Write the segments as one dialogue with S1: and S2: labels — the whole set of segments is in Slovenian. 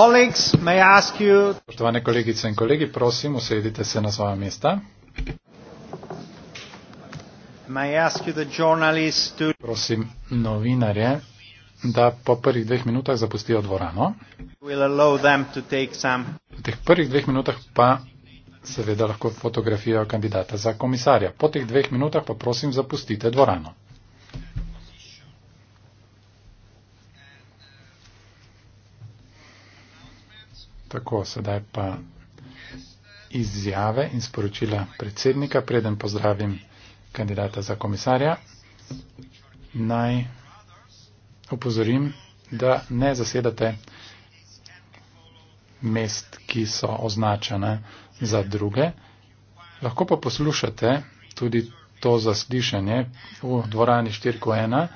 S1: Colleagues, may I ask you... Poštovane kolegice in kolegi, prosim, usedite se na svoja mesta. May I ask you the journalist to... Prosim, novinarje, da po prvih dveh minutah zapustijo dvorano.
S2: We'll allow them to take some...
S1: V teh prvih dveh minutah pa seveda lahko fotografijo kandidata za komisarja. Po teh dveh minutah pa prosim, zapustite dvorano. Tako, sedaj pa izjave in sporočila predsednika. Preden pozdravim kandidata za komisarja, naj opozorim, da ne zasedate mest, ki so označene za druge. Lahko pa poslušate tudi to zaslišanje v dvorani 4.1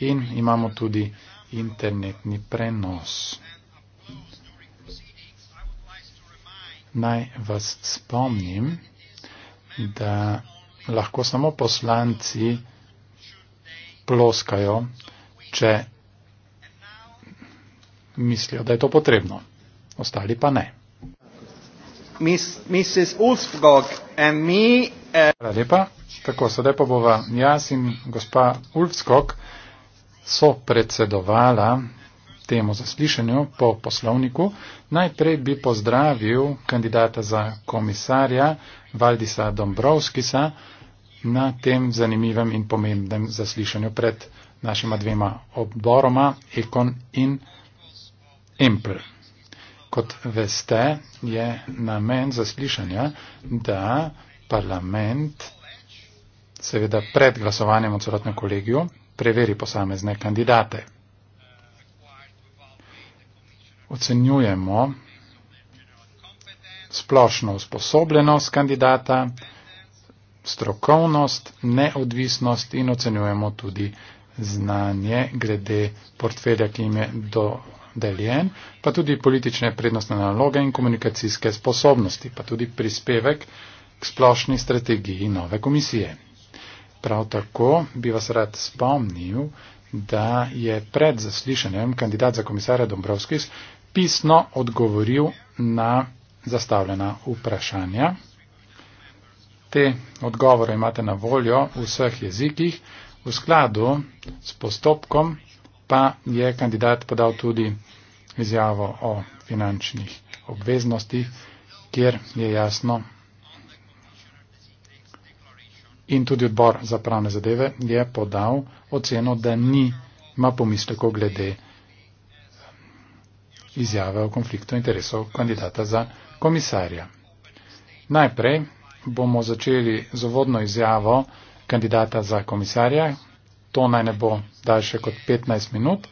S1: in imamo tudi internetni prenos. naj vas spomnim, da lahko samo poslanci ploskajo, če mislijo, da je to potrebno. Ostali pa ne. Eh, Hvala lepa. Tako, sedaj pa bova jaz in gospa Ulfskog so predsedovala tem zaslišanju po poslovniku. Najprej bi pozdravil kandidata za komisarja Valdisa Dombrovskisa na tem zanimivem in pomembnem zaslišanju pred našima dvema odboroma Ekon in Empl. Kot veste, je namen zaslišanja, da parlament seveda pred glasovanjem o celotnem kolegiju preveri posamezne kandidate ocenjujemo splošno usposobljenost kandidata, strokovnost, neodvisnost in ocenjujemo tudi znanje glede portfelja, ki jim je dodeljen, pa tudi politične prednostne naloge in komunikacijske sposobnosti, pa tudi prispevek k splošni strategiji nove komisije. Prav tako bi vas rad spomnil, da je pred zaslišanjem kandidat za komisarja Dombrovskis pisno odgovoril na zastavljena vprašanja. Te odgovore imate na voljo v vseh jezikih. V skladu s postopkom pa je kandidat podal tudi izjavo o finančnih obveznostih, kjer je jasno in tudi odbor za pravne zadeve je podal oceno, da ni ma pomisleko glede izjave o konfliktu interesov kandidata za komisarja. Najprej bomo začeli z uvodno izjavo kandidata za komisarja. To naj ne bo daljše kot 15 minut,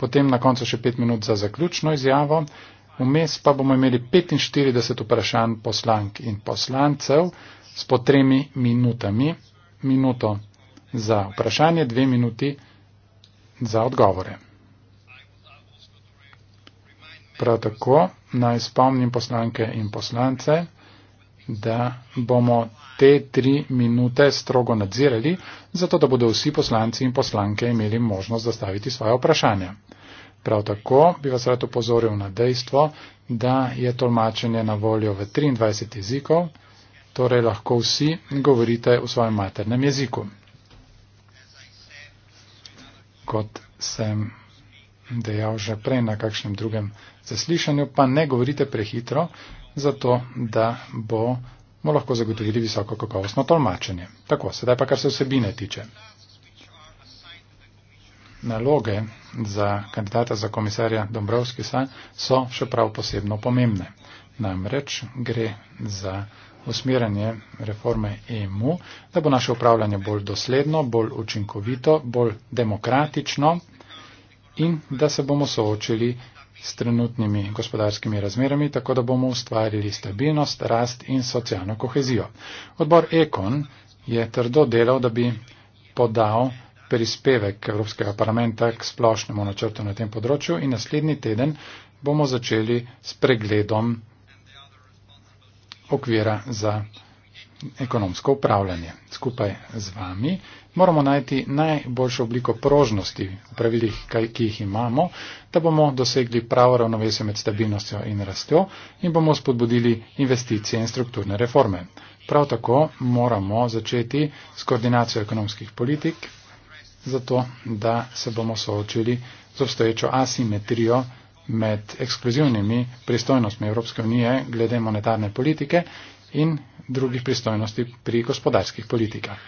S1: potem na koncu še 5 minut za zaključno izjavo. Vmes pa bomo imeli 45 vprašanj poslank in poslancev s po tremi minutami. Minuto za vprašanje, dve minuti za odgovore. Prav tako naj spomnim poslanke in poslance, da bomo te tri minute strogo nadzirali, zato da bodo vsi poslanci in poslanke imeli možnost zastaviti svoje vprašanja. Prav tako bi vas rad upozoril na dejstvo, da je tolmačenje na voljo v 23 jezikov, torej lahko vsi govorite v svojem maternem jeziku. Kot sem dejal že prej na kakšnem drugem zaslišanju, pa ne govorite prehitro, zato da bomo lahko zagotovili visoko kakovostno tolmačenje. Tako, sedaj pa kar se vsebine tiče. Naloge za kandidata za komisarja Dombrovskisa so še prav posebno pomembne. Namreč gre za usmerjanje reforme EMU, da bo naše upravljanje bolj dosledno, bolj učinkovito, bolj demokratično in da se bomo soočili s trenutnimi gospodarskimi razmerami, tako da bomo ustvarili stabilnost, rast in socialno kohezijo. Odbor Ekon je trdo delal, da bi podal prispevek Evropskega parlamenta k splošnemu načrtu na tem področju in naslednji teden bomo začeli s pregledom okvira za ekonomsko upravljanje. Skupaj z vami moramo najti najboljšo obliko prožnosti v pravilih, ki jih imamo, da bomo dosegli pravo ravnovesje med stabilnostjo in rastjo in bomo spodbudili investicije in strukturne reforme. Prav tako moramo začeti s koordinacijo ekonomskih politik, zato da se bomo soočili z obstoječo asimetrijo med ekskluzivnimi pristojnostmi Evropske unije glede monetarne politike in drugih pristojnosti pri gospodarskih politikah.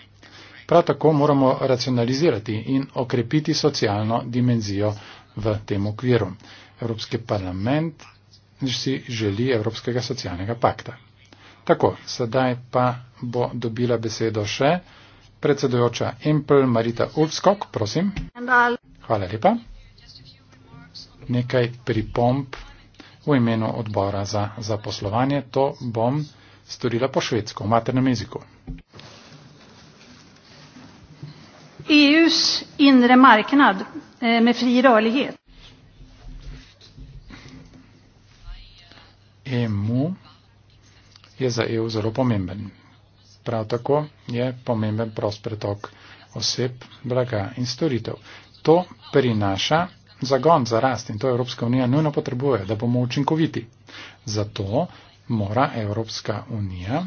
S1: Prav tako moramo racionalizirati in okrepiti socialno dimenzijo v tem okviru. Evropski parlament si želi Evropskega socialnega pakta. Tako, sedaj pa bo dobila besedo še predsedojoča Empel Marita Ulfskog, prosim. Hvala lepa. Nekaj pripomp v imenu odbora za zaposlovanje, to bom storila po švedsko, v maternem jeziku.
S3: EUs inre marknad eh, med fri rörlighet.
S1: EMU je za EU zelo pomemben. Prav tako je pomemben prost pretok oseb, blaga in storitev. To prinaša zagon za rast in to Evropska unija nujno potrebuje, da bomo učinkoviti. Zato mora Evropska unija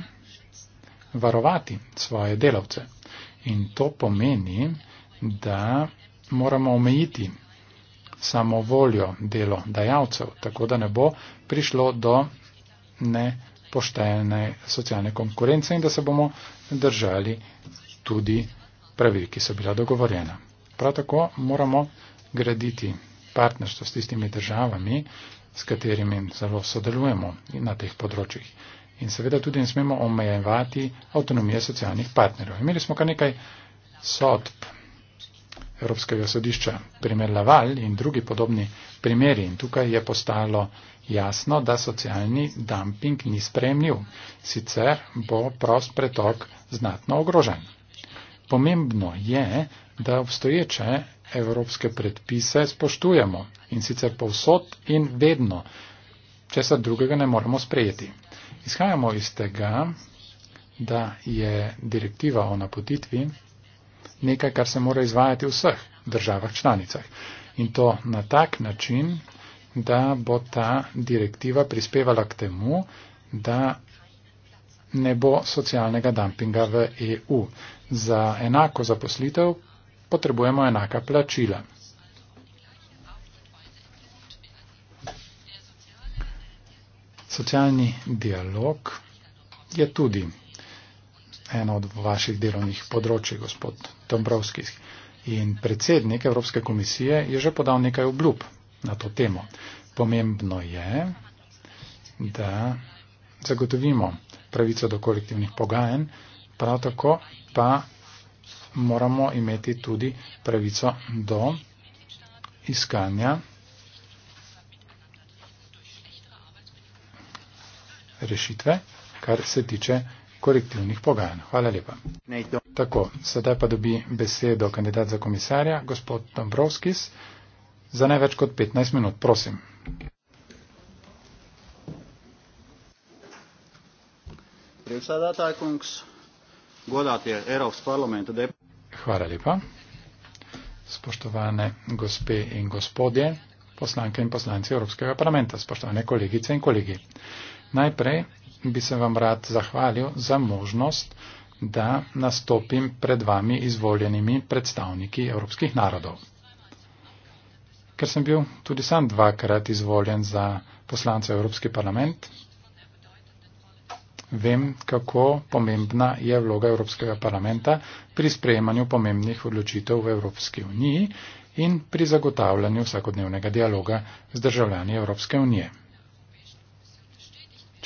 S1: varovati svoje delavce. In to pomeni, da moramo omejiti samovoljo delo dajalcev, tako da ne bo prišlo do nepoštene socialne konkurence in da se bomo držali tudi pravil, ki so bila dogovorjena. Prav tako moramo graditi partnerstvo s tistimi državami, s katerimi zelo sodelujemo na teh področjih in seveda tudi ne smemo omejevati avtonomije socialnih partnerjev. Imeli smo kar nekaj sodb Evropskega sodišča, primer Laval in drugi podobni primeri in tukaj je postalo jasno, da socialni dumping ni spremljiv, sicer bo prost pretok znatno ogrožen. Pomembno je, da obstoječe evropske predpise spoštujemo in sicer povsod in vedno. Česa drugega ne moremo sprejeti. Izhajamo iz tega, da je direktiva o napotitvi nekaj, kar se mora izvajati v vseh državah članicah. In to na tak način, da bo ta direktiva prispevala k temu, da ne bo socialnega dumpinga v EU. Za enako zaposlitev potrebujemo enaka plačila. Socialni dialog je tudi eno od vaših delovnih področij, gospod Dombrovski. In predsednik Evropske komisije je že podal nekaj obljub na to temo. Pomembno je, da zagotovimo pravico do kolektivnih pogajen, prav tako pa moramo imeti tudi pravico do iskanja rešitve, kar se tiče korektivnih pogajanj. Hvala lepa. Tako, sedaj pa dobi besedo kandidat za komisarja, gospod Dombrovskis, za največ kot 15 minut. Prosim. Hvala lepa. Spoštovane gospe in gospodje, poslanke in poslanci Evropskega parlamenta, spoštovane kolegice in kolegi. Najprej bi se vam rad zahvalil za možnost, da nastopim pred vami izvoljenimi predstavniki evropskih narodov. Ker sem bil tudi sam dvakrat izvoljen za poslanca Evropski parlament, vem, kako pomembna je vloga Evropskega parlamenta pri sprejemanju pomembnih odločitev v Evropski uniji in pri zagotavljanju vsakodnevnega dialoga z državljani Evropske unije.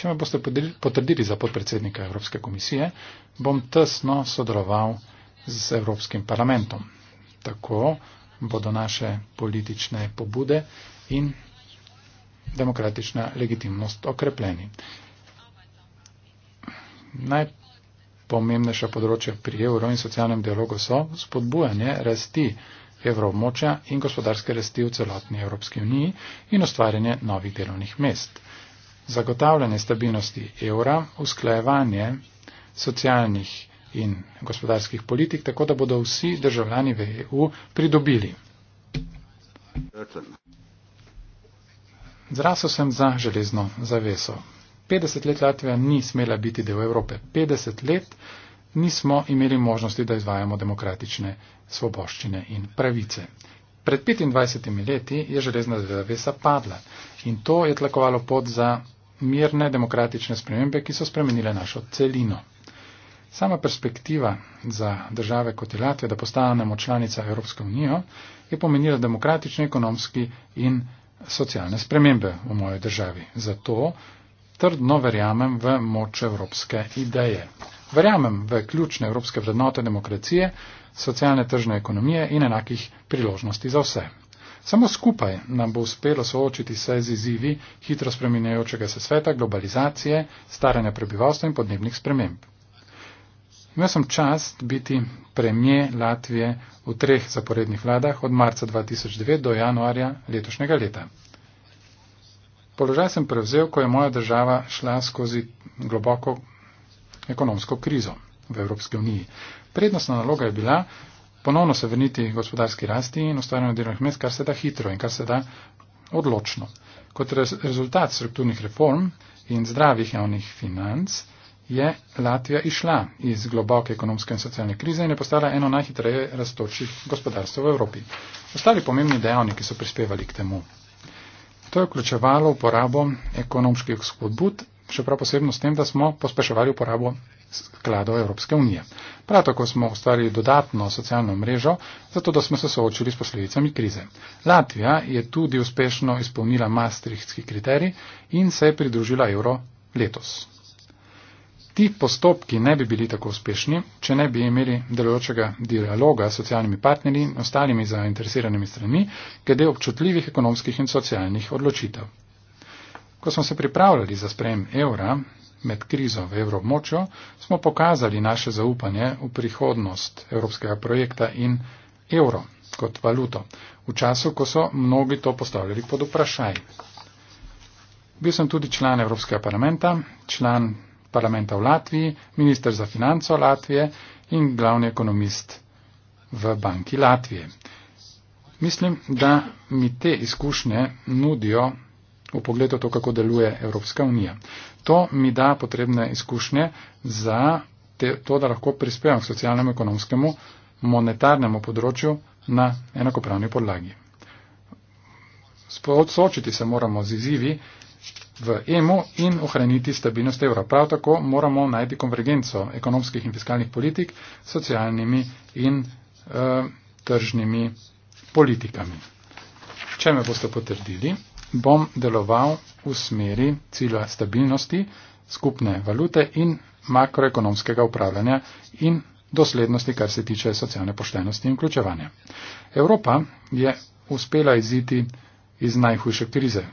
S1: Če me boste potrdili za podpredsednika Evropske komisije, bom tesno sodeloval z Evropskim parlamentom. Tako bodo naše politične pobude in demokratična legitimnost okrepljeni. Najpomembnejša področja pri evro in socialnem dialogu so spodbujanje rasti evroobmočja in gospodarske rasti v celotni Evropski uniji in ustvarjanje novih delovnih mest zagotavljanje stabilnosti evra, usklajevanje socialnih in gospodarskih politik, tako da bodo vsi državljani v EU pridobili. Zrasel sem za železno zaveso. 50 let Latvija ni smela biti del Evrope. 50 let nismo imeli možnosti, da izvajamo demokratične svoboščine in pravice. Pred 25 leti je železna zavesa padla in to je tlakovalo pot za mirne demokratične spremembe, ki so spremenile našo celino. Sama perspektiva za države kot je Latvija, da postanemo članica Evropske unije, je pomenila demokratične, ekonomski in socialne spremembe v moji državi. Zato trdno verjamem v moč evropske ideje. Verjamem v ključne evropske vrednote demokracije, socialne tržne ekonomije in enakih priložnosti za vse. Samo skupaj nam bo uspelo soočiti se z izzivi hitro spreminjajočega se sveta, globalizacije, staranja prebivalstva in podnebnih sprememb. Imel sem čast biti premije Latvije v treh zaporednih vladah od marca 2009 do januarja letošnjega leta. Položaj sem prevzel, ko je moja država šla skozi globoko ekonomsko krizo v Evropski uniji. Prednostna naloga je bila, ponovno se vrniti gospodarski rasti in ustvarjanju delovnih mest, kar se da hitro in kar se da odločno. Kot rezultat strukturnih reform in zdravih javnih financ je Latvija išla iz globoke ekonomske in socialne krize in je postala eno najhitreje raztočih gospodarstv v Evropi. Ostali pomembni dejavniki so prispevali k temu. To je vključevalo uporabo ekonomskih skupbud, še prav posebno s tem, da smo pospeševali uporabo skladov Evropske unije. Prav tako smo ustvarili dodatno socialno mrežo, zato da smo se soočili s posledicami krize. Latvija je tudi uspešno izpolnila maastrichtski kriterij in se je pridružila evro letos. Ti postopki ne bi bili tako uspešni, če ne bi imeli delujočega dialoga s socialnimi partnerji in ostalimi zainteresiranimi stranmi, glede občutljivih ekonomskih in socialnih odločitev. Ko smo se pripravljali za sprejem evra, med krizo v evromočjo, smo pokazali naše zaupanje v prihodnost evropskega projekta in evro kot valuto, v času, ko so mnogi to postavljali pod vprašaj. Bil sem tudi član Evropskega parlamenta, član parlamenta v Latviji, minister za financo Latvije in glavni ekonomist v banki Latvije. Mislim, da mi te izkušnje nudijo v pogledu to, kako deluje Evropska unija. To mi da potrebne izkušnje za te, to, da lahko prispevam k socialnemu, ekonomskemu, monetarnemu področju na enakopravni podlagi. Soočiti se moramo z izzivi v EMU in ohraniti stabilnost evra. Prav tako moramo najti konvergenco ekonomskih in fiskalnih politik s socialnimi in e, tržnimi politikami. Če me boste potrdili, bom deloval v smeri cilja stabilnosti skupne valute in makroekonomskega upravljanja in doslednosti, kar se tiče socialne poštenosti in vključevanja. Evropa je uspela iziti iz najhujše krize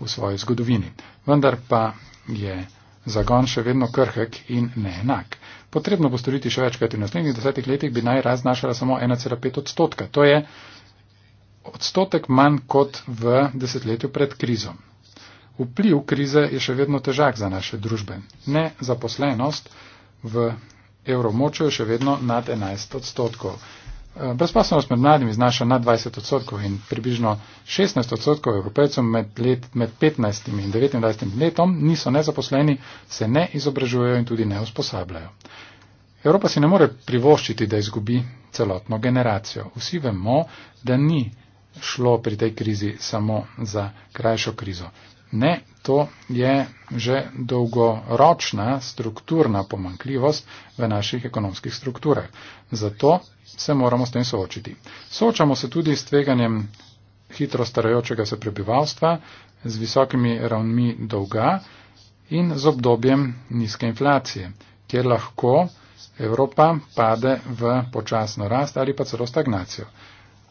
S1: v svoji zgodovini, vendar pa je zagon še vedno krhek in neenak. Potrebno bo storiti še več, kajti v naslednjih desetih letih bi naj raznašala samo 1,5 odstotka. To je odstotek manj kot v desetletju pred krizo. Vpliv krize je še vedno težak za naše družbe. Nezaposlenost v evromočju je še vedno nad 11 odstotkov. Eh, Brezposlenost med mladimi znaša nad 20 odstotkov in približno 16 odstotkov evropejcev med, let, med 15 in 29 letom niso nezaposleni, se ne izobražujejo in tudi ne usposabljajo. Evropa si ne more privoščiti, da izgubi celotno generacijo. Vsi vemo, da ni šlo pri tej krizi samo za krajšo krizo. Ne, to je že dolgoročna strukturna pomankljivost v naših ekonomskih strukturah. Zato se moramo s tem soočiti. Soočamo se tudi s tveganjem hitro starajočega se prebivalstva, z visokimi ravnmi dolga in z obdobjem nizke inflacije, kjer lahko Evropa pade v počasno rast ali pa celo stagnacijo.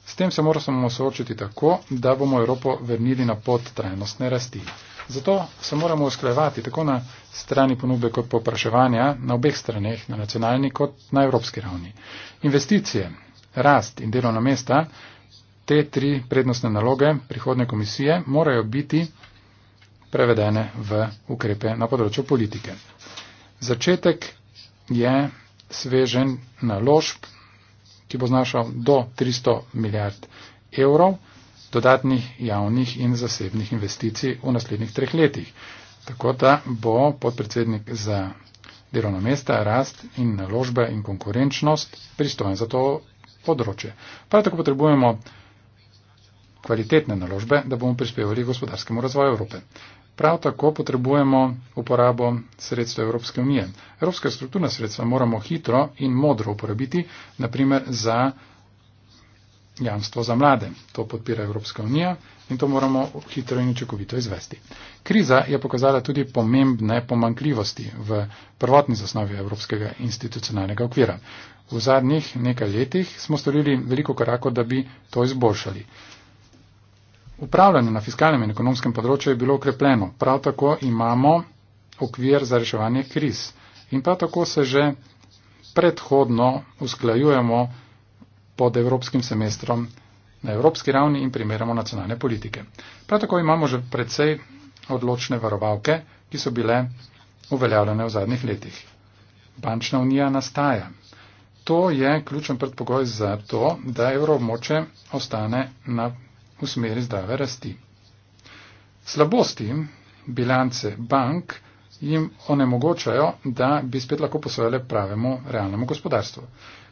S1: S tem se moramo soočiti tako, da bomo Evropo vrnili na pot trajnostne rasti. Zato se moramo usklajevati tako na strani ponudbe kot popraševanja, na obeh straneh, na nacionalni kot na evropski ravni. Investicije, rast in delovna mesta, te tri prednostne naloge prihodne komisije morajo biti prevedene v ukrepe na področju politike. Začetek je svežen naložb ki bo znašal do 300 milijard evrov dodatnih javnih in zasebnih investicij v naslednjih treh letih. Tako da bo podpredsednik za delovno mesta, rast in naložbe in konkurenčnost pristojen za to področje. Prav tako potrebujemo kvalitetne naložbe, da bomo prispevali gospodarskemu razvoju Evrope. Prav tako potrebujemo uporabo sredstva Evropske unije. Evropska strukturna sredstva moramo hitro in modro uporabiti, naprimer za jamstvo za mlade. To podpira Evropska unija in to moramo hitro in učinkovito izvesti. Kriza je pokazala tudi pomembne pomankljivosti v prvotni zasnovi Evropskega institucionalnega okvira. V zadnjih nekaj letih smo storili veliko korakov, da bi to izboljšali. Upravljanje na fiskalnem in ekonomskem področju je bilo okrepljeno. Prav tako imamo okvir za reševanje kriz. In prav tako se že predhodno usklajujemo pod evropskim semestrom na evropski ravni in primerjamo nacionalne politike. Prav tako imamo že predvsej odločne varovalke, ki so bile uveljavljene v zadnjih letih. Bančna unija nastaja. To je ključen predpogoj za to, da evroobmoče ostane na v smeri zdrave rasti. Slabosti bilance bank jim onemogočajo, da bi spet lahko posojale pravemu realnemu gospodarstvu.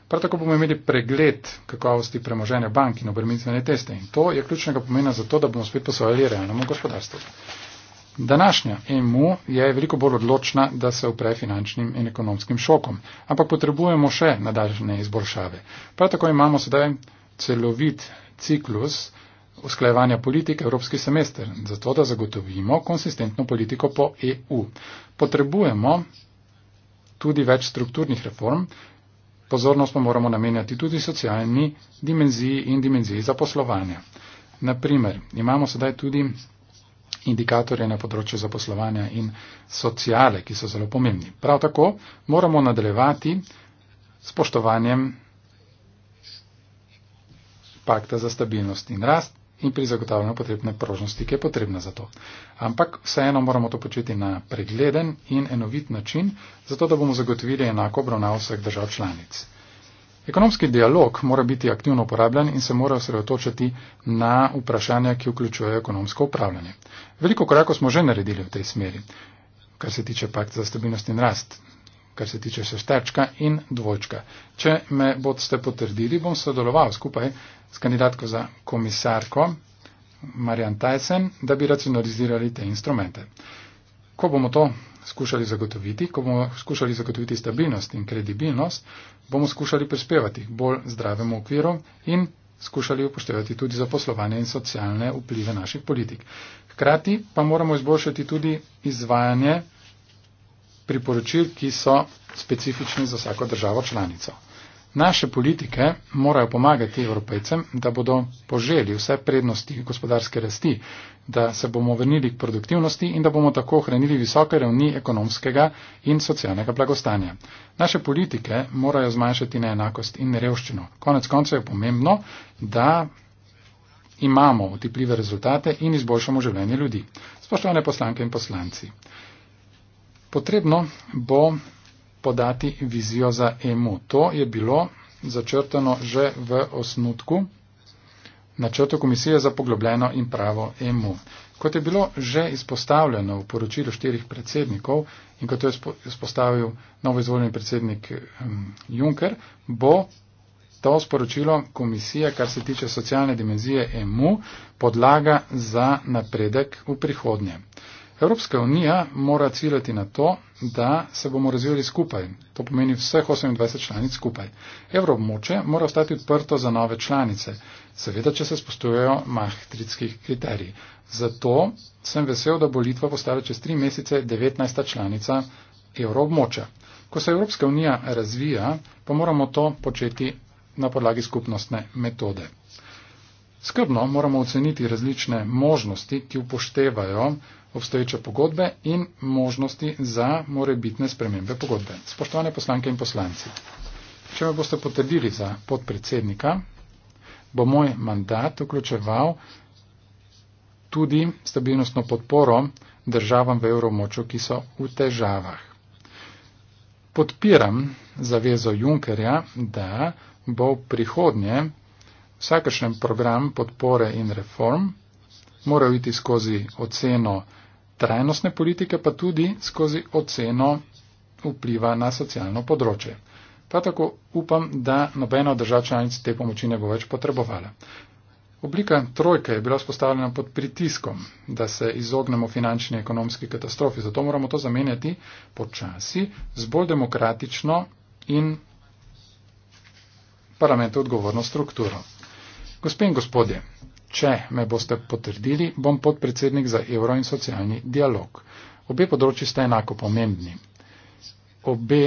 S1: Prav tako bomo imeli pregled kakovosti premoženja bank in obremenitvene teste in to je ključnega pomena za to, da bomo spet posojali realnemu gospodarstvu. Današnja EMU je veliko bolj odločna, da se upre finančnim in ekonomskim šokom, ampak potrebujemo še nadaljne izboljšave. Prav tako imamo sedaj celovit ciklus, usklajevanja politike Evropski semester, zato da zagotovimo konsistentno politiko po EU. Potrebujemo tudi več strukturnih reform, pozornost pa moramo namenjati tudi socialni dimenziji in dimenziji zaposlovanja. Naprimer, imamo sedaj tudi indikatorje na področju zaposlovanja in sociale, ki so zelo pomembni. Prav tako moramo nadaljevati spoštovanjem pakta za stabilnost in rast, in pri zagotavljanju potrebne prožnosti, ki je potrebna za to. Ampak vseeno moramo to početi na pregleden in enovit način, zato da bomo zagotovili enako obravnav vseh držav članic. Ekonomski dialog mora biti aktivno uporabljen in se mora osredotočiti na vprašanja, ki vključujejo ekonomsko upravljanje. Veliko korakov smo že naredili v tej smeri, kar se tiče pakt za stabilnost in rast kar se tiče šestačka in dvojčka. Če me boste potrdili, bom sodeloval skupaj s kandidatko za komisarko Marjan Tyson, da bi racionalizirali te instrumente. Ko bomo to skušali zagotoviti, ko bomo skušali zagotoviti stabilnost in kredibilnost, bomo skušali prispevati bolj zdravemu okviru in skušali upoštevati tudi zaposlovanje in socialne vplive naših politik. Hkrati pa moramo izboljšati tudi izvajanje priporočil, ki so specifični za vsako državo članico. Naše politike morajo pomagati evropejcem, da bodo poželi vse prednosti gospodarske rasti, da se bomo vrnili k produktivnosti in da bomo tako ohranili visoke ravni ekonomskega in socialnega blagostanja. Naše politike morajo zmanjšati neenakost in revščino. Konec koncev je pomembno, da imamo otipljive rezultate in izboljšamo življenje ljudi. Spoštovane poslanke in poslanci, potrebno bo podati vizijo za EMU. To je bilo začrtano že v osnutku načrtu komisije za poglobljeno in pravo EMU. Kot je bilo že izpostavljeno v poročilu štirih predsednikov in kot je izpostavil novoizvoljeni predsednik Juncker, bo to sporočilo komisije, kar se tiče socialne dimenzije EMU, podlaga za napredek v prihodnje. Evropska unija mora ciljati na to, da se bomo razvijali skupaj. To pomeni vseh 28 članic skupaj. Evroobmoče mora ostati odprto za nove članice, seveda, če se spostujejo mahtritskih kriterij. Zato sem vesel, da bo Litva postala čez tri mesece 19. članica evroobmoča. Ko se Evropska unija razvija, pa moramo to početi na podlagi skupnostne metode. Skrbno moramo oceniti različne možnosti, ki upoštevajo obstoječe pogodbe in možnosti za morebitne spremembe pogodbe. Spoštovane poslanke in poslanci, če me boste potrdili za podpredsednika, bo moj mandat vključeval tudi stabilnostno podporo državam v evromočju, ki so v težavah. Podpiram zavezo Junkerja, da bo v prihodnje vsakršen program podpore in reform moral iti skozi oceno trajnostne politike pa tudi skozi oceno vpliva na socialno področje. Prav tako upam, da nobena od držav članic te pomoči ne bo več potrebovala. Oblika trojke je bila spostavljena pod pritiskom, da se izognemo finančni in ekonomski katastrofi, zato moramo to zamenjati počasi z bolj demokratično in parlamentu odgovorno strukturo. Gospe in gospodje, Če me boste potrdili, bom podpredsednik za evro in socialni dialog. Obe področji sta enako pomembni. Obe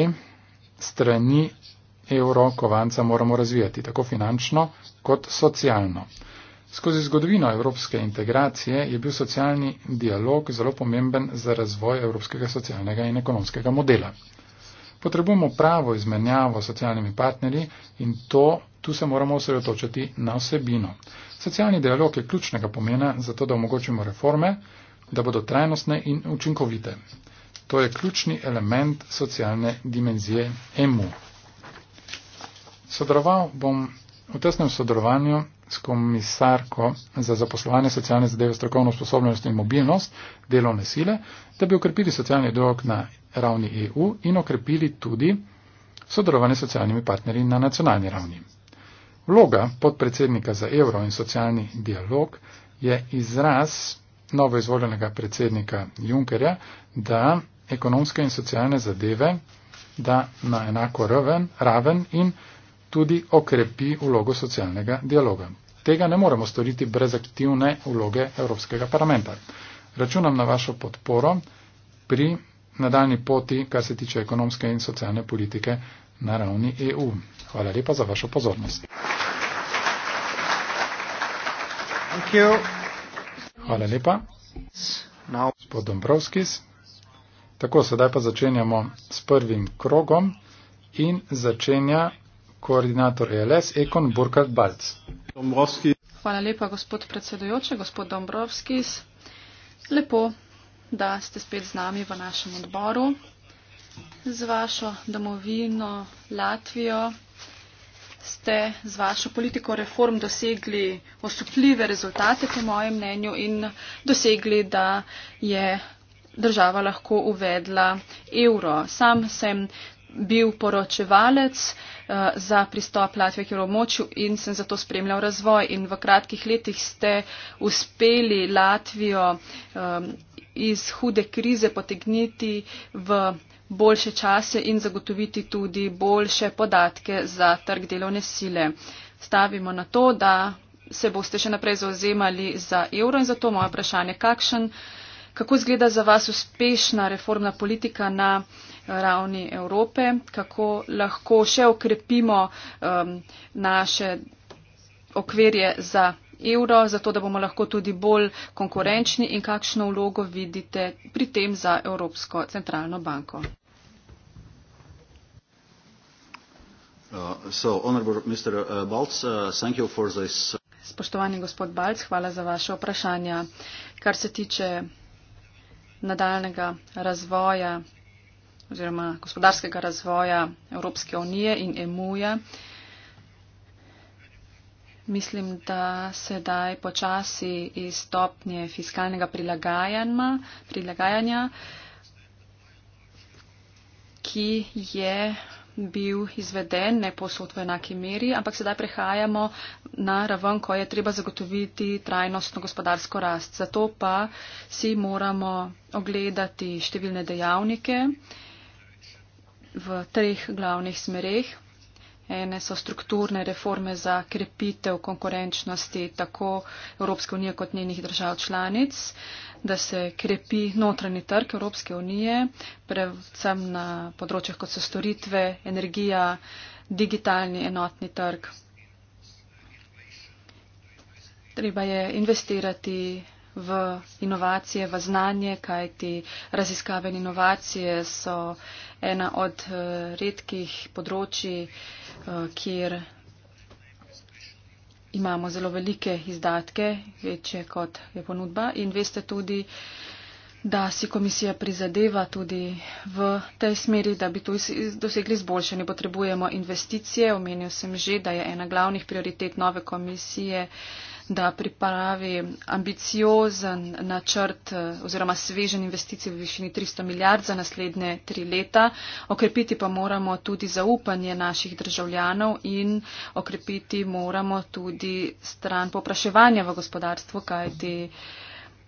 S1: strani evro kovanca moramo razvijati, tako finančno kot socialno. Skozi zgodovino evropske integracije je bil socialni dialog zelo pomemben za razvoj evropskega socialnega in ekonomskega modela. Potrebujemo pravo izmenjavo s socialnimi partnerji in to Tu se moramo osredotočiti na osebino. Socialni dialog je ključnega pomena za to, da omogočimo reforme, da bodo trajnostne in učinkovite. To je ključni element socialne dimenzije EMU. Sodeloval bom v tesnem sodelovanju s komisarko za zaposlovanje socialne zadeve, strokovno sposobnost in mobilnost delovne sile, da bi okrepili socialni dialog na ravni EU in okrepili tudi sodelovanje s socialnimi partnerji na nacionalni ravni. Vloga podpredsednika za evro in socialni dialog je izraz novo izvoljenega predsednika Junkerja, da ekonomske in socialne zadeve da na enako raven, raven in tudi okrepi vlogo socialnega dialoga. Tega ne moremo storiti brez aktivne vloge Evropskega parlamenta. Računam na vašo podporo pri nadaljni poti, kar se tiče ekonomske in socialne politike na ravni EU. Hvala lepa za vašo pozornost. Hvala lepa. Gospod Dombrovskis. Tako, sedaj pa začenjamo s prvim krogom in začenja koordinator ELS Ekon Burkhard Balc.
S4: Hvala lepa, gospod predsedujoče, gospod Dombrovskis. Lepo, da ste spet z nami v našem odboru. Z vašo domovino Latvijo ste z vašo politiko reform dosegli osupljive rezultate, po mojem mnenju, in dosegli, da je država lahko uvedla evro. Sam sem bil poročevalec eh, za pristop Latvije k evromočju in sem zato spremljal razvoj. In v kratkih letih ste uspeli Latvijo eh, iz hude krize potegniti v boljše čase in zagotoviti tudi boljše podatke za trg delovne sile. Stavimo na to, da se boste še naprej zauzemali za evro in zato moje vprašanje, kakšen, kako izgleda za vas uspešna reformna politika na eh, ravni Evrope, kako lahko še okrepimo um, naše okvirje za evro, zato da bomo lahko tudi bolj konkurenčni in kakšno vlogo vidite pri tem za Evropsko centralno banko?
S2: Uh, uh, uh,
S4: Spoštovani gospod Balc, hvala za vaše vprašanja. Kar se tiče nadaljnega razvoja oziroma gospodarskega razvoja Evropske unije in EMU-ja, uh, Mislim, da sedaj počasi iz stopnje fiskalnega prilagajanja, ki je bil izveden ne posod v enaki meri, ampak sedaj prehajamo na raven, ko je treba zagotoviti trajnostno gospodarsko rast. Zato pa si moramo ogledati številne dejavnike v treh glavnih smereh, Ene so strukturne reforme za krepitev konkurenčnosti tako Evropske unije kot njenih držav članic, da se krepi notranji trg Evropske unije, predvsem na področjih kot so storitve, energija, digitalni enotni trg. Treba je investirati v inovacije, v znanje, kajti raziskave in inovacije so ena od eh, redkih področji, eh, kjer imamo zelo velike izdatke, večje kot je ponudba. In veste tudi, da si komisija prizadeva tudi v tej smeri, da bi tu dosegli zboljšanje. Potrebujemo investicije. Omenil sem že, da je ena glavnih prioritet nove komisije da pripravi ambiciozen načrt eh, oziroma svežen investicij v višini 300 milijard za naslednje tri leta. Okrepiti pa moramo tudi zaupanje naših državljanov in okrepiti moramo tudi stran popraševanja v gospodarstvu, kajti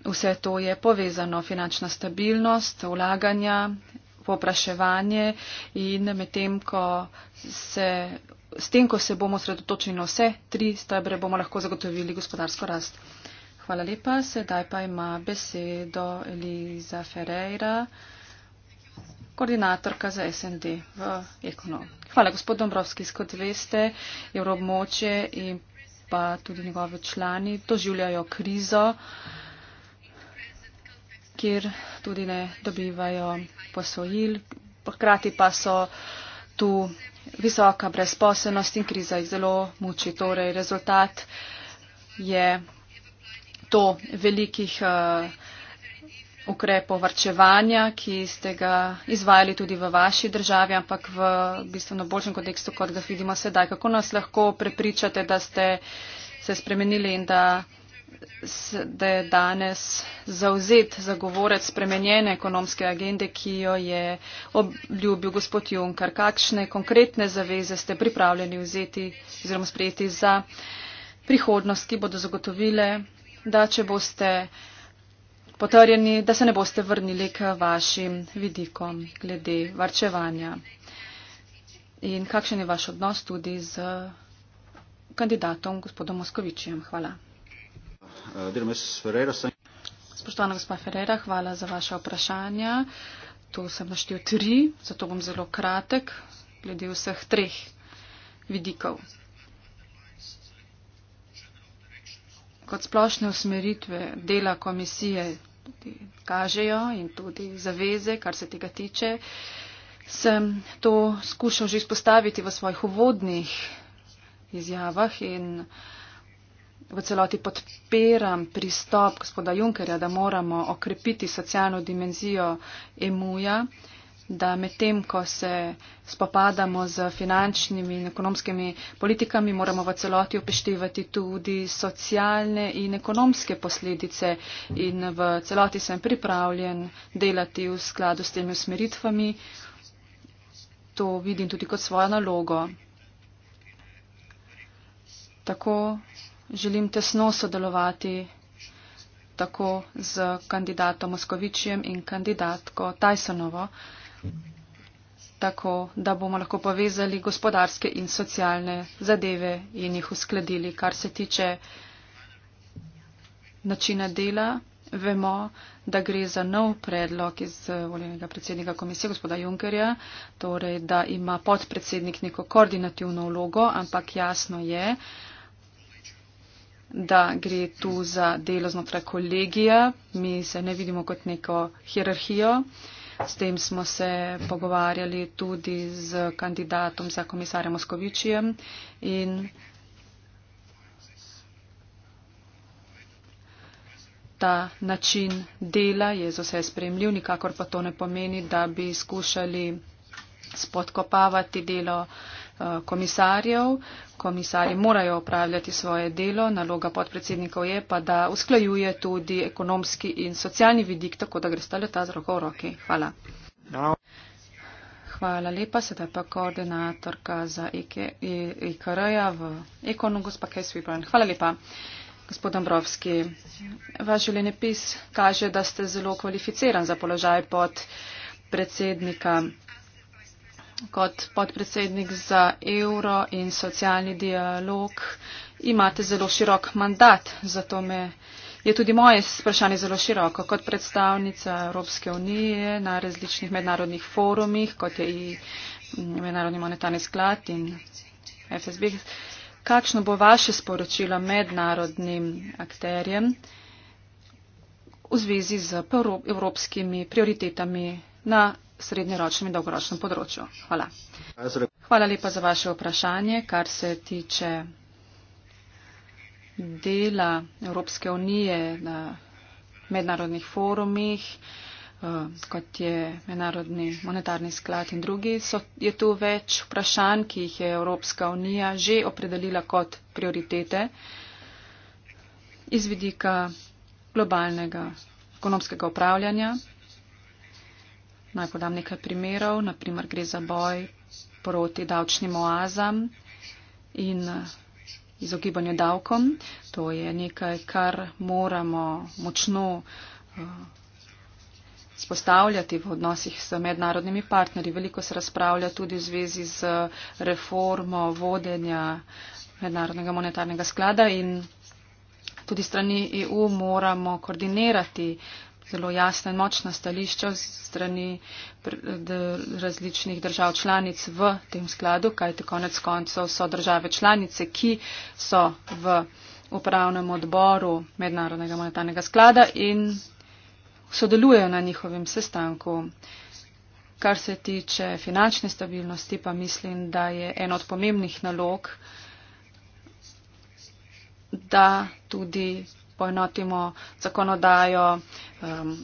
S4: vse to je povezano. Finančna stabilnost, vlaganja popraševanje in medtem, ko se s tem, ko se bomo sredotočili na vse tri stebre, bomo lahko zagotovili gospodarsko rast. Hvala lepa. Sedaj pa ima besedo Eliza Ferreira, koordinatorka za SND v Ekonom. Hvala, gospod Dombrovski. Kot veste, evroobmoče in pa tudi njegove člani doživljajo krizo, kjer tudi ne dobivajo posojil. Hkrati pa so tu visoka brezposobnost in kriza jih zelo muči. Torej, rezultat je to velikih eh, ukrepov varčevanja, ki ste ga izvajali tudi v vaši državi, ampak v bistveno boljšem kontekstu, kot ga vidimo sedaj. Kako nas lahko prepričate, da ste se spremenili in da da je danes zauzet zagovorec spremenjene ekonomske agende, ki jo je obljubil gospod Juncker. Kakšne konkretne zaveze ste pripravljeni vzeti oziroma sprejeti za prihodnost, ki bodo zagotovile, da če boste potrjeni, da se ne boste vrnili k vašim vidikom glede varčevanja. In kakšen je vaš odnos tudi z kandidatom gospodom Moskovičijem? Hvala.
S2: Eh, Delam jaz s Ferreira.
S4: Spoštovana gospa Ferreira, hvala za vaše vprašanja. Tu sem naštel tri, zato bom zelo kratek glede vseh treh vidikov. Kot splošne usmeritve dela komisije tudi kažejo in tudi zaveze, kar se tega tiče, sem to skušal že izpostaviti v svojih uvodnih izjavah in uh, v celoti podpiram pristop gospoda Junkerja, da moramo okrepiti socialno dimenzijo emuja, da medtem, ko se spopadamo z finančnimi in ekonomskimi politikami, moramo v celoti upeštevati tudi socialne in ekonomske posledice in v celoti sem pripravljen delati v skladu s temi usmeritvami. To vidim tudi kot svojo nalogo. Tako želim tesno sodelovati tako z kandidatom Moskovičjem in kandidatko Tajsonovo, tako da bomo lahko povezali gospodarske in socialne zadeve in jih uskladili. Kar se tiče načina dela, vemo, da gre za nov predlog iz eh, voljenega predsednika komisije, gospoda Junkerja, torej da ima podpredsednik neko koordinativno vlogo, ampak jasno je, da gre tu za delo znotraj kolegija. Mi se ne vidimo kot neko hierarhijo. S tem smo se pogovarjali tudi z kandidatom za komisarja Moskovičijem in ta način dela je za vse spremljiv, nikakor pa to ne pomeni, da bi skušali spodkopavati delo Eh, komisarjev. Komisarji morajo upravljati svoje delo, naloga podpredsednikov je pa, da usklajuje tudi ekonomski in socialni vidik, tako da gre stale ta z roko v roki. Hvala. Hvala lepa, sedaj pa koordinatorka za IKR-ja e e, e v Ekonu, gospa Kaj Sviborn. Hvala lepa. Gospod Dombrovski, vaš življenjepis kaže, da ste zelo kvalificiran za položaj pod predsednika kot podpredsednik za euro in socialni dialog imate zelo širok mandat, zato me je tudi moje vprašanje zelo široko. Kot predstavnica Evropske unije na različnih mednarodnih forumih, kot je i Mednarodni monetarni sklad in FSB, kakšno bo vaše sporočilo mednarodnim akterjem v zvezi z evropskimi prioritetami na srednjeročnem in dolgoročnem področju. Hvala. Hvala lepa za vaše vprašanje, kar se tiče dela Evropske unije na mednarodnih forumih, eh, kot je Mednarodni monetarni sklad in drugi, so, je tu več vprašanj, ki jih je Evropska unija že opredelila kot prioritete iz vidika globalnega ekonomskega upravljanja. Naj podam nekaj primerov, naprimer gre za boj proti davčnim oazam in izogibanju davkom. To je nekaj, kar moramo močno eh, spostavljati v odnosih s mednarodnimi partnerji. Veliko se razpravlja tudi v zvezi z eh, reformo vodenja mednarodnega monetarnega sklada in tudi strani EU moramo koordinirati uh, zelo jasna in močna stališča strani različnih držav članic v tem skladu, kajte konec koncev so države članice, ki so v upravnem odboru Mednarodnega monetarnega sklada in sodelujejo na njihovem sestanku. Kar se tiče finančne stabilnosti, pa mislim, da je en od pomembnih nalog, da tudi poenotimo zakonodajo um,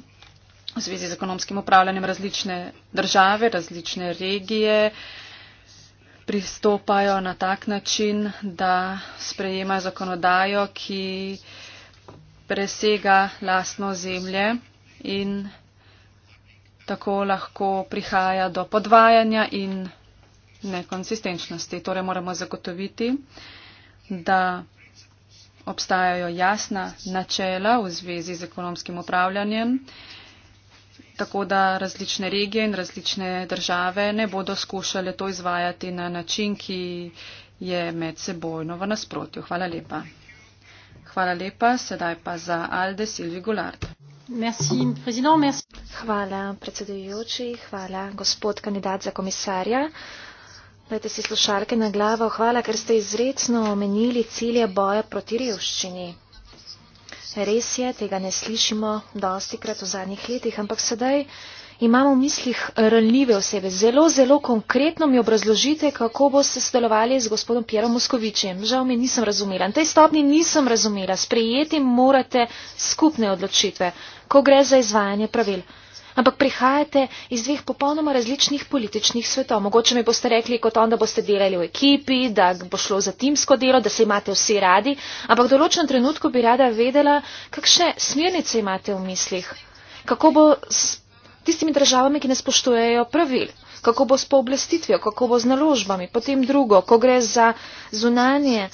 S4: v zvezi z ekonomskim upravljanjem različne države, različne regije pristopajo na tak način, da sprejemajo zakonodajo, ki presega lastno zemlje in tako lahko prihaja do podvajanja in nekonsistenčnosti. Torej moramo zagotoviti, da obstajajo jasna načela v zvezi z ekonomskim upravljanjem, tako da različne regije in različne države ne bodo skušale to izvajati na način, ki je med sebojno v nasprotju. Hvala lepa. Hvala lepa, sedaj pa za Alde Silvi Goulart.
S3: Hvala predsedujoči, hvala gospod kandidat za komisarja. Dajte si slušalke na glavo. Hvala, ker ste izredno omenili cilje boja proti revščini. Res je, tega ne slišimo dosti krat v zadnjih letih, ampak sedaj imamo v mislih ranljive osebe. Zelo, zelo konkretno mi obrazložite, kako boste sodelovali z gospodom Pierom Moskovičem. Žal mi nisem razumela. Na tej stopni nisem razumela. Sprejeti morate skupne odločitve, ko gre za izvajanje pravil. Ampak prihajate iz dveh popolnoma različnih političnih svetov. Mogoče mi boste rekli kot on, da boste delali v ekipi, da bo šlo za timsko delo, da se imate vsi radi, ampak v določenem trenutku bi rada vedela, kakšne smernice imate v mislih. Kako bo s tistimi državami, ki ne spoštujejo pravil? Kako bo s pooblastitvijo? Kako bo z naložbami? Potem drugo, ko gre za zunanje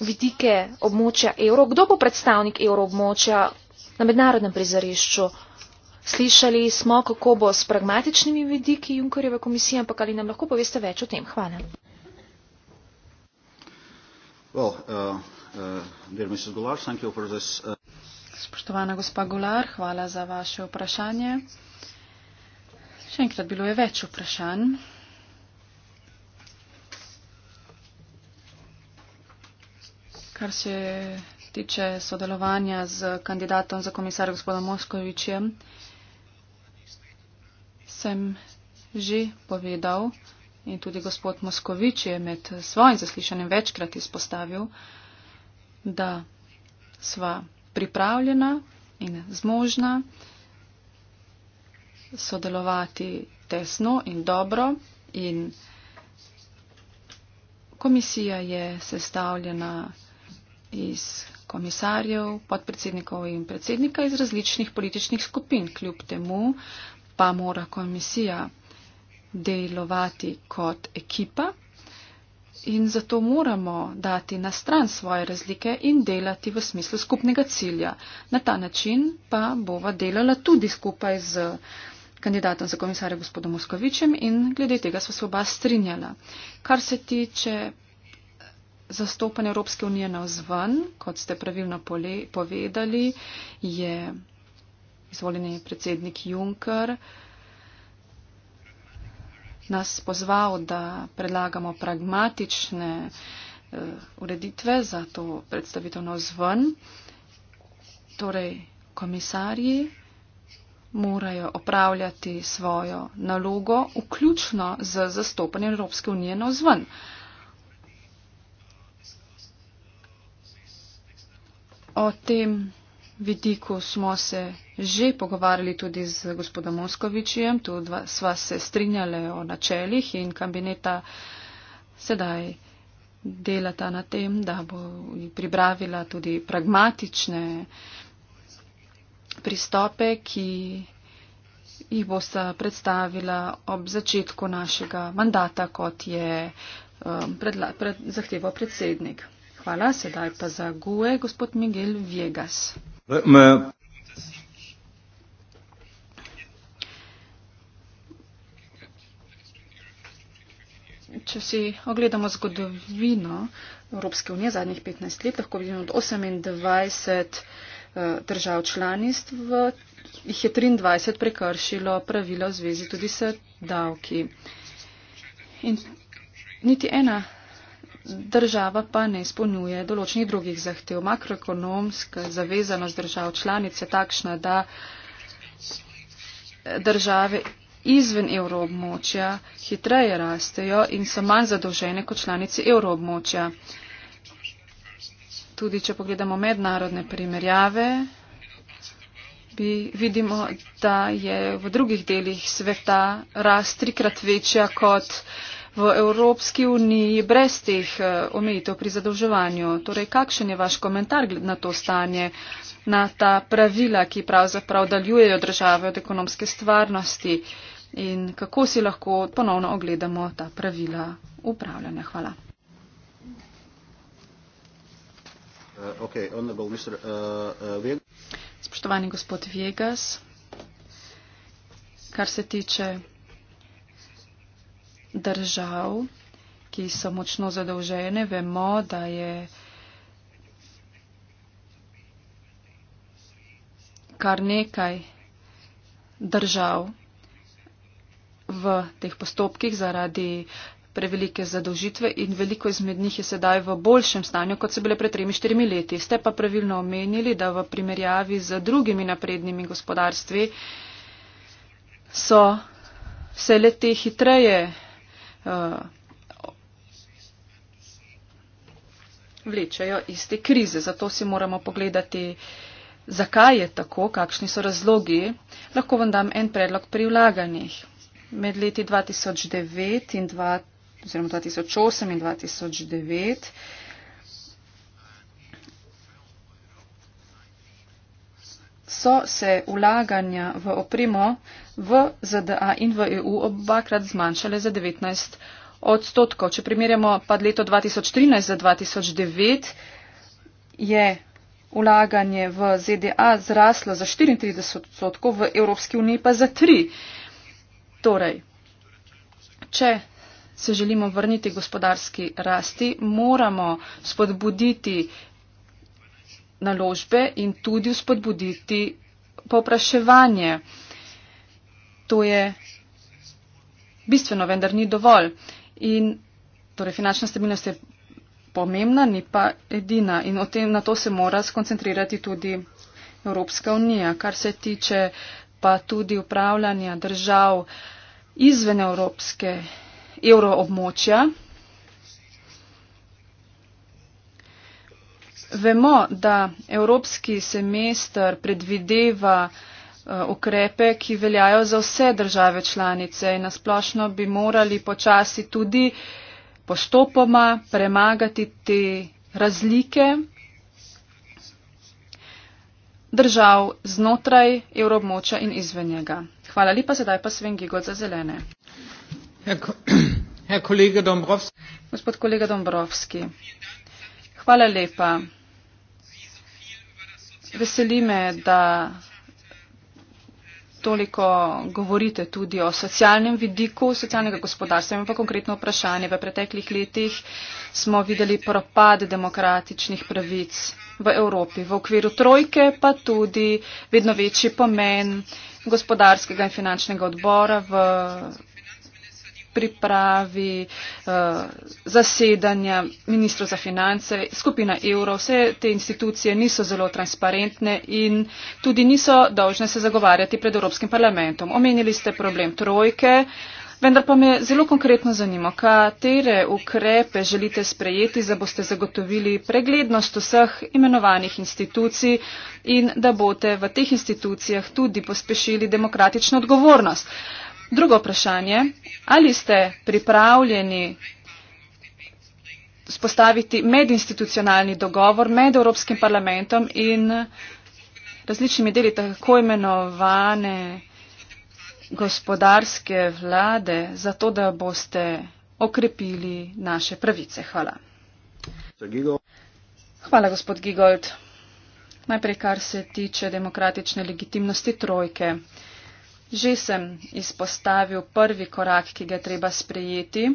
S3: vidike območja evro, kdo bo predstavnik evroobmočja na mednarodnem prizorišču? Slišali smo, kako bo s pragmatičnimi vidiki Junkerjeve komisije, ampak ali nam lahko poveste več o tem? Hvala.
S2: Well, uh, uh, this, uh...
S4: Spoštovana gospa Gular, hvala za vaše vprašanje. Še enkrat bilo je več vprašanj. Kar se tiče sodelovanja z kandidatom za komisar gospodom Moskovičem, sem že povedal in tudi gospod Moskovič je med svojim zaslišanjem večkrat izpostavil, da sva pripravljena in zmožna sodelovati tesno in dobro in komisija je sestavljena iz komisarjev, podpredsednikov in predsednika iz različnih političnih skupin. Kljub temu pa mora komisija delovati kot ekipa in zato moramo dati na stran svoje razlike in delati v smislu skupnega cilja. Na ta način pa bova delala tudi skupaj z kandidatom za komisarja gospodom Moskovičem in glede tega sva se oba strinjala. Kar se tiče zastopanja Evropske unije na vzven, kot ste pravilno povedali, je izvoljeni predsednik Juncker nas pozval, da predlagamo pragmatične eh, ureditve za to predstavitev na vzven. Torej, komisarji morajo opravljati svojo nalogo, vključno z zastopanjem Evropske unije na vzven. O tem vidiku smo se že pogovarjali tudi z gospodom Moskovičijem, tu sva se strinjali o načeljih in kabineta sedaj delata na tem, da bo pripravila tudi pragmatične pristope, ki jih bosta predstavila ob začetku našega mandata, kot je um, predla, pred, zahtevo predsednik. Hvala, sedaj pa za GUE, gospod Miguel Viegas. Me... Če si ogledamo zgodovino Evropske unije zadnjih 15 let, lahko vidimo od 28 eh, držav članistv, jih je 23 prekršilo pravila v zvezi tudi s davki. In niti ena država pa ne izpolnjuje določenih drugih zahtev. Makroekonomska zavezanost držav članic je takšna, da države izven evroobmočja hitreje rastejo in so manj zadolžene kot članice evroobmočja. Tudi če pogledamo mednarodne primerjave, bi vidimo, da je v drugih delih sveta rast trikrat večja kot v Evropski uniji brez teh eh, omejitev pri zadolževanju. Torej, kakšen je vaš komentar na to stanje, na ta pravila, ki pravzaprav daljujejo države od ekonomske stvarnosti in kako si lahko ponovno ogledamo ta pravila upravljanja? Hvala.
S2: Eh, eh,
S4: Spoštovani gospod Viegas, kar se tiče držav, ki so močno zadolžene, vemo, da je kar nekaj držav v teh postopkih zaradi prevelike zadolžitve in veliko izmed njih je sedaj v boljšem stanju, kot so bile pred 3-4 leti. Ste pa pravilno omenili, da v primerjavi z drugimi naprednimi gospodarstvi so vse lete hitreje Eh, vlečejo iz te krize. Zato si moramo pogledati, zakaj je tako, kakšni so razlogi. Lahko vam dam en predlog pri vlaganjih. Med leti 2009 in 2008 in 2009 so se vlaganja v opremo v ZDA in v EU obakrat zmanjšale za 19 odstotkov. Če primerjamo pa leto 2013 za 2009, je vlaganje v ZDA zraslo za 34 odstotkov, v Evropski uniji pa za 3. Torej, če se želimo vrniti gospodarski rasti, moramo spodbuditi naložbe in tudi vzpodbuditi popraševanje. To je bistveno, vendar ni dovolj. In torej finančna stabilnost je pomembna, ni pa edina in o tem na to se mora skoncentrirati tudi Evropska unija. Kar se tiče pa tudi upravljanja držav izven Evropske evroobmočja, Vemo, da evropski semester predvideva eh, ukrepe, ki veljajo za vse države članice in nasplošno bi morali počasi tudi postopoma premagati te razlike držav znotraj evromoča in izven njega. Hvala lepa, sedaj pa Sven Gigot za zelene.
S2: Herr, herr kolega
S4: Gospod kolega Dombrovski, hvala lepa. Veseli me, da toliko govorite tudi o socialnem vidiku socialnega gospodarstva. Imam pa konkretno vprašanje. V preteklih letih smo videli propad demokratičnih pravic v Evropi, v okviru trojke pa tudi vedno večji pomen gospodarskega in finančnega odbora v pripravi uh, zasedanja ministrov za finance, skupina evrov, vse te institucije niso zelo transparentne in tudi niso dolžne se zagovarjati pred Evropskim parlamentom. Omenili ste problem trojke, vendar pa me zelo konkretno zanima, katere ukrepe želite sprejeti, da boste zagotovili preglednost vseh imenovanih institucij in da boste v teh institucijah tudi pospešili demokratično odgovornost. Uh, Drugo vprašanje, ali ste pripravljeni spostaviti medinstitucionalni dogovor med Evropskim parlamentom in različnimi deli tako imenovane gospodarske vlade, zato da boste okrepili naše pravice. Hvala. Hvala, gospod Gigold. Najprej, kar se tiče demokratične legitimnosti trojke. Že sem izpostavil prvi korak, ki ga treba sprejeti.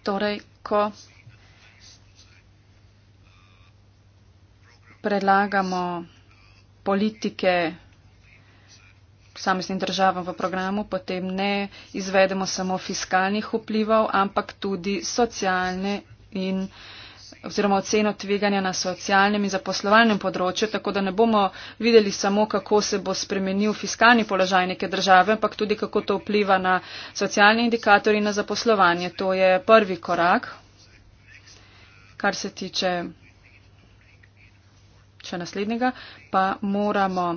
S4: Torej, ko predlagamo politike samostnim državam v programu, potem ne izvedemo samo fiskalnih vplivov, ampak tudi socialne in uh, oziroma oceno tveganja na socialnem in zaposlovalnem področju, tako da ne bomo videli samo, kako se bo spremenil fiskalni položaj neke države, ampak tudi, kako to vpliva na socialni indikator in na zaposlovanje. To je prvi korak, kar se tiče še naslednjega, pa moramo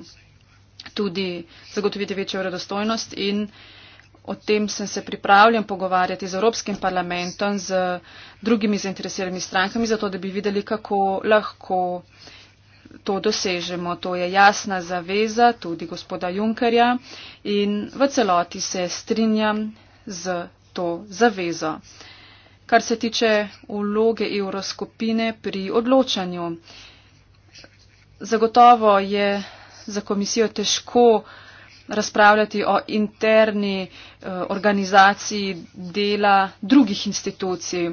S4: tudi zagotoviti večjo vredostojnost in uh, O tem sem se pripravljen pogovarjati z Evropskim parlamentom, z drugimi zainteresiranimi strankami, zato da bi videli, kako lahko to dosežemo. To je jasna zaveza tudi gospoda Junkerja in v celoti se strinjam z to zavezo. Kar se tiče vloge evroskupine pri odločanju, zagotovo je za komisijo težko razpravljati o interni eh, organizaciji dela drugih institucij.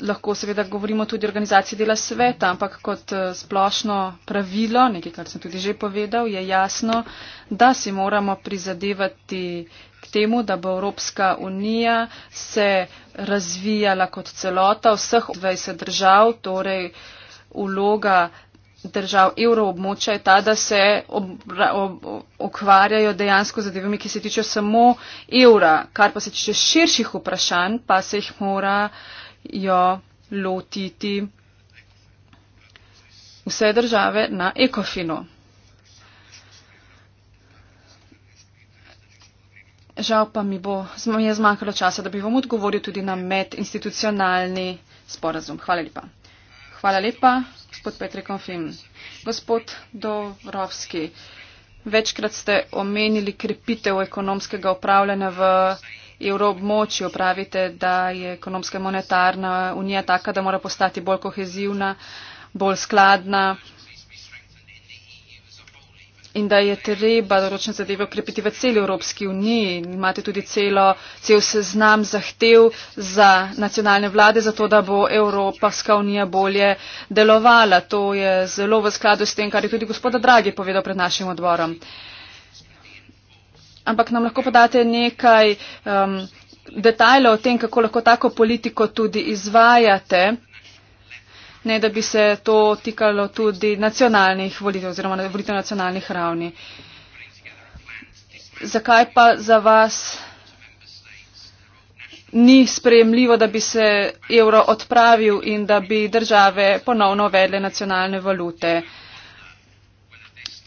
S4: Lahko seveda govorimo tudi o organizaciji dela sveta, ampak kot eh, splošno pravilo, nekaj, kar sem tudi že povedal, je jasno, da si moramo prizadevati k temu, da bo Evropska unija se razvijala kot celota vseh 20 držav, torej vloga držav evroobmočja je ta, da se okvarjajo dejansko zadevami, ki se tiče samo evra, kar pa se tiče širših vprašanj, pa se jih morajo lotiti vse države na ekofino. Žal pa mi bo, je zmanjkalo časa, da bi vam odgovoril tudi na medinstitucionalni sporazum. Hvala lepa. Hvala lepa, gospod Petri Konfim. Gospod Dovrovski, večkrat ste omenili krepitev ekonomskega upravljanja v evroobmočju. Pravite, da je ekonomska monetarna unija taka, da mora postati bolj kohezivna, bolj skladna in da je treba določene zadeve okrepiti v celi Evropski uniji. Imate tudi celo, cel seznam zahtev za nacionalne vlade, zato da bo Evropska unija bolje delovala. To je zelo v skladu s tem, kar je tudi gospoda Dragi povedal pred našim odborom. Ampak nam lahko podate nekaj um, detajlov o tem, kako lahko tako politiko tudi izvajate ne da bi se to tikalo tudi nacionalnih volitev oziroma volitev nacionalnih ravni. Zakaj pa za vas ni sprejemljivo, da bi se evro odpravil in da bi države ponovno uvedle nacionalne valute?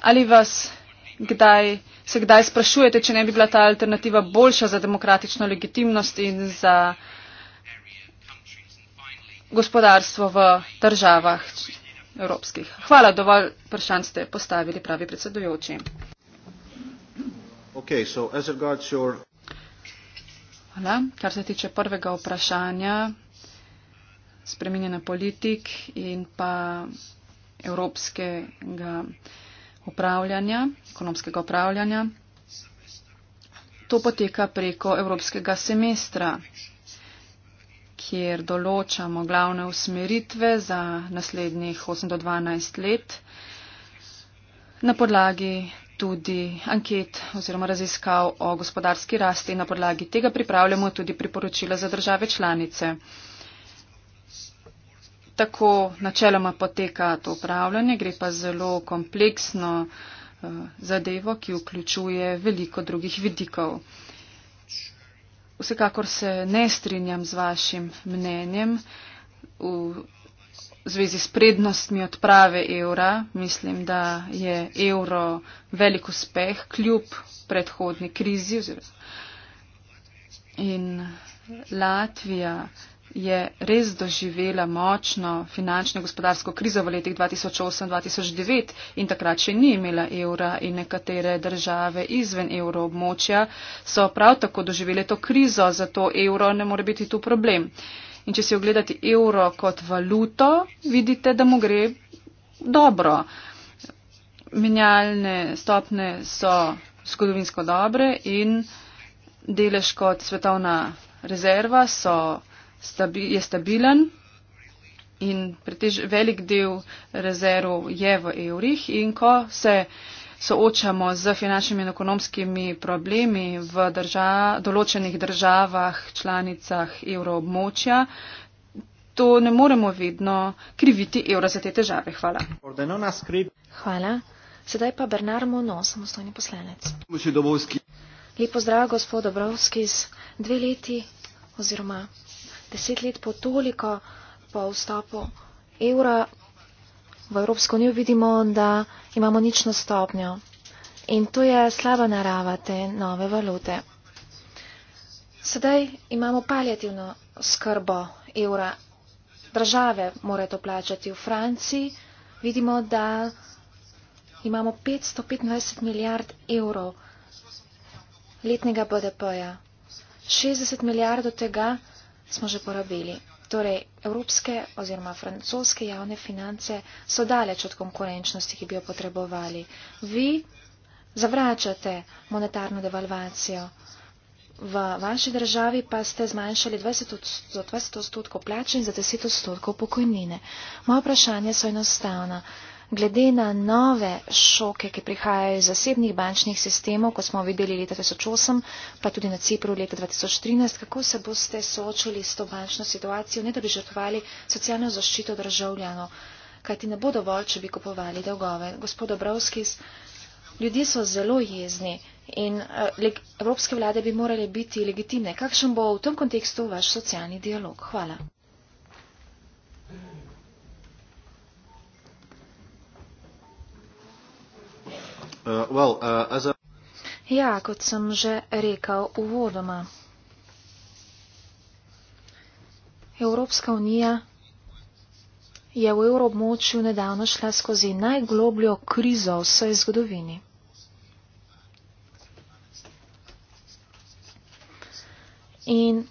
S4: Ali vas kdaj, se kdaj sprašujete, če ne bi bila ta alternativa boljša za demokratično legitimnost in za gospodarstvo v državah evropskih. Hvala, dovolj vprašanj ste postavili, pravi predsedujoči. Okay, Hvala. Kar se tiče prvega vprašanja, spremenjena politik in pa evropskega upravljanja, ekonomskega upravljanja, to poteka preko evropskega semestra kjer določamo glavne usmeritve za naslednjih 8 do 12 let. Na podlagi tudi anket oziroma raziskav o gospodarski rasti in na podlagi tega pripravljamo tudi priporočila za države članice. Tako načeloma poteka to upravljanje, gre pa zelo kompleksno eh, zadevo, ki vključuje veliko drugih vidikov. Vsekakor se ne strinjam z vašim mnenjem v zvezi s prednostmi odprave evra. Mislim, da je evro velik uspeh kljub predhodni krizi. In Latvija je res doživela močno finančno gospodarsko krizo v letih 2008-2009 in takrat še ni imela evra in nekatere države izven evroobmočja so prav tako doživele to krizo, zato evro ne more biti tu problem. In če si ogledate evro kot valuto, vidite, da mu gre dobro. Menjalne stopne so zgodovinsko dobre in delež kot svetovna rezerva so stabi, je stabilen in pretež, velik del rezerv je v evrih in ko se soočamo z finančnimi in ekonomskimi problemi v drža, določenih državah, članicah evroobmočja, to ne moremo vedno kriviti evra za te težave. Hvala.
S3: Hvala. Sedaj pa Bernard Mono, samostojni poslanec. Lepo zdrav, gospod Dobrovski, z dve leti oziroma deset let po toliko, po vstopu evra v Evropsko unijo vidimo, da imamo nično stopnjo. In to je slaba narava te nove valute. Sedaj imamo paljativno skrbo evra. Države morajo to plačati. V Franciji vidimo, da imamo 525 milijard evrov letnega BDP-ja. 60 milijard od tega smo že porabili. Torej, evropske oziroma francoske javne finance so daleč od konkurenčnosti, ki bi jo potrebovali. Vi zavračate monetarno devalvacijo. V vaši državi pa ste zmanjšali 20 odst za 20 odstotkov plače in za 10 odstotkov pokojnine. Moje vprašanje so enostavna glede na nove šoke, ki prihajajo iz zasebnih bančnih sistemov, kot smo videli leta 2008, pa tudi na Cipru leta 2013, kako se boste soočili s to bančno situacijo, ne da bi žrtvali socialno zaščito državljanov, kajti ne bo dovolj, če bi kupovali dolgove. Gospod Obrovskis, ljudje so zelo jezni in eh, evropske vlade bi morale biti legitimne. Kakšen bo v tem kontekstu vaš socialni dialog? Hvala.
S2: Uh, well, uh, as a...
S3: Ja, kot sem že rekel uvodoma, Evropska unija je v evroobmočju nedavno šla skozi najglobljo krizo v vsej zgodovini. In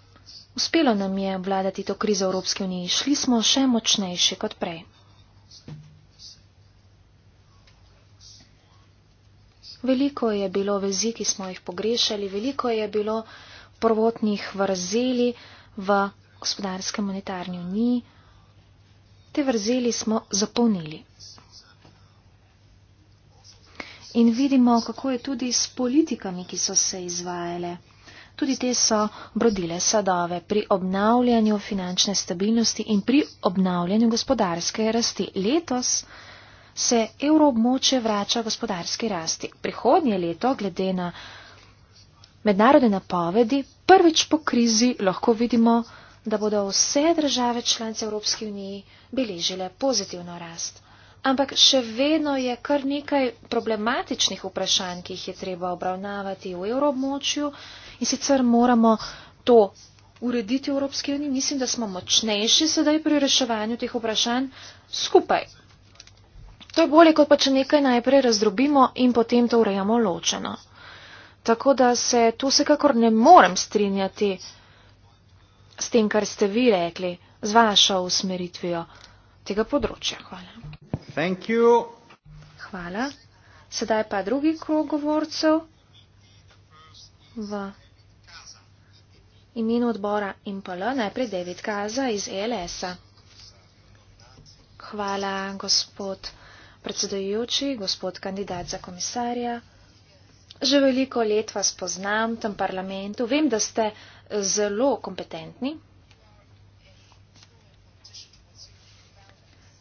S3: uspelo nam je obvladati to krizo Evropske unije. Šli smo še močnejši kot prej. Veliko je bilo vezi, ki smo jih pogrešali, veliko je bilo prvotnih vrzeli v gospodarskem monetarni uniji. Te vrzeli smo zapolnili. In vidimo, kako je tudi s politikami, ki so se izvajale. Tudi te so brodile sadove pri obnavljanju finančne stabilnosti in pri obnavljanju gospodarske rasti. Letos se evroobmoče vrača gospodarski rasti. Prihodnje leto, glede na mednarodne napovedi, prvič po krizi lahko vidimo, da bodo vse države članice Evropske unije beležile pozitivno rast. Ampak še vedno je kar nekaj problematičnih vprašanj, ki jih je treba obravnavati v evroobmočju in sicer moramo to urediti v Evropski uniji. Mislim, da smo močnejši sedaj pri reševanju teh vprašanj skupaj To je bolje, kot pa če nekaj najprej razdrobimo in potem to urejamo ločeno. Tako da se tu vsekakor ne morem strinjati s tem, kar ste vi rekli, z vašo usmeritvijo tega področja.
S2: Hvala.
S3: Hvala. Sedaj pa drugi krog govorcev v imenu odbora MPL, najprej David Kaza iz ELS-a. Hvala, gospod predsedujoči, gospod kandidat za komisarja. Že veliko let vas poznam v tem parlamentu. Vem, da ste zelo kompetentni.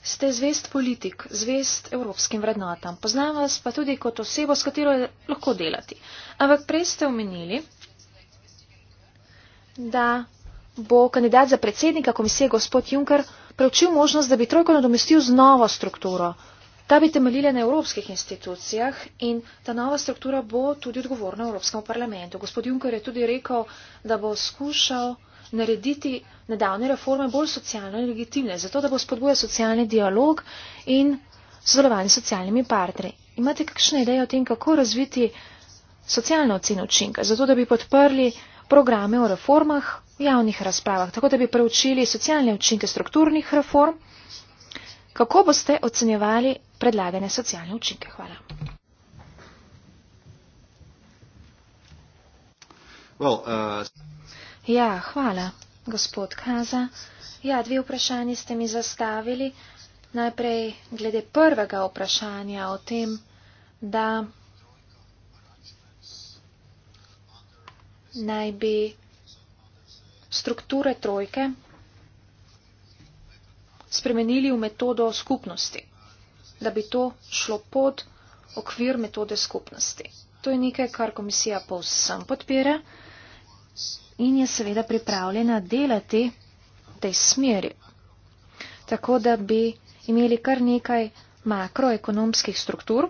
S3: Ste zvest politik, zvest evropskim vrednotam. Poznam vas pa tudi kot osebo, s katero je lahko delati. Ampak prej ste omenili, da bo kandidat za predsednika komisije gospod Juncker preučil možnost, da bi trojko nadomestil z novo strukturo. Ta bi temeljila na evropskih institucijah in ta nova struktura bo tudi odgovorna v Evropskem parlamentu. Gospod Juncker je tudi rekel, da bo skušal narediti nedavne reforme bolj socialno in legitimne, zato da bo spodbuja socialni dialog in sodelovanje s socialnimi partnerji. Imate kakšne ideje o tem, kako razviti socialno oceno učinka, zato da bi podprli programe o reformah v javnih razpravah, tako da bi preučili socialne učinke strukturnih reform Kako boste ocenjevali predlagane socialne učinke? Hvala. Well, uh... Ja, hvala, gospod Kaza. Ja, dve vprašanje ste mi zastavili. Najprej glede prvega vprašanja o tem, da naj bi strukture trojke spremenili v metodo skupnosti, da bi to šlo pod okvir metode skupnosti. To je nekaj, kar komisija povsem podpira in je seveda pripravljena delati v tej smeri. Tako da bi imeli kar nekaj makroekonomskih struktur,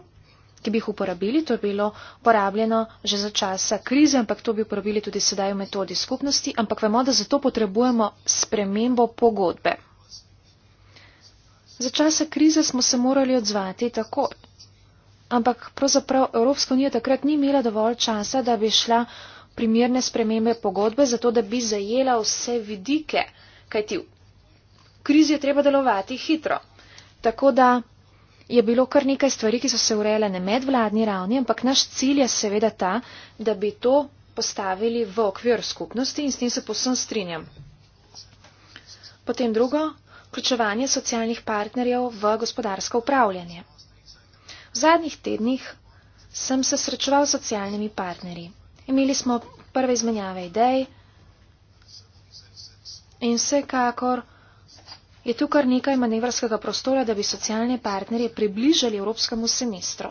S3: ki bi jih uporabili. To je bilo uporabljeno že za časa krize, ampak to bi uporabili tudi sedaj v metodi skupnosti. Ampak vemo, da zato potrebujemo spremembo pogodbe. Za časa krize smo se morali odzvati takoj. Ampak pravzaprav Evropska unija takrat ni imela dovolj časa, da bi šla primerne spremembe pogodbe, zato da bi zajela vse vidike, kajti v krizi je treba delovati hitro. Tako da je bilo kar nekaj stvari, ki so se urejale na medvladni ravni, ampak naš cilj je seveda ta, da bi to postavili v okvir skupnosti in s tem se posem strinjam. Potem drugo, vključevanje socialnih partnerjev v gospodarsko upravljanje. V zadnjih tednih sem se srečeval s socialnimi partnerji. Imeli smo prve izmenjave idej in vsekakor je tu kar nekaj manevrskega prostora, da bi socialne partnerje približali evropskemu semestru.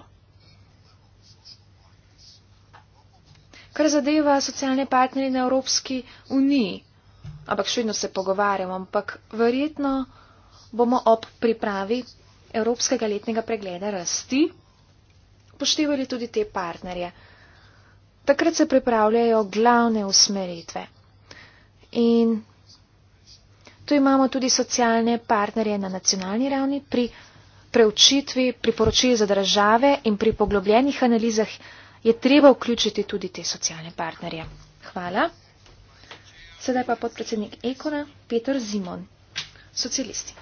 S3: Kar zadeva socialne partnerje na Evropski uniji, ampak še vedno se pogovarjamo, ampak verjetno bomo ob pripravi Evropskega letnega pregleda rasti poštevali tudi te partnerje. Takrat se pripravljajo glavne usmeritve. In tu imamo tudi socialne partnerje na nacionalni ravni pri preučitvi priporočil za države in pri poglobljenih analizah je treba vključiti tudi te socialne partnerje. Hvala. Sedaj pa podpredsednik Ekona, Peter Zimon, socialisti.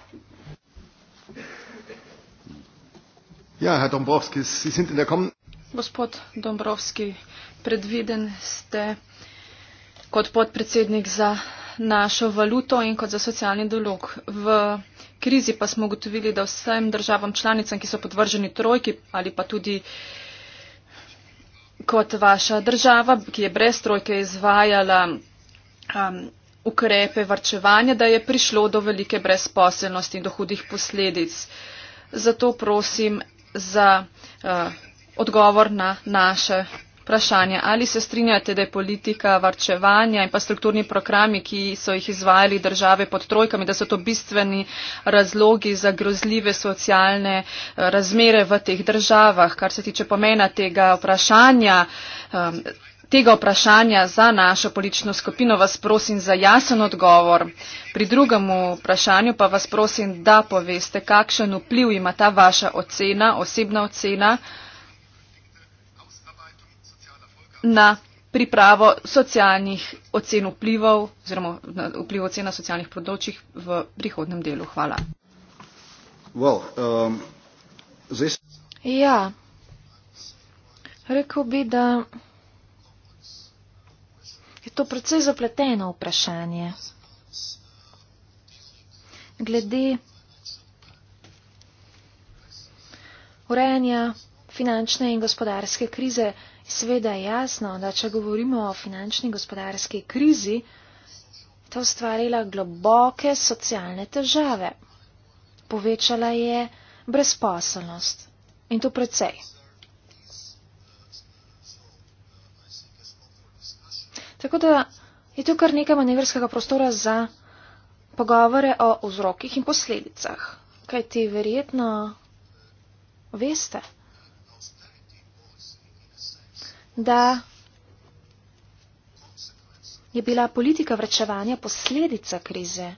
S1: Ja, herr Dombrovski, Sie sind in der Kommen.
S4: Gospod Dombrovski, predviden ste kot podpredsednik za našo valuto in kot za socialni dolog. V krizi pa smo ugotovili, da vsem državam članicam, ki so podvrženi trojki ali pa tudi kot vaša država, ki je brez trojke izvajala um, ukrepe varčevanja, da je prišlo do velike brezposelnosti in do hudih posledic. Zato prosim za uh, odgovor na naše vprašanje. Ali se strinjate, da je politika varčevanja in pa strukturni programi, ki so jih izvajali države pod trojkami, da so to bistveni razlogi za grozljive socialne uh, razmere v teh državah? Kar se tiče pomena tega vprašanja. Um, tega vprašanja za našo politično skupino vas prosim za jasen odgovor. Pri drugem vprašanju pa vas prosim, da poveste, kakšen vpliv ima ta vaša ocena, osebna ocena na pripravo socialnih ocen vplivov oziroma na vpliv ocen na socialnih področjih v prihodnem delu. Hvala.
S2: Well, um, this...
S3: Ja, rekel bi, da to precej zapleteno vprašanje. Glede urejanja finančne in gospodarske krize, sveda je jasno, da če govorimo o finančni gospodarski krizi, je to ustvarila globoke socialne težave. Povečala je brezposelnost in to precej. Tako da je tu kar nekaj manevrskega prostora za pogovore o vzrokih in posledicah. Kaj ti verjetno veste? Da je bila politika vrečevanja posledica krize.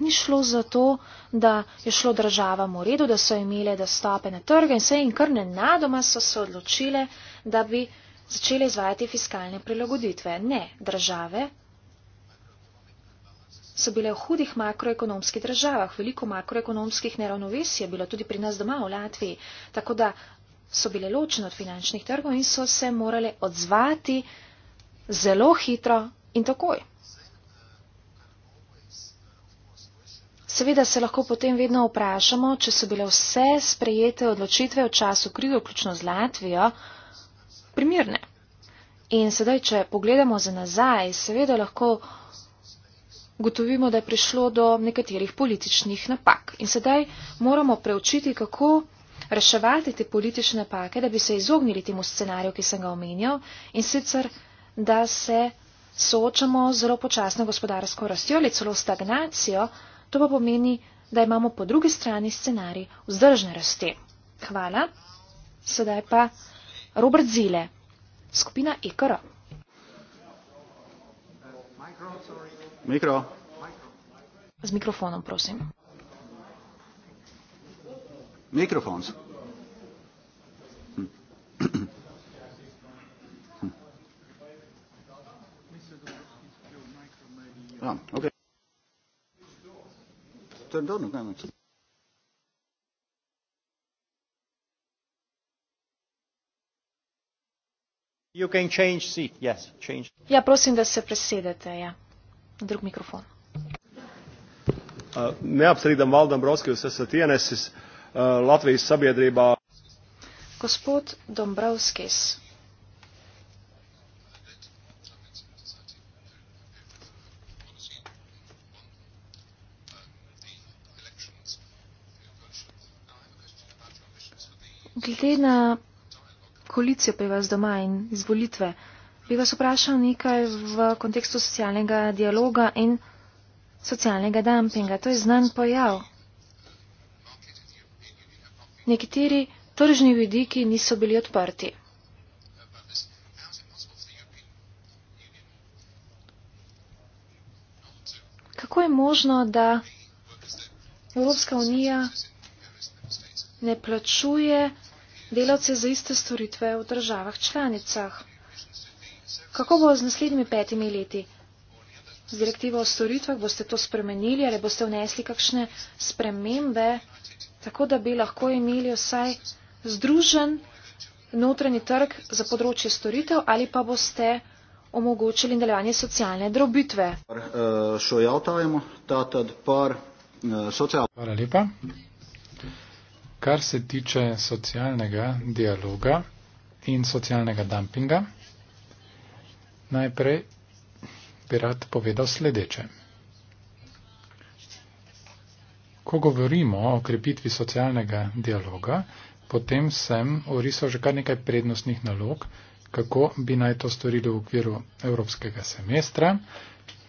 S3: Ni šlo za to, da je šlo država v redu, da so imele dostope na trge in vse in kar nenadoma so se odločile, da bi začele izvajati fiskalne prilagoditve. Ne, države so bile v hudih makroekonomskih državah, veliko makroekonomskih neravnovesij je bilo tudi pri nas doma v Latviji, tako da so bile ločene od finančnih trgov in so se morale odzvati zelo hitro in takoj. Seveda se lahko potem vedno vprašamo, če so bile vse sprejete odločitve v času krize, vključno z Latvijo, uh, primerne. In sedaj, če pogledamo za nazaj, seveda lahko gotovimo, da je prišlo do nekaterih političnih napak. In sedaj moramo preučiti, kako reševati te politične napake, da bi se izognili temu scenariju, ki sem ga omenjal, in sicer, da se soočamo z zelo počasno gospodarsko rastjo ali celo stagnacijo, to pa pomeni, da imamo po drugi strani scenarij vzdržne rasti. Hvala. Sedaj pa. Robert Zile, skupina EKR. Mikro. Z mikrofonom, prosim.
S2: Mikrofons. Hm. Hm. Ja, okay. Turn down the camera. Yes,
S3: ja, prosim, da se presedete ja. na drug mikrofon.
S2: Uh, Neapstrīdam Valdambrovskiju, es esmu uh, ienesis Latvijas sabiedrībā.
S3: Gospod Dombrovskis. Glede na koalicijo pri vas doma in izvolitve. Bi vas vprašal nekaj v kontekstu socialnega dialoga in socialnega dumpinga. To je znan pojav. Nekateri tržni vidiki niso bili odprti. Kako je možno, da Evropska unija ne plačuje delavce za iste storitve v državah članicah. Kako bo z naslednjimi petimi leti? Z direktivo o storitvah boste to spremenili ali boste vnesli kakšne spremembe, tako da bi lahko imeli vsaj združen notranji trg za področje storitev ali pa boste omogočili nadaljevanje socialne drobitve.
S1: Hvala lepa kar se tiče socialnega dialoga in socialnega dumpinga, najprej bi rad povedal sledeče. Ko govorimo o krepitvi socialnega dialoga, potem sem orisal že kar nekaj prednostnih nalog, kako bi naj to storili v okviru evropskega semestra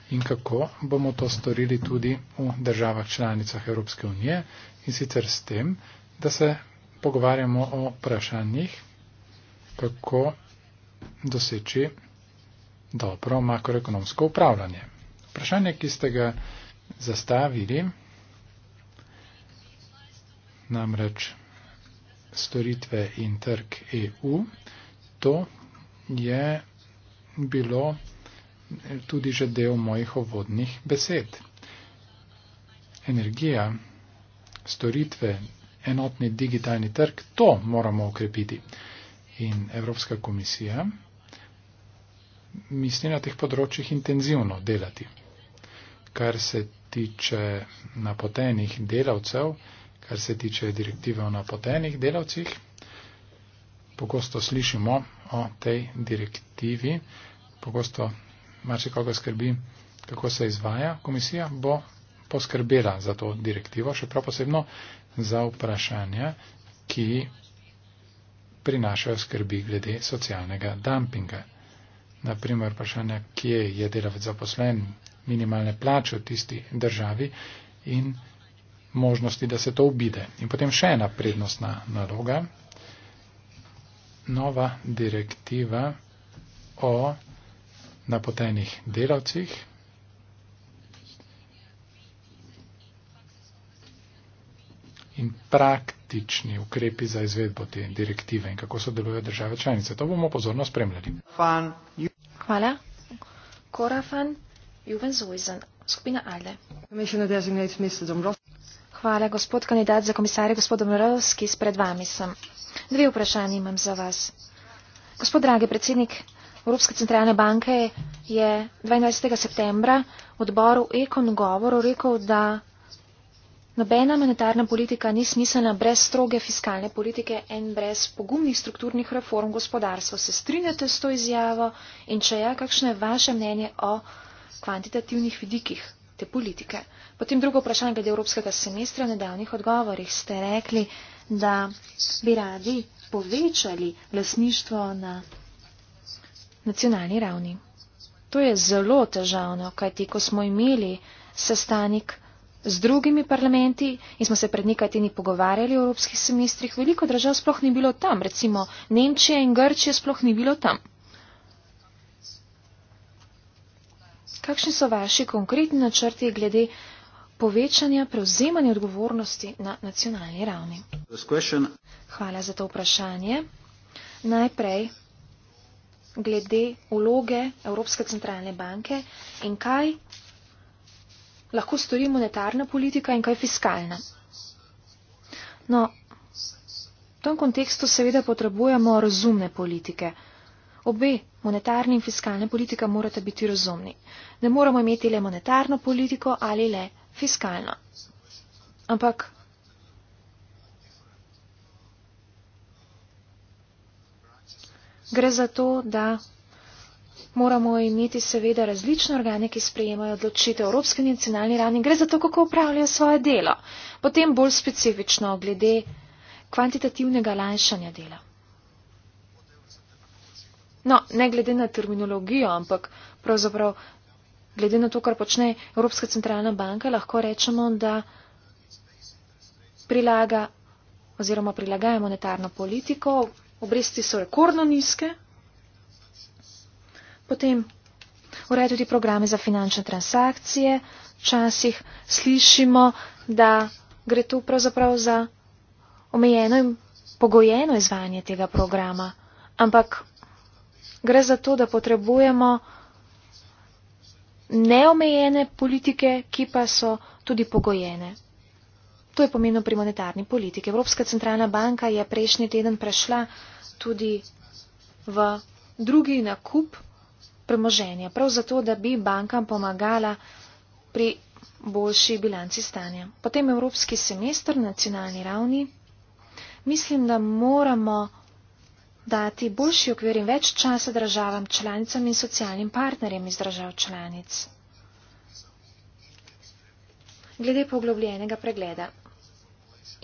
S1: in kako bomo to storili tudi v državah članicah Evropske unije in sicer s tem, da se pogovarjamo o vprašanjih, kako doseči dobro makroekonomsko upravljanje. Vprašanje, ki ste ga zastavili, namreč storitve in trg EU, to je bilo tudi že del mojih ovodnih besed. Energija, storitve, enotni digitalni trg, to moramo ukrepiti. In Evropska komisija misli na teh področjih intenzivno delati. Kar se tiče napotenih delavcev, kar se tiče direktive o napotenih delavcih, pogosto slišimo o tej direktivi, pogosto marsikoga skrbi, kako se izvaja komisija, bo poskrbela za to direktivo, še prav posebno za vprašanja, ki prinašajo skrbi glede socialnega dumpinga. Naprimer, vprašanja, kje je delavec zaposlen, minimalne plače v tisti državi in možnosti, da se to obide. In potem še ena prednostna naloga, nova direktiva o napotenih delavcih, in praktični ukrepi za izvedbo te direktive in kako sodelujejo države članice. To bomo pozorno spremljali.
S3: Hvala. Kora van Juvenzuizen, skupina Alde. Hvala, gospod kandidat za komisarje, gospod Domorovski, spred vami sem. Dve vprašanje imam za vas. Gospod dragi predsednik Evropske centralne banke je 22. septembra odboru Ekon govoru rekel, da Nobena monetarna politika ni smiselna brez stroge fiskalne politike in brez pogumnih strukturnih reform gospodarstva. Se strinjate s to izjavo in če ja, kakšno je vaše mnenje o kvantitativnih vidikih te politike? Potem drugo vprašanje glede Evropskega semestra. V nedavnih odgovorih ste rekli, da bi radi povečali lasništvo na nacionalni ravni. To je zelo težavno, kajti ko smo imeli sestanek z drugimi parlamenti in smo se pred nekaj tedni pogovarjali o evropskih semestrih, veliko držav sploh ni bilo tam, recimo Nemčije in Grčije sploh ni bilo tam. Kakšni so vaši konkretni načrti glede povečanja prevzemanja odgovornosti na nacionalni ravni? Hvala za to vprašanje. Najprej glede uloge Evropske centralne banke in kaj lahko stori monetarna politika in kaj fiskalna. No, v tem kontekstu seveda potrebujemo razumne politike. Obe monetarni in fiskalne politika morata biti razumni. Ne moramo imeti le monetarno politiko ali le fiskalno. Ampak. Gre za to, da moramo imeti seveda različne organe, ki sprejemajo odločitev Evropske nacionalne ravni in gre za to, kako upravljajo svoje delo. Potem bolj specifično glede kvantitativnega lanjšanja dela. No, ne glede na terminologijo, ampak pravzaprav glede na to, kar počne Evropska centralna banka, lahko rečemo, da prilaga oziroma prilagaja monetarno politiko, obresti so rekordno nizke, Potem ureja tudi programe za finančne transakcije. Včasih slišimo, da gre tu pravzaprav za omejeno in pogojeno izvajanje tega programa, ampak gre za to, da potrebujemo neomejene politike, ki pa so tudi pogojene. To je pomenilo pri monetarni politiki. Evropska centralna banka je prejšnji teden prešla tudi v drugi nakup premoženja, prav zato, da bi bankam pomagala pri boljši bilanci stanja. Potem evropski semester na nacionalni ravni. Mislim, da moramo dati boljši okvir in več časa državam, članicam in socialnim partnerjem iz držav članic. Glede poglobljenega pregleda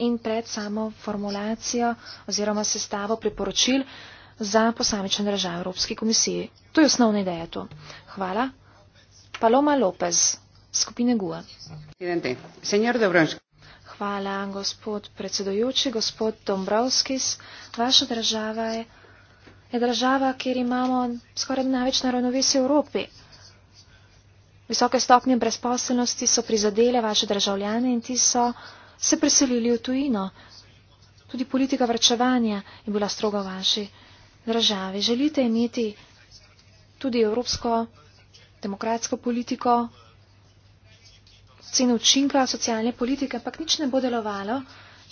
S3: in pred samo formulacijo oziroma sestavo priporočil, za posamečen držav Evropski komisiji. To je osnovna ideja tu. Hvala. Paloma Lopez, skupine GUA. E. Hvala, gospod predsedojoči, gospod Dombrovskis. Vaša država je, je država, kjer imamo skoraj največ naravnovesi v Evropi. Visoke stopnje brezposelnosti so prizadele vaše državljane in ti so se preselili v tujino. Tudi politika vrčevanja je bila strogo vaši države. Želite imeti tudi evropsko demokratsko politiko, ceno učinka socialne politike, ampak nič ne bo delovalo,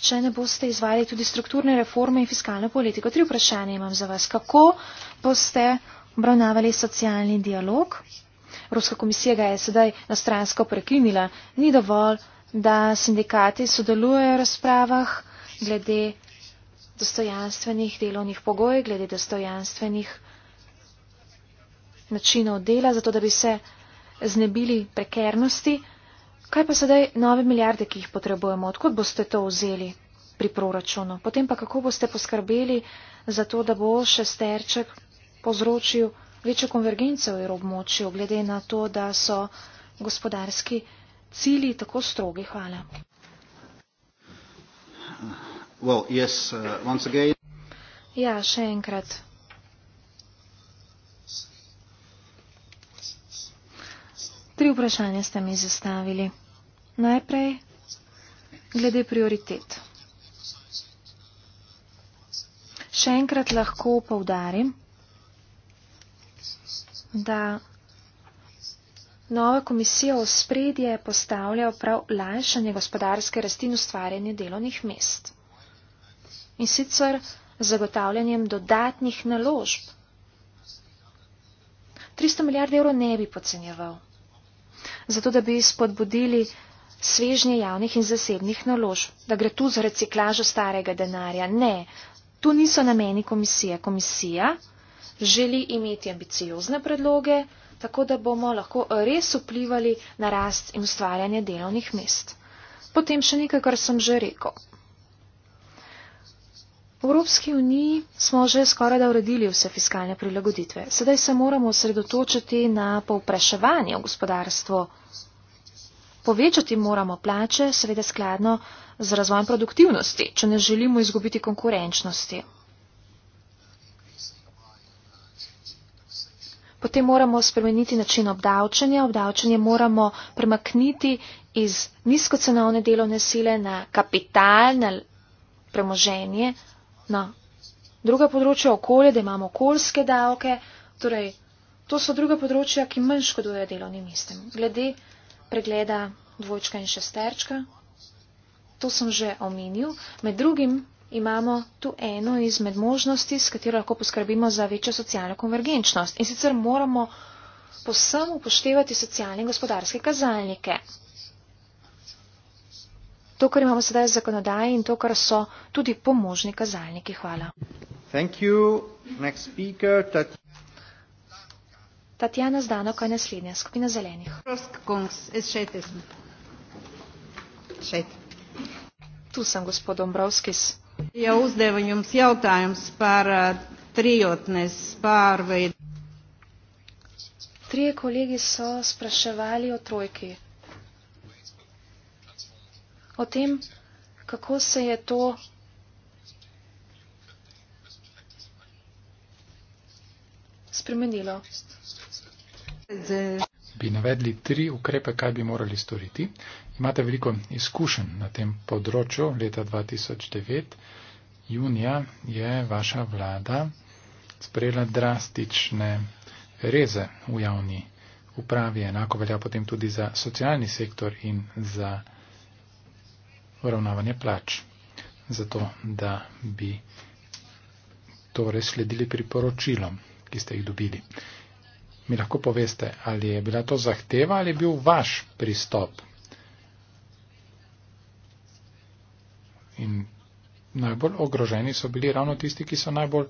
S3: če ne boste izvali tudi strukturne reforme in fiskalno politiko. Tri vprašanje imam za vas. Kako boste obravnavali socialni dialog? Evropska komisija ga je sedaj nastransko prekinila. Ni dovolj, da sindikati sodelujejo v razpravah glede dostojanstvenih delovnih pogojev, glede dostojanstvenih načinov dela, zato da bi se znebili prekernosti. Kaj pa sedaj nove milijarde, ki jih potrebujemo? Odkud boste to vzeli pri proračunu? Potem pa kako boste poskrbeli za to, da bo šesterček povzročil večjo konvergenco v Evropmočju, glede na to, da so gospodarski cilji tako strogi? Hvala.
S2: Well, yes, uh, once again.
S3: Ja, še enkrat. Tri vprašanja ste mi zastavili. Najprej glede prioritet. Še enkrat lahko povdarim, da nova komisija v spredje postavlja prav lajšanje gospodarske rasti in ustvarjanje delovnih mest in sicer zagotavljanjem dodatnih naložb. 300 milijard evrov ne bi podcenjeval, zato da bi spodbudili svežnje javnih in zasebnih naložb, da gre tu za reciklažo starega denarja. Ne, tu niso nameni komisije. Komisija želi imeti ambiciozne predloge, tako da bomo lahko res vplivali na rast in ustvarjanje delovnih mest. Potem še nekaj, kar sem že rekel. V Evropski uniji smo že skoraj da uredili vse fiskalne prilagoditve. Sedaj se moramo osredotočiti na povpraševanje v gospodarstvo. Povečati moramo plače, seveda skladno z razvojem produktivnosti, če ne želimo izgubiti konkurenčnosti. Potem moramo spremeniti način obdavčanja. Obdavčanje moramo premakniti iz nizkocenovne delovne sile na kapital, na premoženje, na druga področja okolje, da imamo okoljske davke. Torej, to so druga področja, ki manj škodujejo delovnim mestem. Glede pregleda dvojčka in šesterčka, to sem že omenil. Med drugim imamo tu eno izmed možnosti, s katero lahko poskrbimo za večjo socialno konvergenčnost. In sicer moramo posem upoštevati socialne in gospodarske kazalnike to, kar imamo sedaj v zakonodaji in to, kar so tudi pomožni kazalniki. Hvala. Tatjana Zdano, kaj naslednja skupina zelenih? Tu sem, gospod Dombrovskis. Ja, uzdevanjem si javtajem spar eh, triotne sparve. Trije kolegi so spraševali o trojki o tem, kako se je to spremenilo.
S1: Bi navedli tri ukrepe, kaj bi morali storiti. Imate veliko izkušenj na tem področju. Leta 2009, junija, je vaša vlada sprejela drastične reze v javni upravi. Enako velja potem tudi za socialni sektor in za uravnavanje plač. Zato, da bi torej sledili priporočilom, ki ste jih dobili. Mi lahko poveste, ali je bila to zahteva ali je bil vaš pristop. In najbolj ogroženi so bili ravno tisti, ki so najbolj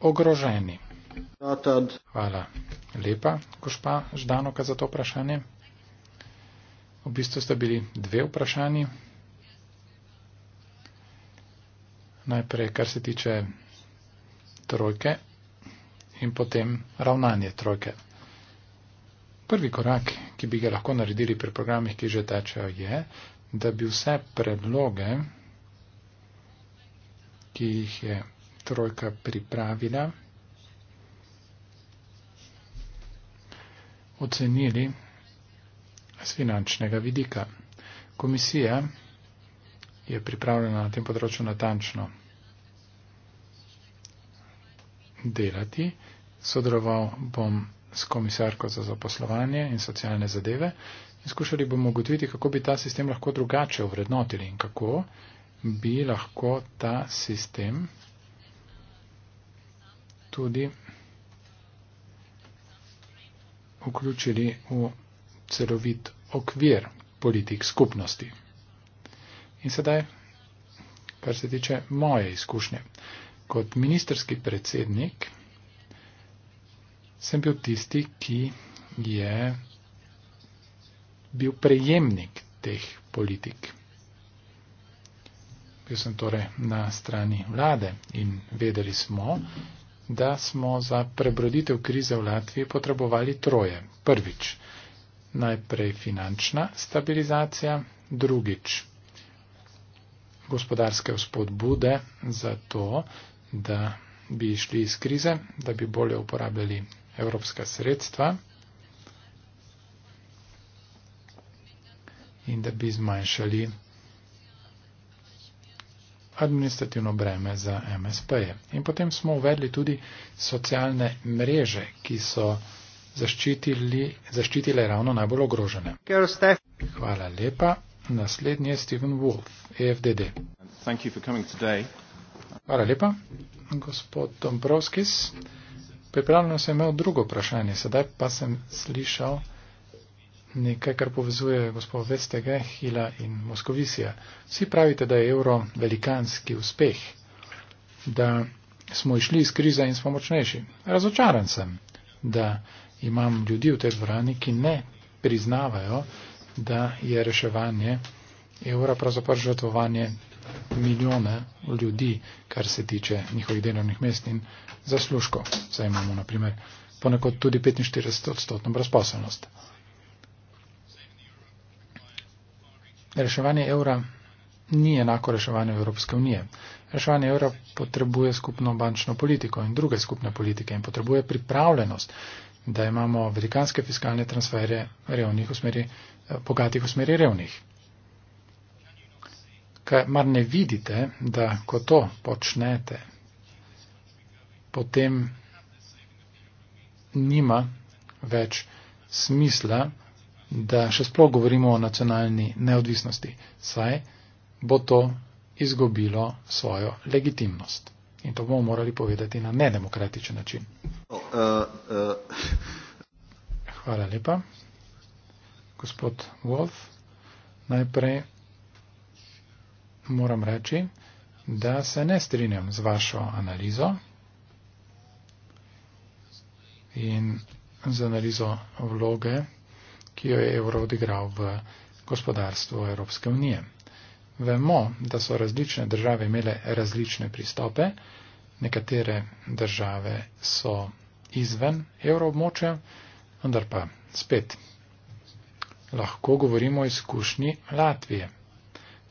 S1: ogroženi. Hvala lepa, gospa Ždanoka, za to vprašanje. V bistvu sta bili dve vprašanji. najprej kar se tiče trojke in potem ravnanje trojke. Prvi korak, ki bi ga lahko naredili pri programih, ki že tečejo, je, da bi vse predloge, ki jih je trojka pripravila, ocenili z finančnega vidika. Komisija je pripravljena na tem področju natančno delati. Sodeloval bom s komisarko za zaposlovanje in socialne zadeve in skušali bomo ugotoviti, kako bi ta sistem lahko drugače uvrednotili in kako bi lahko ta sistem tudi vključili v celovit okvir politik skupnosti. In sedaj, kar se tiče moje izkušnje. Kot ministerski predsednik sem bil tisti, ki je bil prejemnik teh politik. Bil sem torej na strani vlade in vedeli smo, da smo za prebroditev krize v Latviji potrebovali troje. Prvič, najprej finančna stabilizacija, drugič, gospodarske vzpodbude za to, da bi išli iz krize, da bi bolje uporabljali evropska sredstva in da bi zmanjšali administrativno breme za MSP-je. In potem smo uvedli tudi socialne mreže, ki so zaščitile ravno najbolj ogrožene. Hvala lepa. Naslednji je Steven Wolf, EFDD. Hvala lepa, gospod Dombrovskis. Pripravljeno sem imel drugo vprašanje, sedaj pa sem slišal nekaj, kar povezuje gospod Vestega, Hila in Moskovisija. Vsi pravite, da je evro velikanski uspeh, da smo išli iz krize in smo močnejši. Razočaran sem, da imam ljudi v tej dvorani, ki ne priznavajo, da je reševanje evra pravzaprav žrtvovanje milijone ljudi, kar se tiče njihovih delovnih mest in zaslužkov. Zdaj imamo, na primer, ponekod tudi 45 odstotno brezposobnost. Reševanje evra ni enako reševanju Evropske unije. Reševanje evra potrebuje skupno bančno politiko in druge skupne politike in potrebuje pripravljenost da imamo velikanske fiskalne transfere revnih v smeri, eh, bogatih v smeri revnih. Kaj mar ne vidite, da ko to počnete, potem nima več smisla, da še sploh govorimo o nacionalni neodvisnosti, saj bo to izgubilo svojo legitimnost. In to bomo morali povedati na nedemokratičen način. Oh. Hvala lepa. Gospod Wolf, najprej moram reči, da se ne strinjam z vašo analizo in z analizo vloge, ki jo je evro odigral v gospodarstvu Evropske unije. Vemo, da so različne države imele različne pristope. Nekatere države so izven evroobmočja, vendar pa spet. Lahko govorimo o izkušnji Latvije.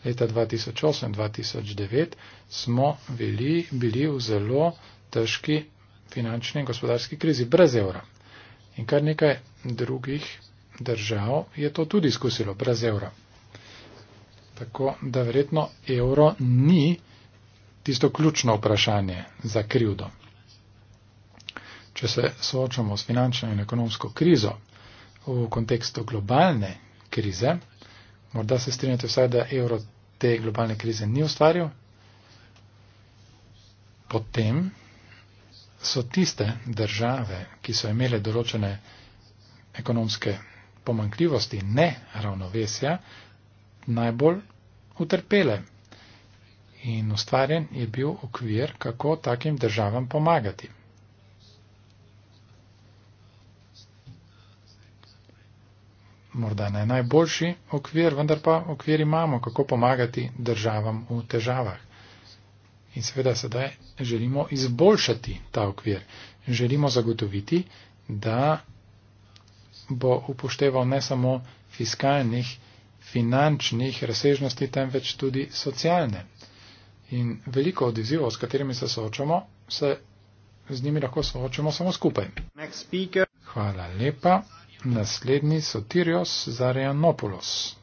S1: Leta 2008-2009 smo bili, bili v zelo težki finančni in gospodarski krizi brez evra. In kar nekaj drugih držav je to tudi izkusilo brez evra. Tako da verjetno evro ni tisto ključno vprašanje za krivdo. Če se soočamo s finančno in ekonomsko krizo v kontekstu globalne krize, morda se strinjate vsaj, da evro te globalne krize ni ustvaril, potem so tiste države, ki so imele določene ekonomske pomankljivosti, ne ravnovesja, najbolj utrpele. In ustvarjen je bil okvir, kako takim državam pomagati. morda ne najboljši okvir, vendar pa okvir imamo, kako pomagati državam v težavah. In seveda sedaj želimo izboljšati ta okvir. Želimo zagotoviti, da bo upošteval ne samo fiskalnih, finančnih razsežnosti, temveč tudi socialne. In veliko odzivov, s katerimi se soočamo, se z njimi lahko soočamo samo skupaj. Hvala lepa. Naslednji Sotirios Zarianopoulos.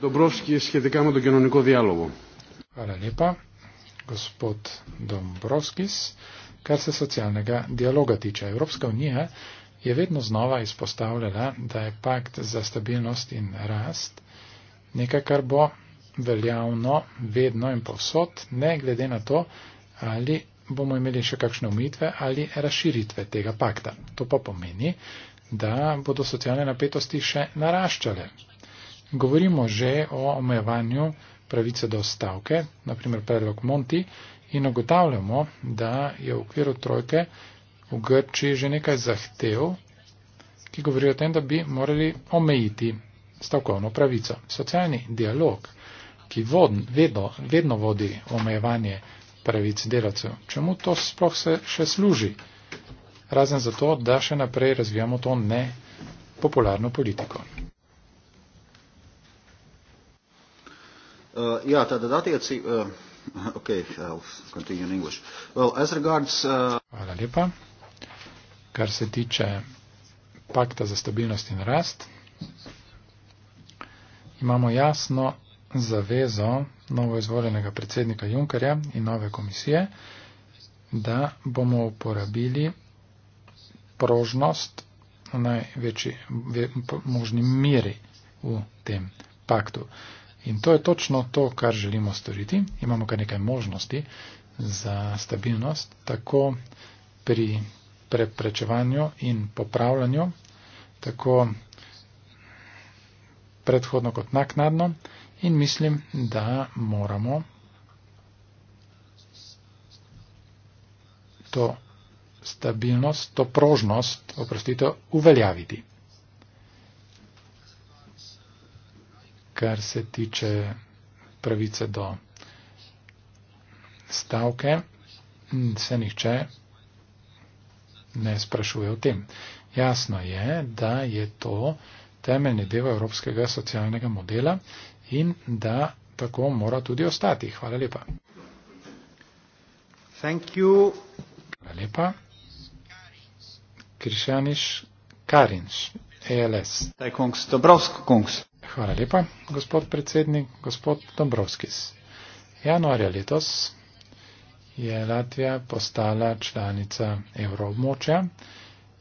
S1: Dobrovski, sledekamo do genovnega dialogu. Hvala lepa, gospod Dombrovskis. Kar se socialnega dialoga tiče, Evropska unija je vedno znova izpostavljala, da je pakt za stabilnost in rast nekaj, kar bo veljavno vedno in povsod, ne glede na to, ali bomo imeli še kakšne umitve ali razširitve tega pakta. To pa pomeni, da bodo socialne napetosti še naraščale. Govorimo že o omejevanju pravice do stavke, naprimer predlog Monti, in ogotavljamo, da je v okviru trojke v Grčiji že nekaj zahtev, ki govorijo o tem, da bi morali omejiti stavkovno pravico. Socialni dialog, ki vod, vedno, vedno vodi omejevanje pravic delavcev, čemu to sploh se še služi? razen zato, da še naprej razvijamo to nepopularno politiko.
S2: Uh, ja, ta dodatek je cilj. Uh, ok, uh, I'll continue in English. Well, as regards. Uh...
S1: Hvala lepa. Kar se tiče pakta za stabilnost in rast, imamo jasno zavezo novo izvoljenega predsednika Junkerja in nove komisije, da bomo uporabili prožnost v največji možni miri v tem paktu. In to je točno to, kar želimo storiti. Imamo kar nekaj možnosti za stabilnost, tako pri preprečevanju in popravljanju, tako predhodno kot naknadno. In mislim, da moramo to stabilnost, to prožnost, oprostite, uveljaviti. Kar se tiče pravice do stavke, se nihče ne sprašuje o tem. Jasno je, da je to temeljni del evropskega socialnega modela in da tako mora tudi ostati. Hvala lepa. Thank you. Hvala lepa. Krišaniš Karinš, ELS. Kongs, Dobrovsk, kongs. Hvala lepa, gospod predsednik, gospod Dombrovskis. Januarja letos je Latvija postala članica evroobmočja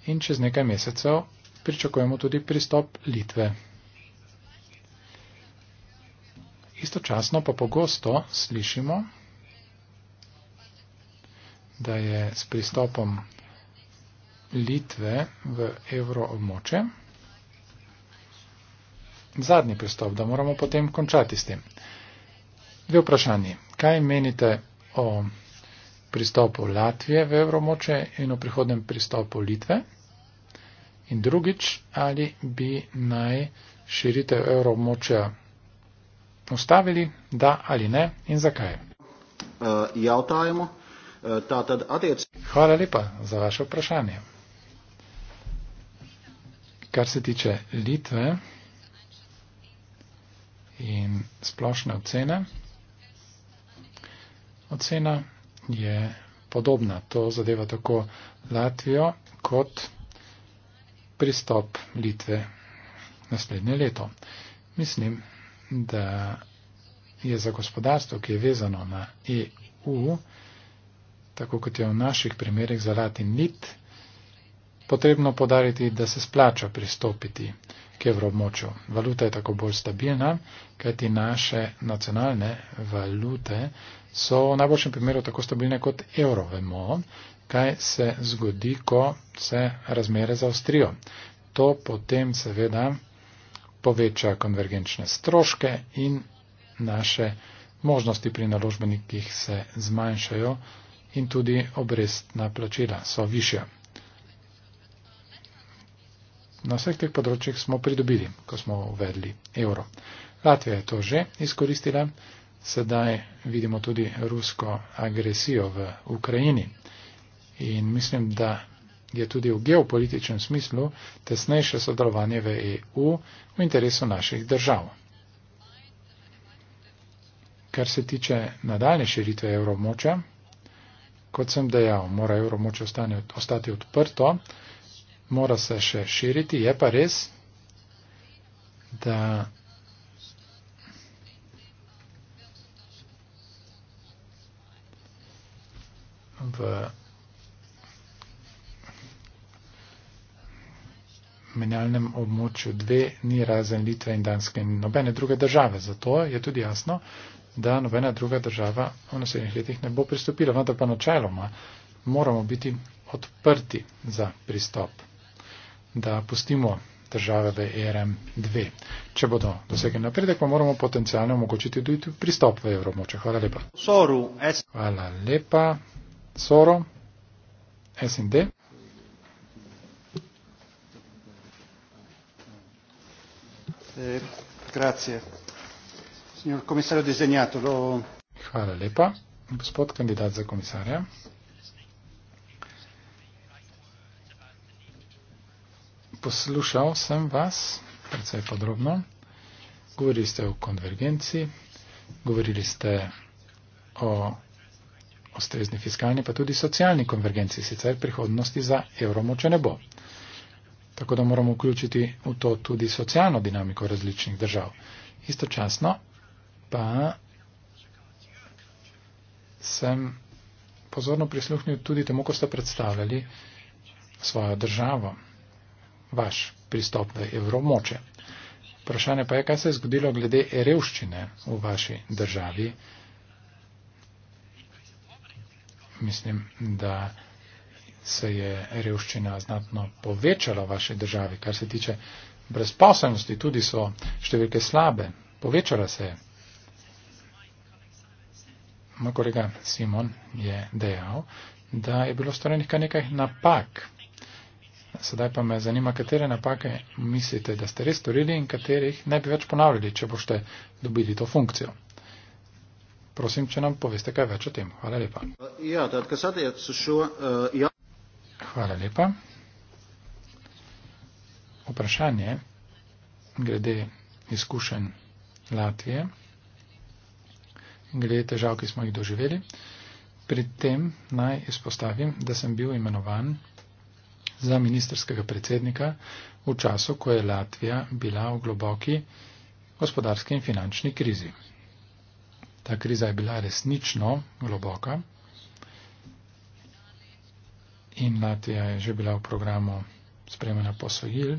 S1: in čez nekaj mesecev pričakujemo tudi pristop Litve. Istočasno pa pogosto slišimo, da je s pristopom Litve v evroobmoče. Zadnji pristop, da moramo potem končati s tem. Dve vprašanji. Kaj menite o pristopu Latvije v evroobmoče in o prihodnem pristopu Litve? In drugič, ali bi naj širitev evroobmoča ustavili, da ali ne in zakaj?
S2: Uh, ja, ta,
S1: ta, Hvala lepa za vaše vprašanje kar se tiče Litve in splošne ocene, ocena je podobna. To zadeva tako Latvijo kot pristop Litve naslednje leto. Mislim, da je za gospodarstvo, ki je vezano na EU, tako kot je v naših primerih za Latin Lit, potrebno podariti, da se splača pristopiti k evroobmočju. Valuta je tako bolj stabilna, kajti naše nacionalne valute so v najboljšem primeru tako stabilne kot evro. Vemo, kaj se zgodi, ko se razmere zaostrijo. To potem seveda poveča konvergenčne stroške in naše možnosti pri naložbenikih se zmanjšajo in tudi obrestna plačila so višja. Na vseh teh področjih smo pridobili, ko smo uvedli evro. Latvija je to že izkoristila, sedaj vidimo tudi rusko agresijo v Ukrajini. In mislim, da je tudi v geopolitičnem smislu tesnejše sodelovanje v EU v interesu naših držav. Kar se tiče nadaljne širitve evromoča, kot sem dejal, mora evromoč ostati odprto mora se še širiti, je pa res, da v menjalnem območju dve ni razen Litve in Danske in nobene druge države. Zato je tudi jasno, da nobena druga država v naslednjih letih ne bo pristopila, vendar pa načeloma moramo biti odprti za pristop da pustimo države v ERM2. Če bodo dosegli napredek, pa moramo potencijalno omogočiti tudi pristop v evromoče. Hvala lepa. Soru, es... Hvala lepa. Soro, SND. Eh, Hvala lepa, gospod kandidat za komisarja. poslušal sem vas precej podrobno. Govorili ste o konvergenci, govorili ste o ustrezni fiskalni, pa tudi socialni konvergenci, sicer prihodnosti za evro moče ne bo. Tako da moramo vključiti v to tudi socialno dinamiko različnih držav. Istočasno pa sem pozorno prisluhnil tudi temu, ko ste predstavljali svojo državo vaš pristop v evromoče. Vprašanje pa je, kaj se je zgodilo glede revščine v vaši državi. Mislim, da se je revščina znatno povečala v vaši državi, kar se tiče brezposobnosti, tudi so številke slabe, povečala se je. Moj kolega Simon je dejal, da je bilo storjenih kar nekaj napak Sedaj pa me zanima, katere napake mislite, da ste res storili in katerih ne bi več ponavljali, če boste dobili to funkcijo. Prosim, če nam poveste kaj več o tem. Hvala lepa.
S2: Ja, eh, ja.
S1: Hvala lepa. Vprašanje glede izkušenj Latvije, glede težav, ki smo jih doživeli. Pri tem naj izpostavim, da sem bil imenovan za ministerskega predsednika v času, ko je Latvija bila v globoki gospodarski in finančni krizi. Ta kriza je bila resnično globoka in Latvija je že bila v programu spremljena posojil.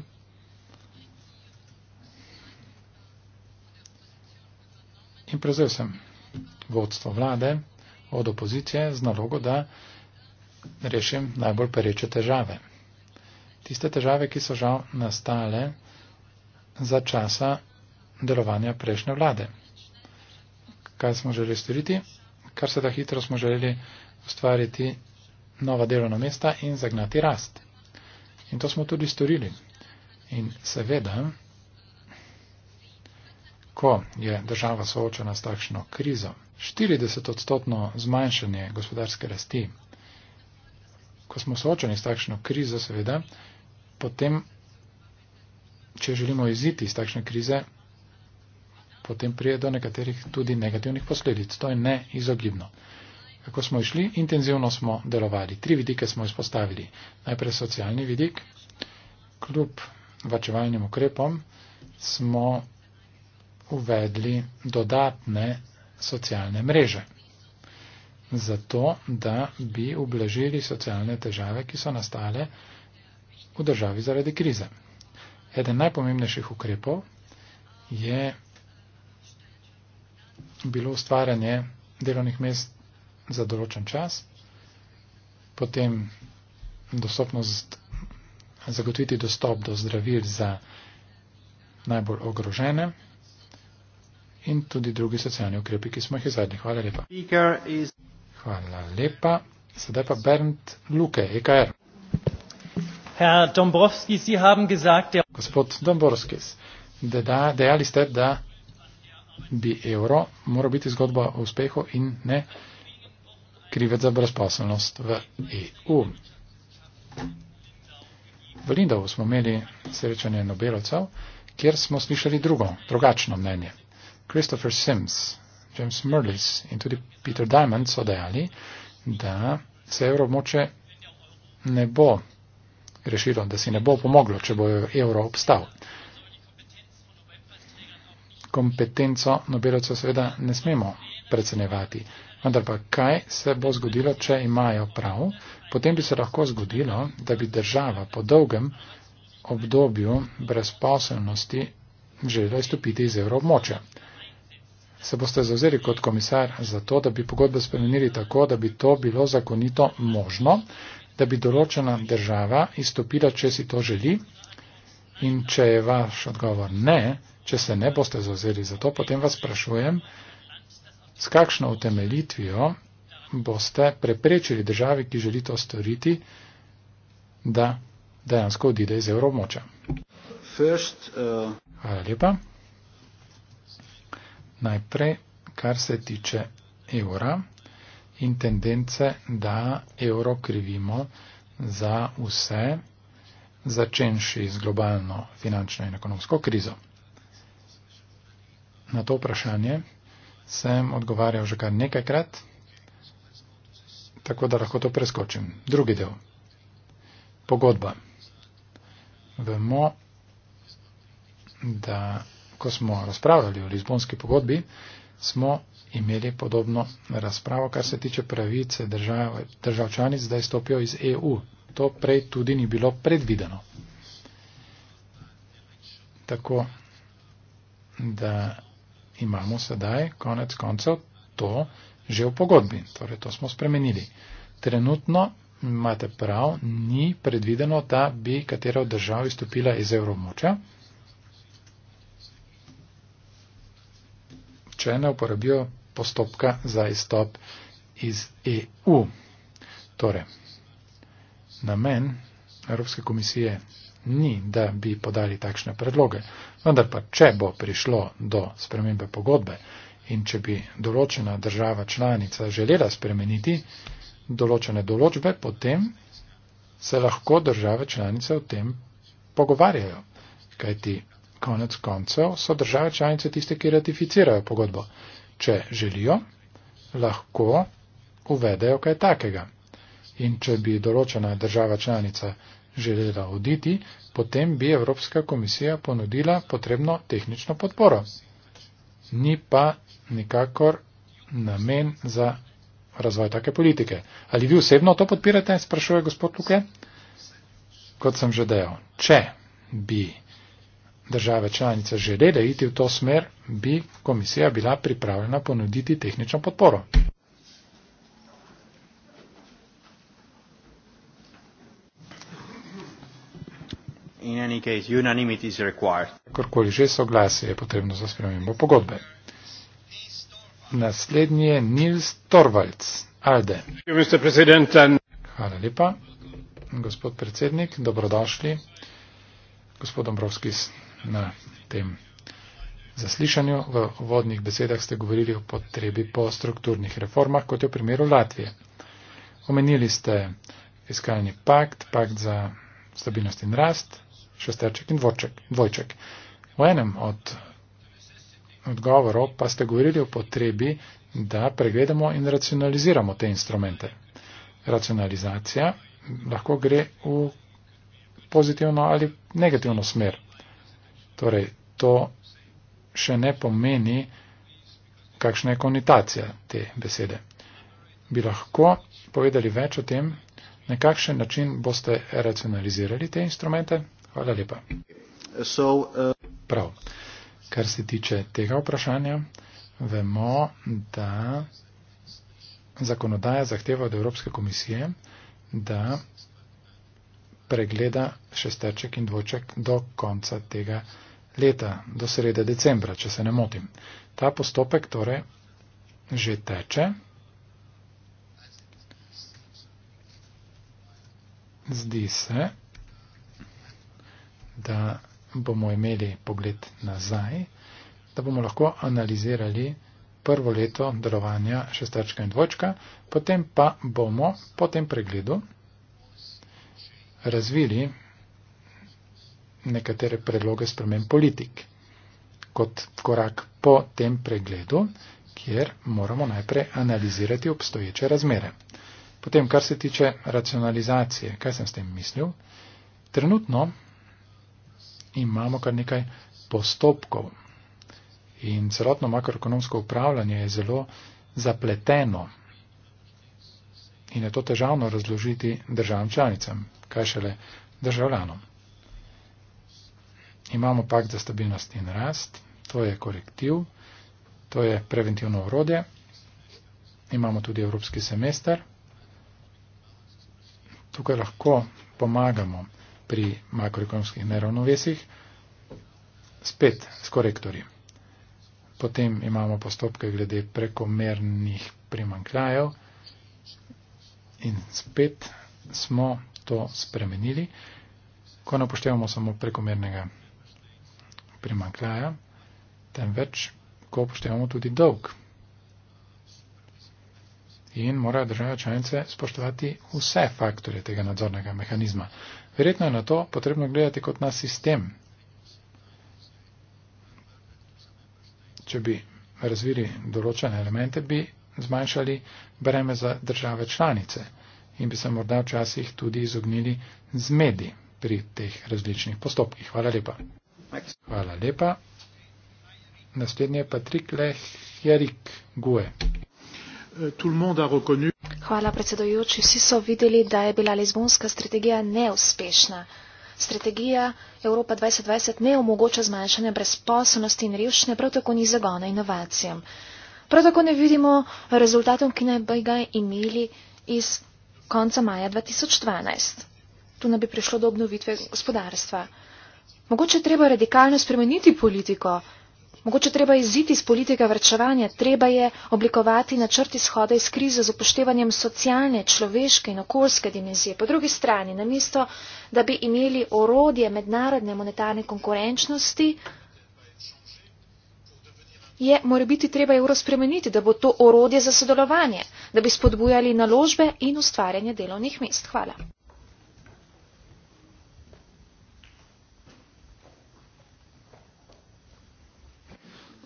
S1: In prezel sem vodstvo vlade od opozicije z nalogo, da rešim najbolj pereče težave tiste težave, ki so žal nastale za časa delovanja prejšnje vlade. Kaj smo želeli storiti? Kar se da hitro smo želeli ustvariti nova delovna mesta in zagnati rast. In to smo tudi storili. In seveda, ko je država soočena s takšno krizo, 40 odstotno zmanjšanje gospodarske rasti, ko smo soočeni s takšno krizo, seveda, potem, če želimo iziti iz takšne krize, potem prije do nekaterih tudi negativnih posledic. To je neizogibno. Kako smo išli? Intenzivno smo delovali. Tri vidike smo izpostavili. Najprej socialni vidik. Kljub vačevalnim ukrepom smo uvedli dodatne socialne mreže. Zato, da bi ublažili socialne težave, ki so nastale v državi zaradi krize. Eden najpomembnejših ukrepov je bilo ustvarjanje delovnih mest za določen čas, potem dostopnost, zagotoviti dostop do zdravil za najbolj ogrožene in tudi drugi socialni ukrepi, ki smo jih izvedli. Hvala lepa. Hvala lepa. Sedaj pa Bernd Luke, EKR. Herr Dombrovskis, Sie haben gesagt, der Gospod Dombrovskis, de da, dejali ste, da bi evro moral biti zgodba o uspehu in ne krivec za brezposelnost v EU. V Lindovu smo imeli srečanje Nobelovcev, kjer smo slišali drugo, drugačno mnenje. Christopher Sims, James Merlis in tudi Peter Diamond so dejali, da se evro moče ne bo rešilo, da si ne bo pomoglo, če bo evro obstal. Kompetenco nobelovcev seveda ne smemo predsenevati. Vendar pa kaj se bo zgodilo, če imajo prav? Potem bi se lahko zgodilo, da bi država po dolgem obdobju brezposelnosti želela izstopiti iz evroobmočja. Se boste zauzeli kot komisar za to, da bi pogodbe spremenili tako, da bi to bilo zakonito možno, da bi določena država izstopila, če si to želi. In če je vaš odgovor ne, če se ne boste zauzeli za to, potem vas sprašujem, s kakšno utemelitvijo boste preprečili državi, ki želi to storiti, da dejansko odide iz evromoča.
S2: First, uh...
S1: Hvala lepa. Najprej, kar se tiče evra in tendence, da evro krivimo za vse, začenši z globalno finančno in ekonomsko krizo. Na to vprašanje sem odgovarjal že kar nekajkrat, tako da lahko to preskočim. Drugi del. Pogodba. Vemo, da ko smo razpravljali o Lizbonski pogodbi, smo imeli podobno razpravo, kar se tiče pravice držav, državčanic, da izstopijo iz EU. To prej tudi ni bilo predvideno. Tako da imamo sedaj konec koncev to že v pogodbi. Torej, to smo spremenili. Trenutno, imate prav, ni predvideno, da bi katera od držav izstopila iz evromoča, če ne uporabijo postopka za izstop iz EU. Torej, namen Evropske komisije ni, da bi podali takšne predloge, vendar pa, če bo prišlo do spremembe pogodbe in če bi določena država članica želela spremeniti določene določbe, potem se lahko države članice o tem pogovarjajo. Kajti konec koncev so države članice tiste, ki ratificirajo pogodbo če želijo, lahko uvedejo kaj takega. In če bi določena država članica želela oditi, potem bi Evropska komisija ponudila potrebno tehnično podporo. Ni pa nikakor namen za razvoj take politike. Ali vi osebno to podpirate, sprašuje gospod Luke? Kot sem že dejal, če bi države članice želele iti v to smer, bi komisija bila pripravljena ponuditi tehnično podporo. Korkoli že soglasje je potrebno za spremembo pogodbe. Naslednji je Nils Torvalds, Alde. Hvala lepa, gospod predsednik, dobrodošli. Gospod Dombrovskis, na tem zaslišanju. V vodnih besedah ste govorili o potrebi po strukturnih reformah, kot je v primeru Latvije. Omenili ste fiskalni pakt, pakt za stabilnost in rast, šesterček in dvoček, dvojček. V enem od odgovorov pa ste govorili o potrebi, da pregledamo in racionaliziramo te instrumente. Racionalizacija lahko gre v pozitivno ali negativno smer. Torej, to še ne pomeni, kakšna je konitacija te besede. Bi lahko povedali več o tem, na kakšen način boste racionalizirali te instrumente? Hvala lepa. So, uh... Prav. Kar se tiče tega vprašanja, vemo, da zakonodaja zahteva od Evropske komisije, da pregleda šesterček in dvoček do konca tega leta, do srede decembra, če se ne motim. Ta postopek torej že teče. Zdi se, da bomo imeli pogled nazaj, da bomo lahko analizirali prvo leto delovanja šesterčka in dvočka, potem pa bomo po tem pregledu razvili nekatere predloge spremen politik kot korak po tem pregledu, kjer moramo najprej analizirati obstoječe razmere. Potem, kar se tiče racionalizacije, kaj sem s tem mislil, trenutno imamo kar nekaj postopkov in celotno makroekonomsko upravljanje je zelo zapleteno in je to težavno razložiti državam članicam kaj šele državljanom. Imamo pakt za stabilnost in rast, to je korektiv, to je preventivno urode, imamo tudi evropski semester. Tukaj lahko pomagamo pri makroekonomskih neravnovesih, spet s korektori. Potem imamo postopke glede prekomernih primankljajev in spet smo to spremenili, ko ne upoštevamo samo prekomernega primankljaja, temveč, ko upoštevamo tudi dolg. In mora država članice spoštovati vse faktore tega nadzornega mehanizma. Verjetno je na to potrebno gledati kot na sistem. Če bi razvili določene elemente, bi zmanjšali breme za države članice in bi se morda včasih tudi izognili zmedi pri teh različnih postopkih. Hvala lepa. Hvala lepa. Naslednji je Patrik Lehjerik Gue.
S3: Hvala predsedojoči. Vsi so videli, da je bila lizbonska strategija neuspešna. Strategija Evropa 2020 ne omogoča zmanjšanja brezposobnosti in revščine, prav tako ni zagona inovacijam. Prav tako ne vidimo rezultatov, ki naj bi ga imeli iz konca maja 2012. Tu naj bi prišlo do obnovitve gospodarstva. Mogoče treba radikalno spremeniti politiko, mogoče treba iziti iz politike vrčevanja, treba je oblikovati načrti izhoda iz krize z upoštevanjem socialne, človeške in okoljske dimenzije. Po drugi strani, namesto, da bi imeli orodje mednarodne monetarne konkurenčnosti, je mora biti treba evro spremeniti, da bo to orodje za sodelovanje, da bi spodbujali naložbe in ustvarjanje delovnih mest. Hvala.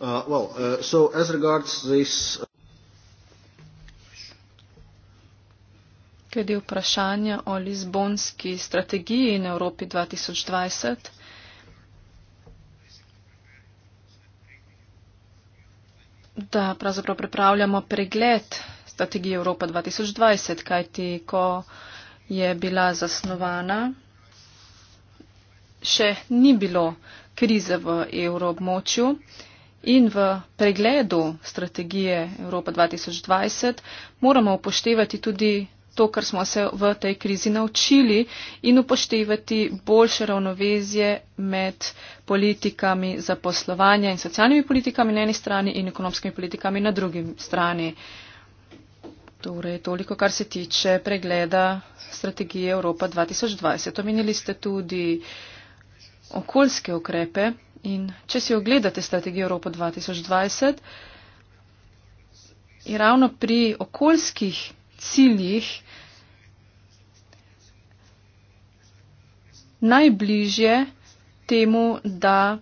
S2: Uh, well, uh, so as regards this.
S4: Glede vprašanja o lizbonski strategiji in Evropi 2020. da pravzaprav pripravljamo pregled strategije Evropa 2020, kajti ko je bila zasnovana, še ni bilo krize v evroobmočju in v pregledu strategije Evropa 2020 moramo upoštevati tudi to, kar smo se v tej krizi naučili in upoštevati boljše ravnovezje med politikami za poslovanje in socialnimi politikami na eni strani in ekonomskimi politikami na drugi strani. Torej, toliko, kar se tiče pregleda strategije Evropa 2020. Omenili ste tudi okoljske ukrepe in če si ogledate strategijo Evropa 2020, je ravno pri okoljskih ciljih najbližje temu, da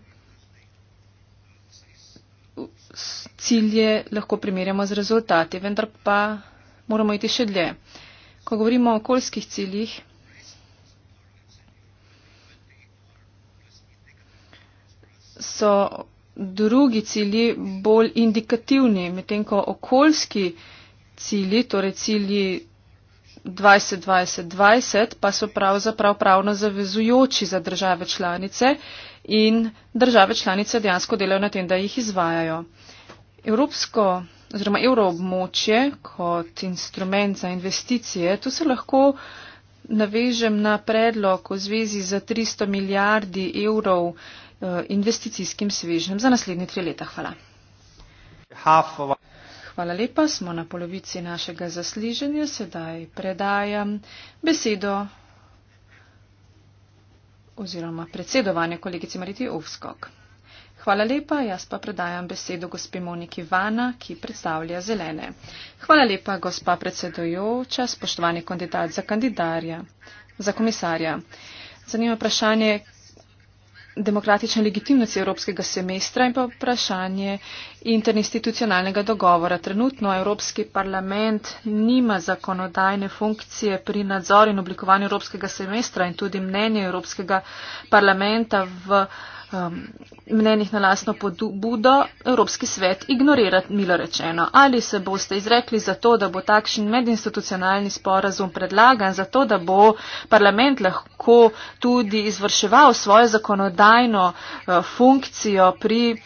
S4: cilje lahko primerjamo z rezultati, vendar pa moramo iti še dlje. Ko govorimo o okoljskih ciljih, so drugi cilji bolj indikativni, medtem ko okoljski cilji, torej cilji 2020-2020 pa so pravzaprav pravno zavezujoči za države članice in države članice dejansko delajo na tem, da jih izvajajo. Evropsko oziroma evroobmočje kot instrument za investicije, tu se lahko navežem na predlog v zvezi za 300 milijardi evrov eh, investicijskim svežnjem za naslednje tri leta. Hvala. Half of our- Hvala lepa, smo na polovici našega zasliženja. Sedaj predajam besedo oziroma predsedovanje kolegici Mariti Ovskog. Hvala lepa, jaz pa predajam besedo gospe Moniki Vana, ki predstavlja zelene. Hvala lepa, gospa predsedojoča, spoštovani kandidat za kandidarja, za komisarja. Zanima vprašanje demokratične legitimnosti evropskega semestra in pa vprašanje interinstitucionalnega dogovora. Trenutno Evropski parlament nima zakonodajne funkcije pri nadzoru in oblikovanju Evropskega semestra in tudi mnenje Evropskega parlamenta v um, mnenjih na lasno podbudo Evropski svet ignorira, milo rečeno. Ali se boste izrekli za to, da bo takšen medinstitucionalni sporazum predlagan, za to, da bo parlament lahko tudi izvrševal svojo zakonodajno uh, funkcijo pri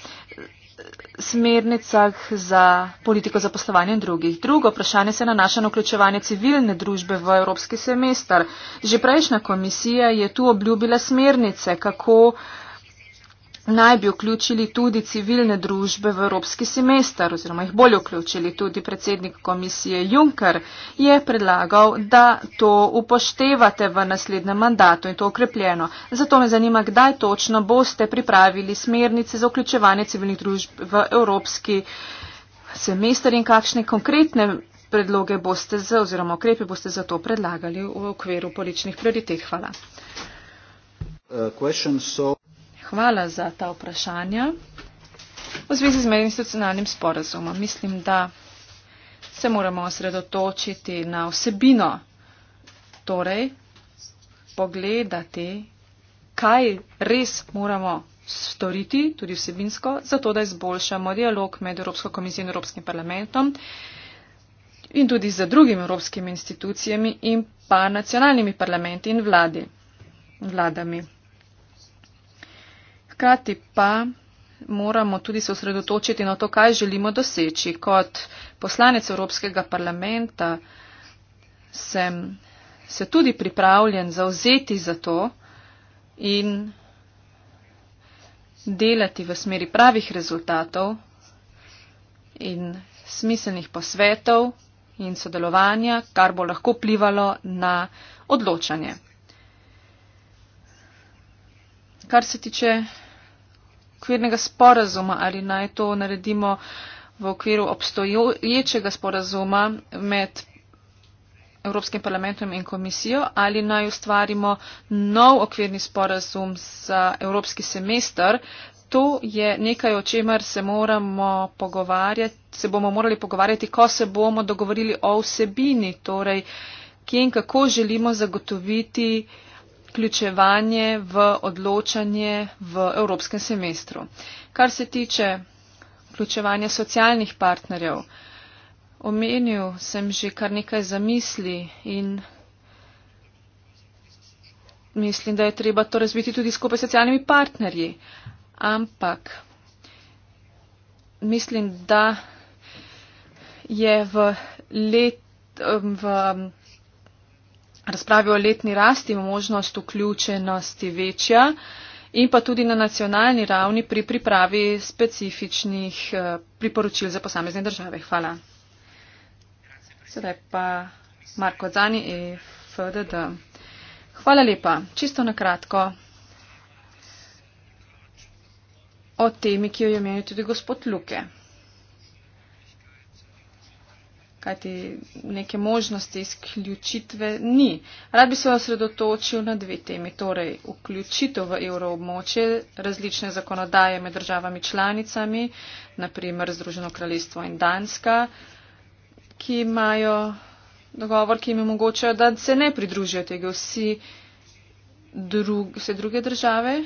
S4: smernicah za politiko zaposlovanja in drugih. Drugo vprašanje se nanaša na vključevanje civilne družbe v evropski semester. Že prejšnja komisija je tu obljubila smernice, kako naj bi vključili tudi civilne družbe v evropski semester oziroma jih bolje vključili. Tudi predsednik komisije Juncker je predlagal, da to upoštevate v naslednjem mandatu in to okrepljeno. Zato me zanima, kdaj točno boste pripravili smernice za vključevanje civilnih družb v evropski semester in kakšne konkretne predloge boste za, oziroma okrepe boste za to predlagali v okviru političnih prioritet. Hvala.
S2: Uh,
S4: hvala za ta vprašanja. V zvezi z medinstitucionalnim sporazumom mislim, da se moramo osredotočiti na vsebino, torej pogledati, kaj res moramo storiti, tudi vsebinsko, zato da izboljšamo dialog med Evropsko komisijo in Evropskim parlamentom in tudi z drugimi evropskimi institucijami in pa nacionalnimi parlamenti in vladi, vladami. Hkrati pa moramo tudi se osredotočiti na to, kaj želimo doseči. Kot poslanec Evropskega parlamenta sem se tudi pripravljen zauzeti za to in delati v smeri pravih rezultatov in smiselnih posvetov in sodelovanja, kar bo lahko plivalo na odločanje. Kar se tiče okvirnega sporazuma ali naj to naredimo v okviru obstoječega sporazuma med Evropskim parlamentom in komisijo ali naj ustvarimo nov okvirni sporazum za evropski semester. To je nekaj, o čemer se, se bomo morali pogovarjati, ko se bomo dogovorili o vsebini, torej kje in kako želimo zagotoviti vključevanje v odločanje v evropskem semestru. Kar se tiče vključevanja socialnih partnerjev, omenil sem že kar nekaj zamisli in mislim, da je treba to razviti tudi skupaj s socialnimi partnerji. Ampak mislim, da je v, let, v razpravi o letni rasti, možnost vključenosti večja in pa tudi na nacionalni ravni pri pripravi specifičnih eh, priporočil za posamezne države. Hvala. Sedaj pa Marko Zani in e FDD. Hvala lepa. Čisto na kratko o temi, ki jo je imel tudi gospod Luke kajti neke možnosti izključitve ni. Rad bi se osredotočil na dve temi, torej vključitev v evroobmočje različne zakonodaje med državami članicami, naprimer Združeno kraljestvo in Danska, ki imajo dogovor, ki jim omogočajo, da se ne pridružijo tega vsi drug, vse druge države,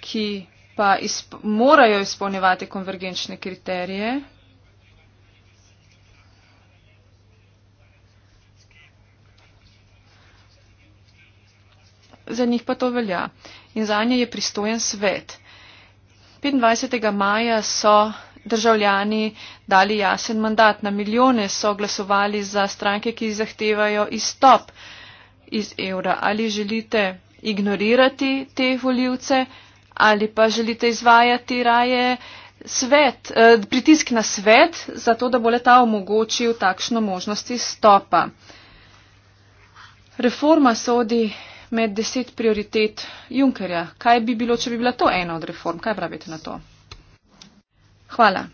S4: ki pa izp morajo izpolnjevati konvergenčne kriterije. za njih pa to velja. In za nje je pristojen svet. 25. maja so državljani dali jasen mandat. Na milijone so glasovali za stranke, ki zahtevajo izstop iz evra. Ali želite ignorirati te voljivce ali pa želite izvajati raje svet, eh, pritisk na svet, zato da bo leta omogočil takšno možnost izstopa. Reforma sodi med deset prioritet Junkerja. Kaj bi bilo, če bi bila to ena od reform? Kaj pravite na to? Hvala.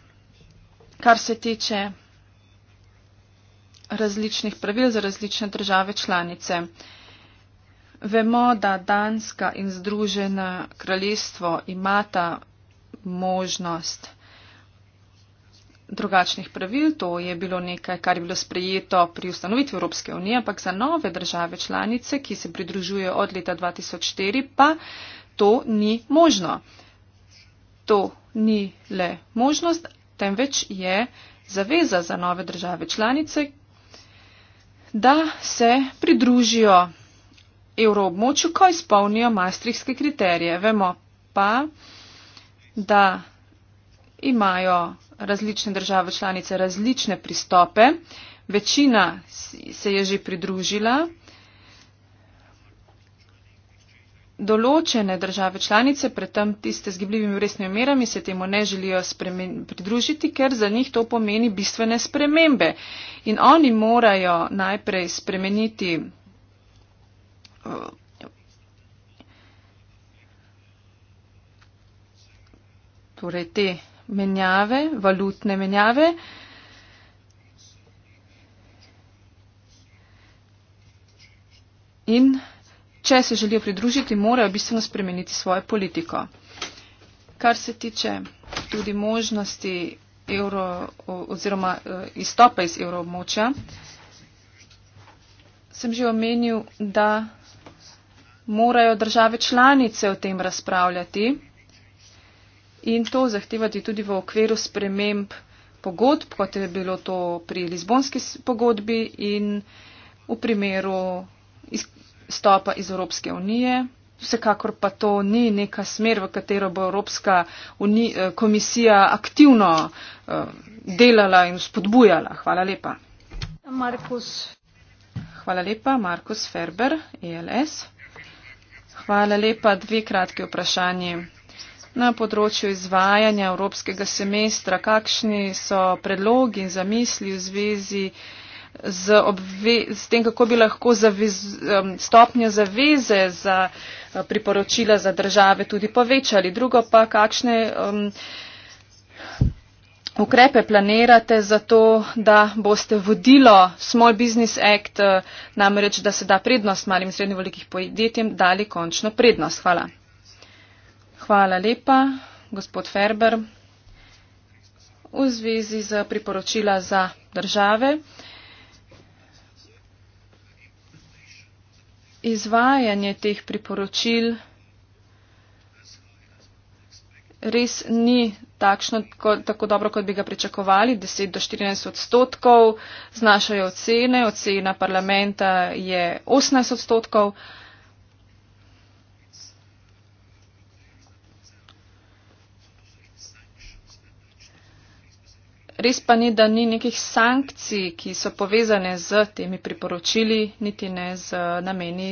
S4: Kar se tiče različnih pravil za različne države članice. Vemo, da Danska in Združena kraljestvo imata možnost drugačnih pravil. To je bilo nekaj, kar je bilo sprejeto pri ustanovitvi Evropske unije, ampak za nove države članice, ki se pridružuje od leta 2004, pa to ni možno. To ni le možnost, temveč je zaveza za nove države članice, da se pridružijo evroobmočju, ko izpolnijo maastrihtske kriterije. Vemo pa, da imajo različne države članice različne pristope. Večina se je že pridružila. Določene države članice, predtem tiste z gibljivimi vresnimi merami, se temu ne želijo spremen, pridružiti, ker za njih to pomeni bistvene spremembe. In oni morajo najprej spremeniti eh, torej te menjave, valutne menjave. In če se želijo pridružiti, morajo bistveno spremeniti svojo politiko. Kar se tiče tudi možnosti evro, oziroma e, izstopa iz evroobmočja, sem že omenil, da morajo države članice o tem razpravljati in to zahtevati tudi v okviru sprememb pogodb, kot je bilo to pri Lizbonski pogodbi in v primeru izstopa iz Evropske unije. Vsekakor pa to ni neka smer, v katero bo Evropska uni, eh, komisija aktivno eh, delala in spodbujala. Hvala lepa.
S3: Markus.
S4: Hvala lepa, Markus Ferber, ELS. Hvala lepa, dve kratke vprašanje na področju izvajanja evropskega semestra. Kakšni so predlogi in zamisli v zvezi z, obve, z tem, kako bi lahko stopnjo zaveze za eh, priporočila za države tudi povečali. Drugo pa, kakšne um, ukrepe planirate za to, da boste vodilo Small Business Act, eh, namreč da se da prednost malim in srednjim velikih podjetjem, dali končno prednost. Hvala. Hvala lepa, gospod Ferber. V zvezi z priporočila za države, izvajanje teh priporočil res ni takšno, tako dobro, kot bi ga pričakovali. 10 do 14 odstotkov znašajo ocene, ocena parlamenta je 18 odstotkov. Res pa ni, da ni nekih sankcij, ki so povezane z temi priporočili, niti ne z eh, nameni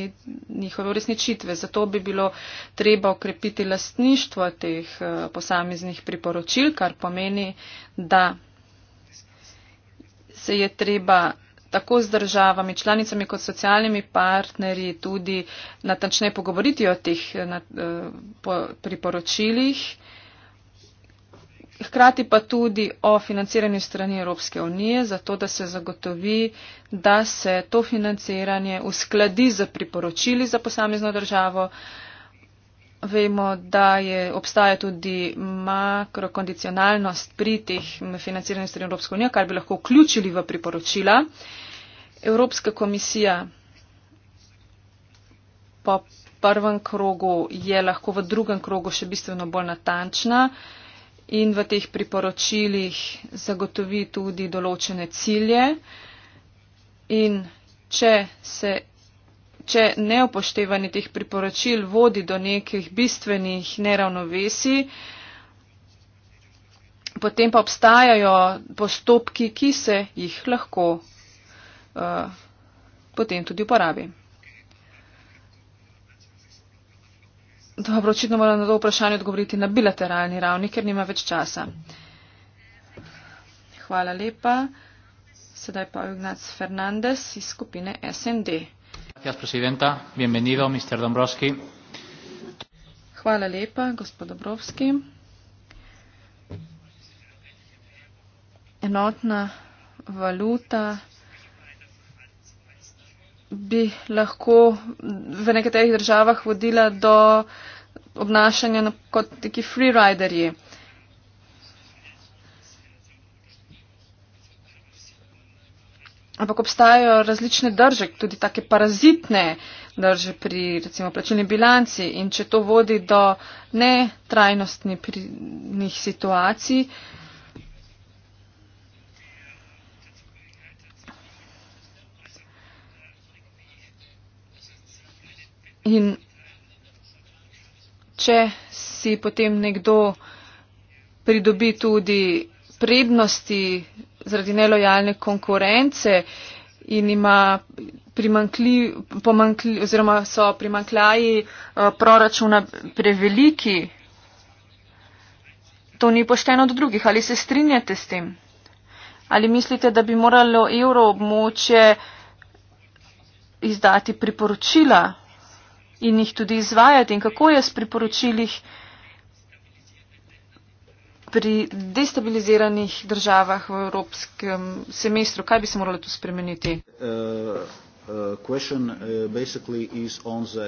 S4: njihove uresničitve. Zato bi bilo treba okrepiti lastništvo teh eh, posameznih priporočil, kar pomeni, da se je treba tako z državami, članicami kot socialnimi partnerji tudi natančne pogovoriti o teh eh, priporočilih hkrati pa tudi o financiranju strani Evropske unije, zato da se zagotovi, da se to financiranje uskladi z priporočili za posamezno državo. Vemo, da je, obstaja tudi makrokondicionalnost pri teh financiranju strani Evropske unije, kar bi lahko vključili v priporočila. Evropska komisija po prvem krogu je lahko v drugem krogu še bistveno bolj natančna in v teh priporočilih zagotovi tudi določene cilje. In če, se, če neopoštevanje teh priporočil vodi do nekih bistvenih neravnovesij, potem pa obstajajo postopki, ki se jih lahko uh, potem tudi uporabi. Dobro, očitno moram na to vprašanje odgovoriti na bilateralni ravni, ker nima več časa. Hvala lepa. Sedaj pa Ignac Fernandez iz skupine SND. Hvala lepa, gospod Dobrovski. Enotna valuta bi lahko v nekaterih državah vodila do obnašanja kot neki freeriderji. Ampak obstajajo različne drže, tudi take parazitne drže pri recimo plačilni bilanci in če to vodi do netrajnostnih situacij, uh, In če si potem nekdo pridobi tudi prednosti zaradi nelojalne konkurence in ima oziroma so primankljaji eh, proračuna preveliki, to ni pošteno do drugih. Ali se strinjate s tem? Ali mislite, da bi moralo evroobmočje izdati priporočila in jih tudi izvajati. In kako je s priporočilih pri destabiliziranih državah v evropskem semestru? Kaj bi se moralo tu spremeniti?
S2: Uh, uh, uh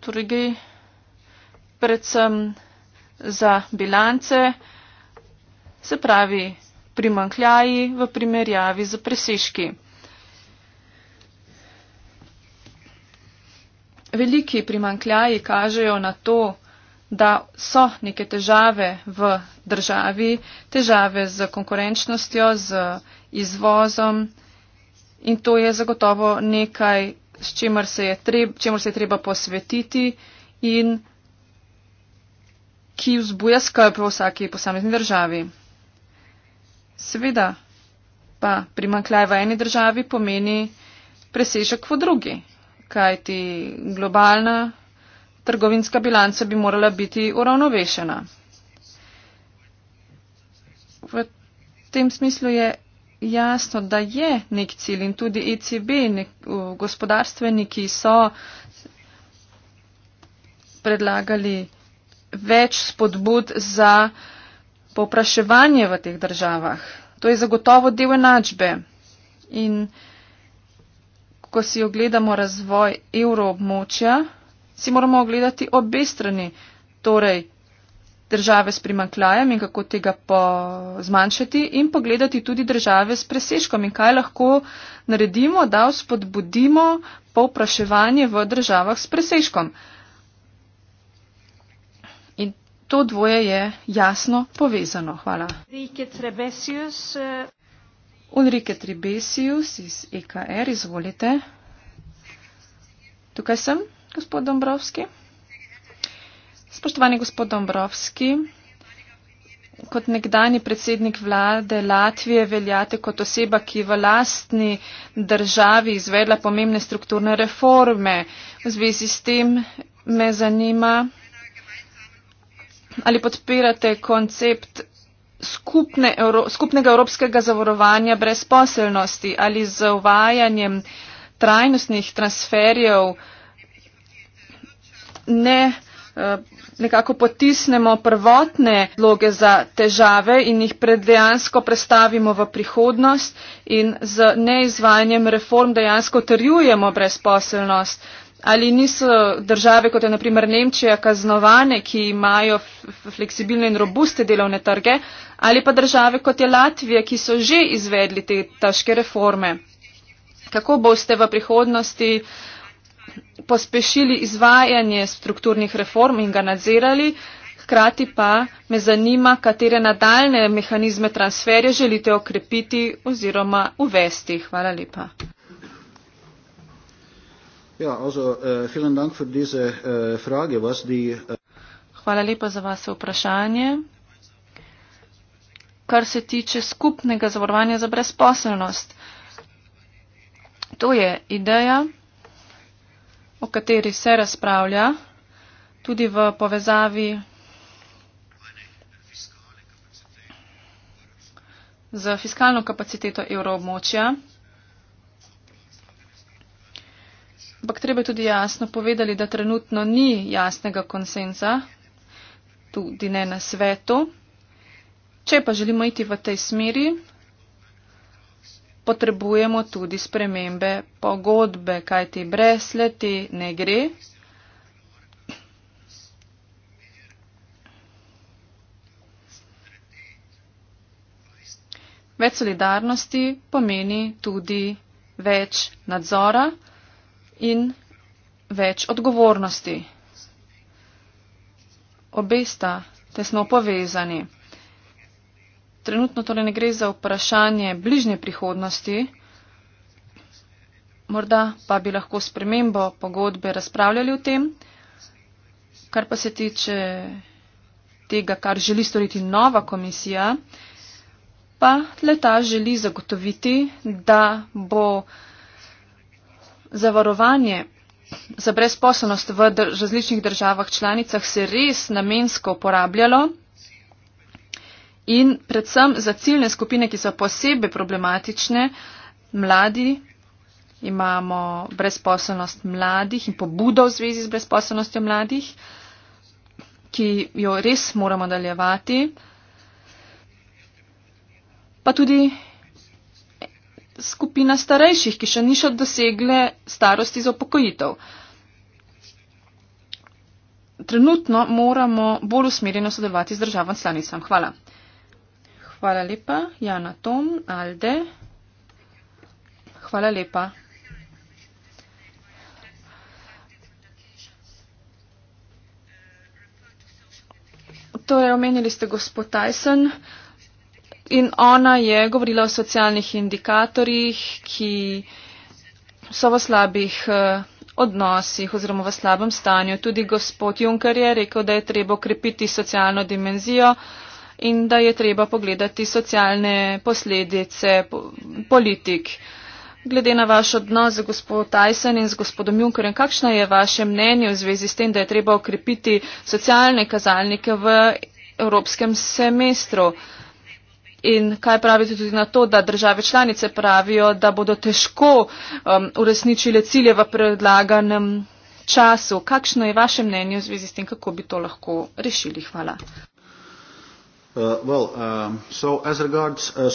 S4: Torej gre predvsem za bilance, se pravi primankljaji v primerjavi z preseški. veliki primankljaji kažejo na to, da so neke težave v državi, težave z konkurenčnostjo, z izvozom in to je zagotovo nekaj, s čemer se je, treb, čemer se je treba posvetiti in ki vzbuja skrb v vsaki posamezni državi. Seveda pa primankljaj v eni državi pomeni presežek v drugi kajti globalna trgovinska bilanca bi morala biti uravnovešena. V tem smislu je jasno, da je nek cilj in tudi ECB, nek, gospodarstveniki so predlagali več spodbud za popraševanje v teh državah. To je zagotovo del enačbe. In ko si ogledamo razvoj evroobmočja, si moramo ogledati obe strani, torej države s primanklajem in kako tega zmanjšati in pogledati tudi države s preseškom in kaj lahko naredimo, da vzpodbudimo povpraševanje v državah s preseškom. To dvoje je jasno povezano. Hvala. Ulrike Tribesius iz EKR, izvolite. Tukaj sem, gospod Dombrovski. Spoštovani gospod Dombrovski, kot nekdani predsednik vlade Latvije veljate kot oseba, ki je v lastni državi izvedla pomembne strukturne reforme. V zvezi s tem me zanima, ali podpirate koncept skupne, evro, skupnega evropskega zavarovanja brezposelnosti ali z uvajanjem trajnostnih transferjev ne eh, nekako potisnemo prvotne loge za težave in jih pred dejansko predstavimo v prihodnost in z neizvajanjem reform dejansko trjujemo brezposelnost. Ali niso države, kot je naprimer Nemčija, kaznovane, ki imajo fleksibilne in robuste delovne trge, ali pa države, kot je Latvija, ki so že izvedli te težke reforme? Kako boste v prihodnosti pospešili izvajanje strukturnih reform in ga nadzirali? Hkrati pa me zanima, katere nadaljne mehanizme transferja želite okrepiti oziroma uvesti. Hvala lepa.
S2: Ja, also, uh, Dank für diese, uh, Frage, was die, uh...
S4: Hvala lepa za vaše vprašanje. Kar se tiče skupnega zavarovanja za brezposelnost, to je ideja, o kateri se razpravlja tudi v povezavi z fiskalno kapaciteto evroobmočja. ampak treba je tudi jasno povedali, da trenutno ni jasnega konsenza, tudi ne na svetu. Če pa želimo iti v tej smeri, potrebujemo tudi spremembe pogodbe, kaj ti bresleti ne gre. Več solidarnosti pomeni tudi več nadzora in več odgovornosti. Obesta tesno povezani. Trenutno torej ne gre za vprašanje bližnje prihodnosti, morda pa bi lahko spremembo pogodbe razpravljali o tem, kar pa se tiče tega, kar želi storiti nova komisija, pa leta želi zagotoviti, da bo zavarovanje za brezposobnost v različnih državah članicah se res namensko uporabljalo in predvsem za ciljne skupine, ki so posebej problematične, mladi, imamo brezposobnost mladih in pobudo v zvezi z brezposobnostjo mladih, ki jo res moramo daljevati, pa tudi skupina starejših, ki še niso dosegle starosti za upokojitev. Trenutno moramo bolj usmerjeno sodelovati z državam članicam. Hvala. Hvala lepa, Jana Tom, Alde. Hvala lepa. Torej, omenili ste gospod Tyson. Uh, In ona je govorila o socialnih indikatorjih, ki so v slabih eh, odnosih oziroma v slabem stanju. Tudi gospod Juncker je rekel, da je treba okrepiti socialno dimenzijo in da je treba pogledati socialne posledice politik. Glede na vaš odnos z gospod Tyson in z gospodom Junkerjem, kakšno je vaše mnenje v zvezi s tem, da je treba okrepiti socialne kazalnike v evropskem semestru? Uh, In kaj pravite tudi na to, da države članice pravijo, da bodo težko um, uresničile cilje v predlaganem času? Kakšno je vaše mnenje v zvezi s tem, kako bi to lahko rešili? Hvala.
S2: Uh, well, um, so regards, uh,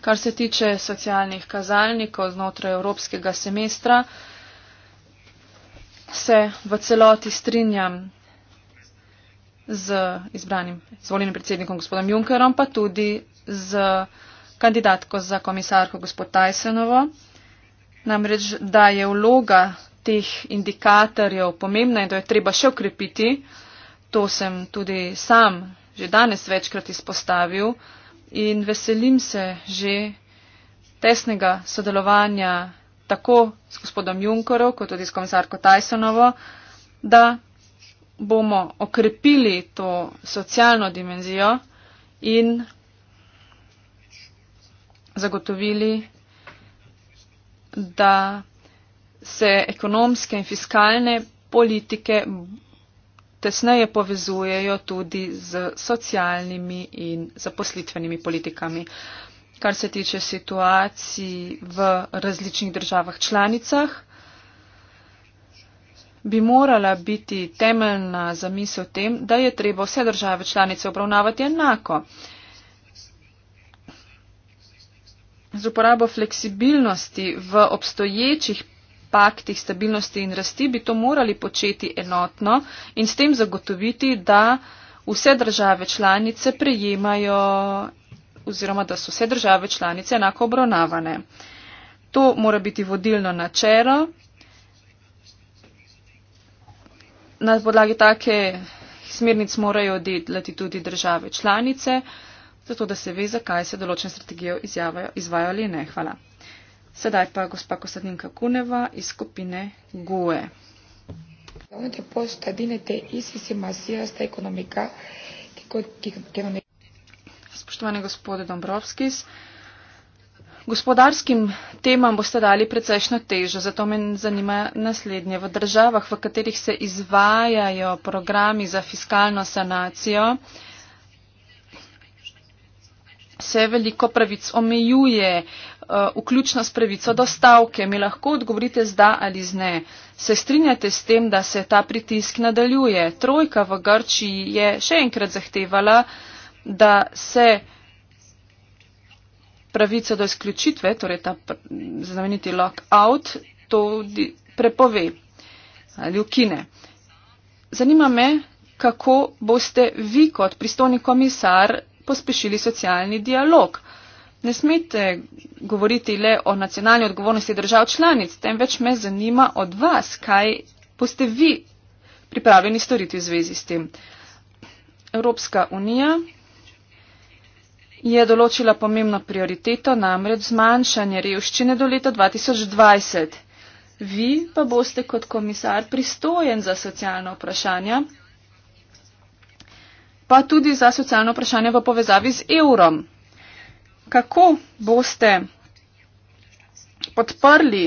S4: kar se tiče socialnih kazalnikov znotraj evropskega semestra, se v celoti strinjam z izbranim izvoljenim predsednikom gospodom Junkerom, pa tudi z kandidatko za komisarko gospod Tysonovo. Namreč, da je vloga teh indikatorjev pomembna in da jo treba še ukrepiti, to sem tudi sam že danes večkrat izpostavil in veselim se že tesnega sodelovanja tako s gospodom Junkerom, kot tudi s komisarko Tysonovo, da bomo okrepili to socialno dimenzijo in zagotovili, da se ekonomske in fiskalne politike tesneje povezujejo tudi z socialnimi in zaposlitvenimi politikami. Kar se tiče situacij v različnih državah članicah, bi morala biti temeljna zamisel v tem, da je treba vse države članice obravnavati enako. Z uporabo fleksibilnosti v obstoječih paktih stabilnosti in rasti bi to morali početi enotno in s tem zagotoviti, da vse države članice prejemajo oziroma da so vse države članice enako obravnavane. To mora biti vodilno načelo na podlagi take smernic morajo delati tudi države članice, zato da se ve, zakaj se določene strategije izvajo ali ne. Hvala. Sedaj pa gospa Kostadinka Kuneva iz skupine GUE. Spoštovani gospod Dombrovskis, Gospodarskim temam boste dali precejšno težo, zato me zanima naslednje. V državah, v katerih se izvajajo programi za fiskalno sanacijo, se veliko pravic omejuje, eh, vključno s pravico do stavke. Mi lahko odgovorite z da ali z ne. Se strinjate s tem, da se ta pritisk nadaljuje? Trojka v Grčiji je še enkrat zahtevala, da se pravico do izključitve, torej ta znameniti lockout, to prepove ali ukine. Zanima me, kako boste vi kot pristovni komisar pospešili socialni dialog. Ne smete govoriti le o nacionalni odgovornosti držav članic, temveč me zanima od vas, kaj boste vi pripravljeni storiti v zvezi s tem. Evropska unija je določila pomembno prioriteto, namreč zmanjšanje revščine do leta 2020. Vi pa boste kot komisar pristojen za socialna vprašanja, pa tudi za socialna vprašanja v povezavi z evrom. Kako boste podprli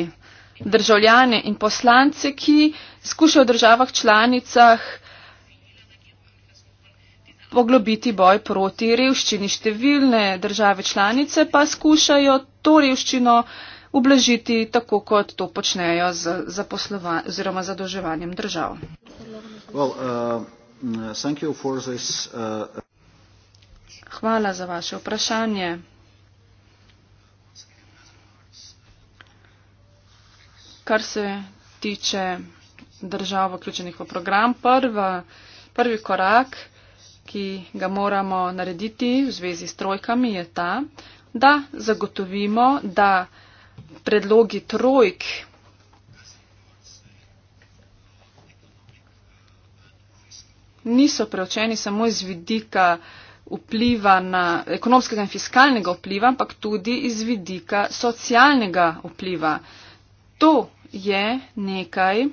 S4: državljane in poslance, ki skušajo v državah članicah poglobiti boj proti revščini. Številne države članice pa skušajo to revščino ublažiti tako, kot to počnejo z oziroma zadolževanjem držav.
S2: Well, uh, this, uh...
S4: Hvala za vaše vprašanje. Kar se tiče držav vključenih v program, prva, prvi korak ki ga moramo narediti v zvezi s trojkami, je ta, da zagotovimo, da predlogi trojk niso preočeni samo iz vidika vpliva na ekonomskega in fiskalnega vpliva, ampak tudi iz vidika socialnega vpliva. To je nekaj,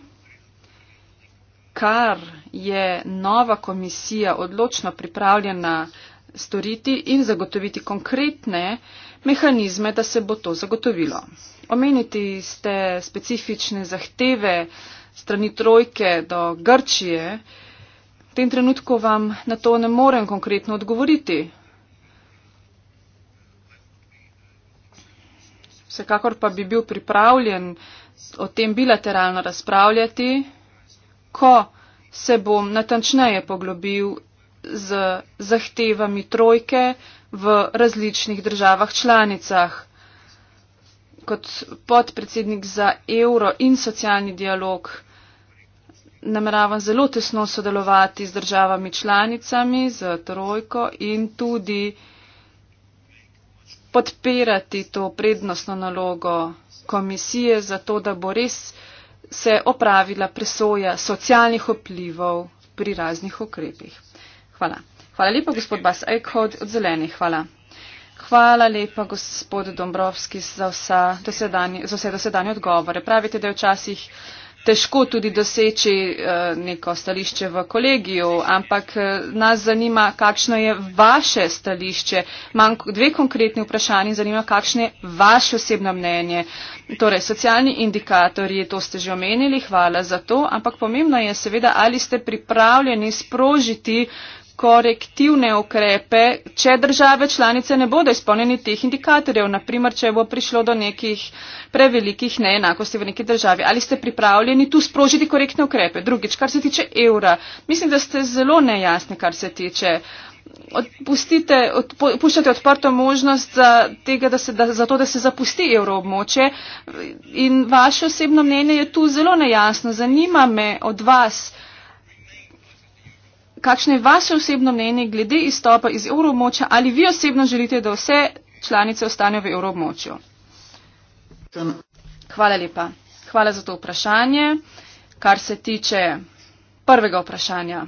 S4: kar je nova komisija odločno pripravljena storiti in zagotoviti konkretne mehanizme, da se bo to zagotovilo. Omeniti ste specifične zahteve strani trojke do Grčije. V tem trenutku vam na to ne morem konkretno odgovoriti. Vsekakor pa bi bil pripravljen o tem bilateralno razpravljati ko se bom natančneje poglobil z zahtevami trojke v različnih državah članicah. Kot podpredsednik za evro in socialni dialog nameravam zelo tesno sodelovati z državami članicami, z trojko in tudi podpirati to prednostno nalogo komisije, zato da bo res se opravila presoja socialnih vplivov pri raznih okrepih. Hvala. Hvala lepa, gospod Bas Eichhold od Zelenih. Hvala. Hvala lepa, gospod Dombrovski, za, vsa dosedanje, za vse dosedanje odgovore. Pravite, da je včasih težko tudi doseči eh, neko stališče v kolegiju, ampak eh, nas zanima, kakšno je vaše stališče. Imam dve konkretni vprašanji, zanima, kakšno je vaše osebno mnenje. Torej, socialni indikatorji, to ste že omenili, hvala za to, ampak pomembno je seveda, ali ste pripravljeni sprožiti korektivne ukrepe, če države članice ne bodo izpolnjeni teh indikatorjev, naprimer, če bo prišlo do nekih prevelikih neenakosti v neki državi. Ali ste pripravljeni tu sprožiti korektne ukrepe? Drugič, kar se tiče evra, mislim, da ste zelo nejasni, kar se tiče. Odpustite, odpuščate odprto možnost za, tega, da se, da, za to, da se zapusti evroobmoče in vaše osebno mnenje je tu zelo nejasno. Zanima me od vas, kakšno je vaše osebno mnenje glede izstopa iz evroobmočja ali vi osebno želite, da vse članice ostanejo v evroobmočju? Hvala lepa. Hvala za to vprašanje. Kar se tiče prvega vprašanja.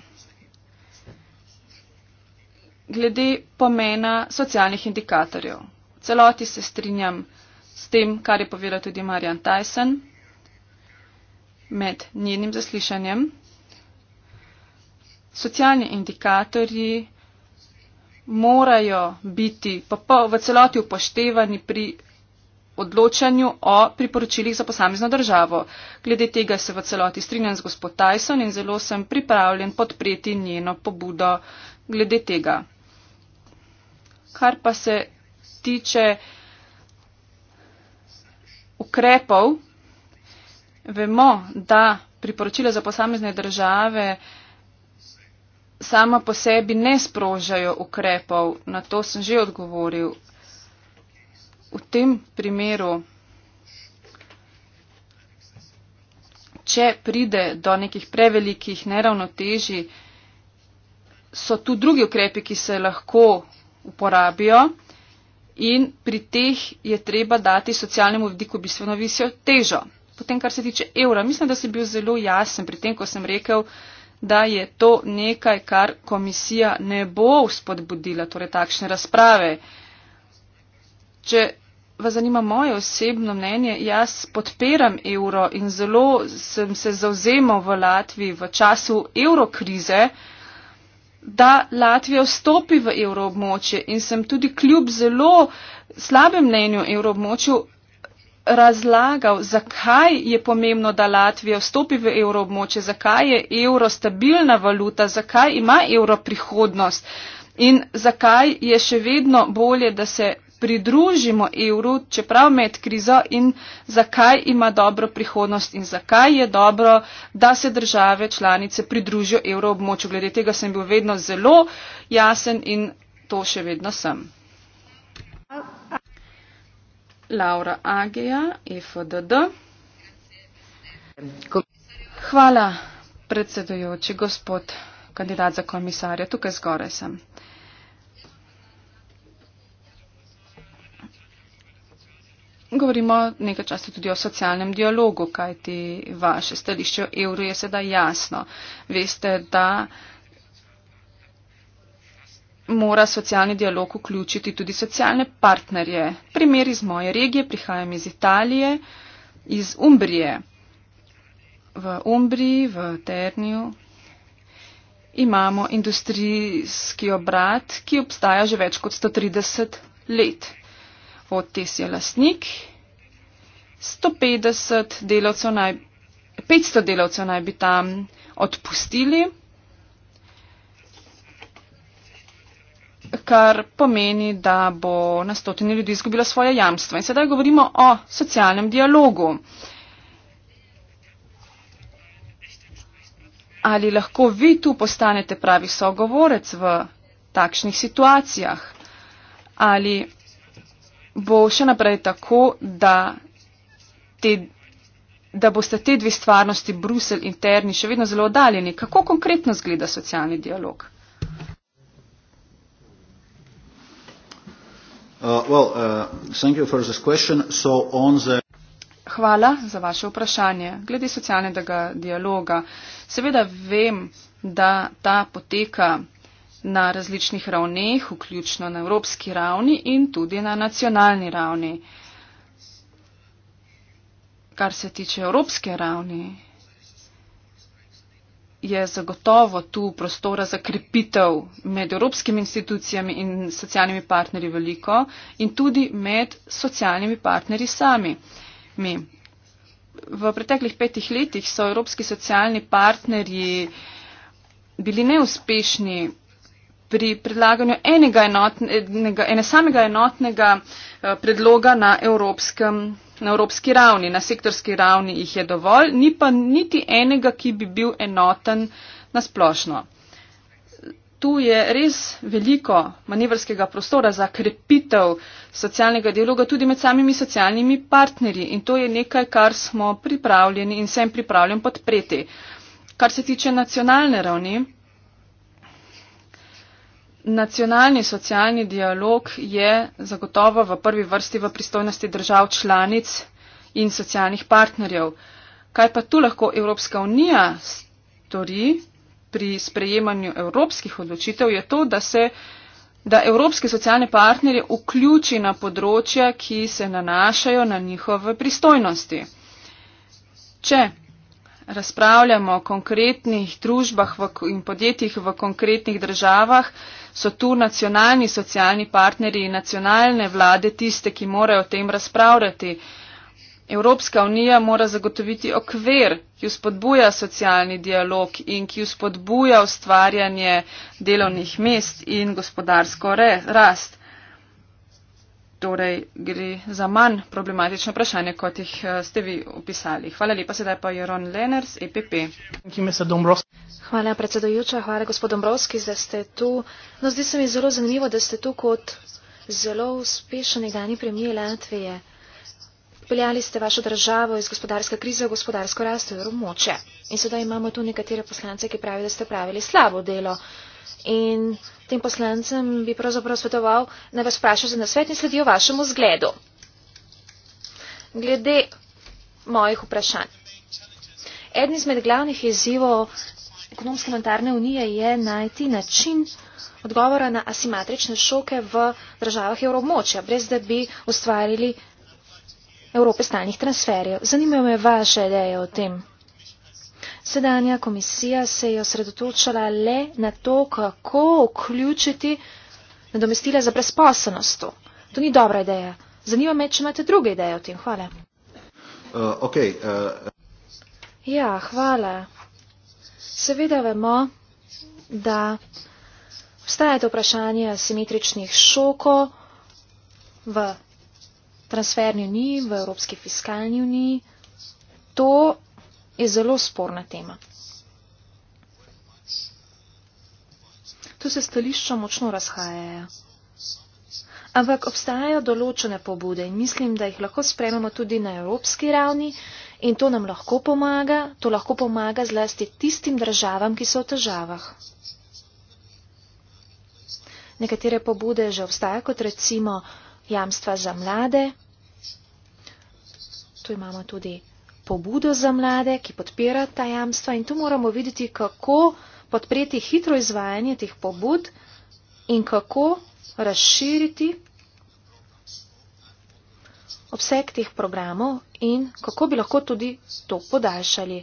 S4: Glede pomena socialnih indikatorjev. V celoti se strinjam s tem, kar je povedal tudi Marjan Tyson med njenim zaslišanjem socialni indikatorji morajo biti v celoti upoštevani pri odločanju o priporočilih za posamezno državo. Glede tega se v celoti strinjam z gospod Tyson in zelo sem pripravljen podpreti njeno pobudo glede tega. Kar pa se tiče ukrepov, vemo, da priporočila za posamezne države sama po sebi ne sprožajo ukrepov, na to sem že odgovoril. V tem primeru, če pride do nekih prevelikih neravnoteži, so tu drugi ukrepi, ki se lahko uporabijo in pri teh je treba dati socialnemu vdiku bistveno visjo težo. Potem, kar se tiče evra, mislim, da sem bil zelo jasen pri tem, ko sem rekel, da je to nekaj, kar komisija ne bo spodbudila, torej takšne razprave. Če vas zanima moje osebno mnenje, jaz podpiram evro in zelo sem se zauzemal v Latviji v času evrokrize, da Latvija vstopi v evroobmočje in sem tudi kljub zelo slabem mnenju evroobmočju razlagal, zakaj je pomembno, da Latvija vstopi v evroobmoče, zakaj je evro stabilna valuta, zakaj ima evro prihodnost in zakaj je še vedno bolje, da se pridružimo evru, čeprav med krizo in zakaj ima dobro prihodnost in zakaj je dobro, da se države članice pridružijo evroobmoču. Glede tega sem bil vedno zelo jasen in to še vedno sem. Laura Agija, IFDD. Hvala, predsedujoči gospod kandidat za komisarja. Tukaj zgore sem. Govorimo nekaj časa tudi o socialnem dialogu, kajti vaše stališče o evru je sedaj jasno. Veste, da mora socialni dialog vključiti tudi socialne partnerje. Primer iz moje regije, prihajam iz Italije, iz Umbrije. V Umbriji, v Ternju imamo industrijski obrat, ki obstaja že več kot 130 let. Otis je lasnik. 150 delavcev naj, 500 delavcev naj bi tam odpustili. kar pomeni, da bo na stotine ljudi izgubilo svoje jamstvo. In sedaj govorimo o socialnem dialogu. Ali lahko vi tu postanete pravi sogovorec v takšnih situacijah? Ali bo še naprej tako, da, te, da boste te dve stvarnosti, Brusel in Terni, še vedno zelo oddaljeni? Kako konkretno zgleda socialni dialog?
S2: Uh, uh,
S4: Hvala za vaše vprašanje. Glede socialnega dialoga, seveda vem, da ta poteka na različnih ravneh, vključno na evropski ravni in tudi na nacionalni ravni. Kar se tiče evropske ravni, je zagotovo tu prostora za krepitev med evropskimi institucijami in socialnimi partnerji veliko in tudi med socialnimi partnerji sami. Mi. V preteklih petih letih so evropski socialni partnerji bili neuspešni pri predlaganju enega enotnega, ene samega enotnega eh, predloga na evropskem na evropski ravni. Na sektorski ravni jih je dovolj, ni pa niti enega, ki bi bil enoten na splošno. Tu je res veliko manevrskega prostora za krepitev socialnega dialoga tudi med samimi socialnimi partnerji in to je nekaj, kar smo pripravljeni in sem pripravljen podpreti. Kar se tiče nacionalne ravni, nacionalni socialni dialog je zagotovo v prvi vrsti v pristojnosti držav članic in socialnih partnerjev. Kaj pa tu lahko Evropska unija stori pri sprejemanju evropskih odločitev, je to, da se da evropske socialne partnerje vključi na področja, ki se nanašajo na njihove pristojnosti. Če razpravljamo o konkretnih družbah in podjetjih v konkretnih državah, so tu nacionalni socialni partnerji in nacionalne vlade tiste, ki morajo o tem razpravljati. Evropska unija mora zagotoviti okvir, ki vzpodbuja socialni dialog in ki vzpodbuja ustvarjanje delovnih mest in gospodarsko rast. Torej gre za manj problematično vprašanje, kot jih eh, ste vi opisali. Hvala lepa, sedaj pa Jeron Leners, EPP.
S3: Hvala, predsedojuča, hvala, gospod Dombrovski, da ste tu. No, zdi se mi zelo zanimivo, da ste tu kot zelo uspešen nekdani premijer Latvije. Peljali ste vašo državo iz gospodarske krize v gospodarsko rast v območje. In sedaj imamo tu nekatere poslance, ki pravijo, da ste pravili slabo delo. In tem poslancem bi pravzaprav svetoval, naj vas vprašajo za nasvet in sledijo vašemu zgledu. Glede mojih vprašanj. Eden izmed glavnih izzivov ekonomske monetarne unije je najti način odgovora na asimetrične šoke v državah evromočja, brez da bi ustvarili Evrope stalnih transferjev. Zanimajo me vaše ideje o tem sedanja komisija se je osredotočala le na to, kako vključiti nadomestila za brezposobnost. To ni dobra ideja. Zanima me, če imate druge ideje o tem. Hvala.
S2: Uh, okay, uh...
S3: Ja, hvala. Seveda vemo, da obstajate vprašanje asimetričnih šokov v transferni uniji, v Evropski fiskalni uniji. To je zelo sporna tema. Tu se stališča močno razhajajo. Ampak obstajajo določene pobude in mislim, da jih lahko sprememo tudi na evropski ravni in to nam lahko pomaga, to lahko pomaga zlasti tistim državam, ki so v težavah. Nekatere pobude že obstajajo, kot recimo jamstva za mlade. Tu imamo tudi pobudo za mlade, ki podpira ta jamstva in tu moramo videti, kako podpreti hitro izvajanje teh pobud in kako razširiti obseg teh programov in kako bi lahko tudi to podaljšali.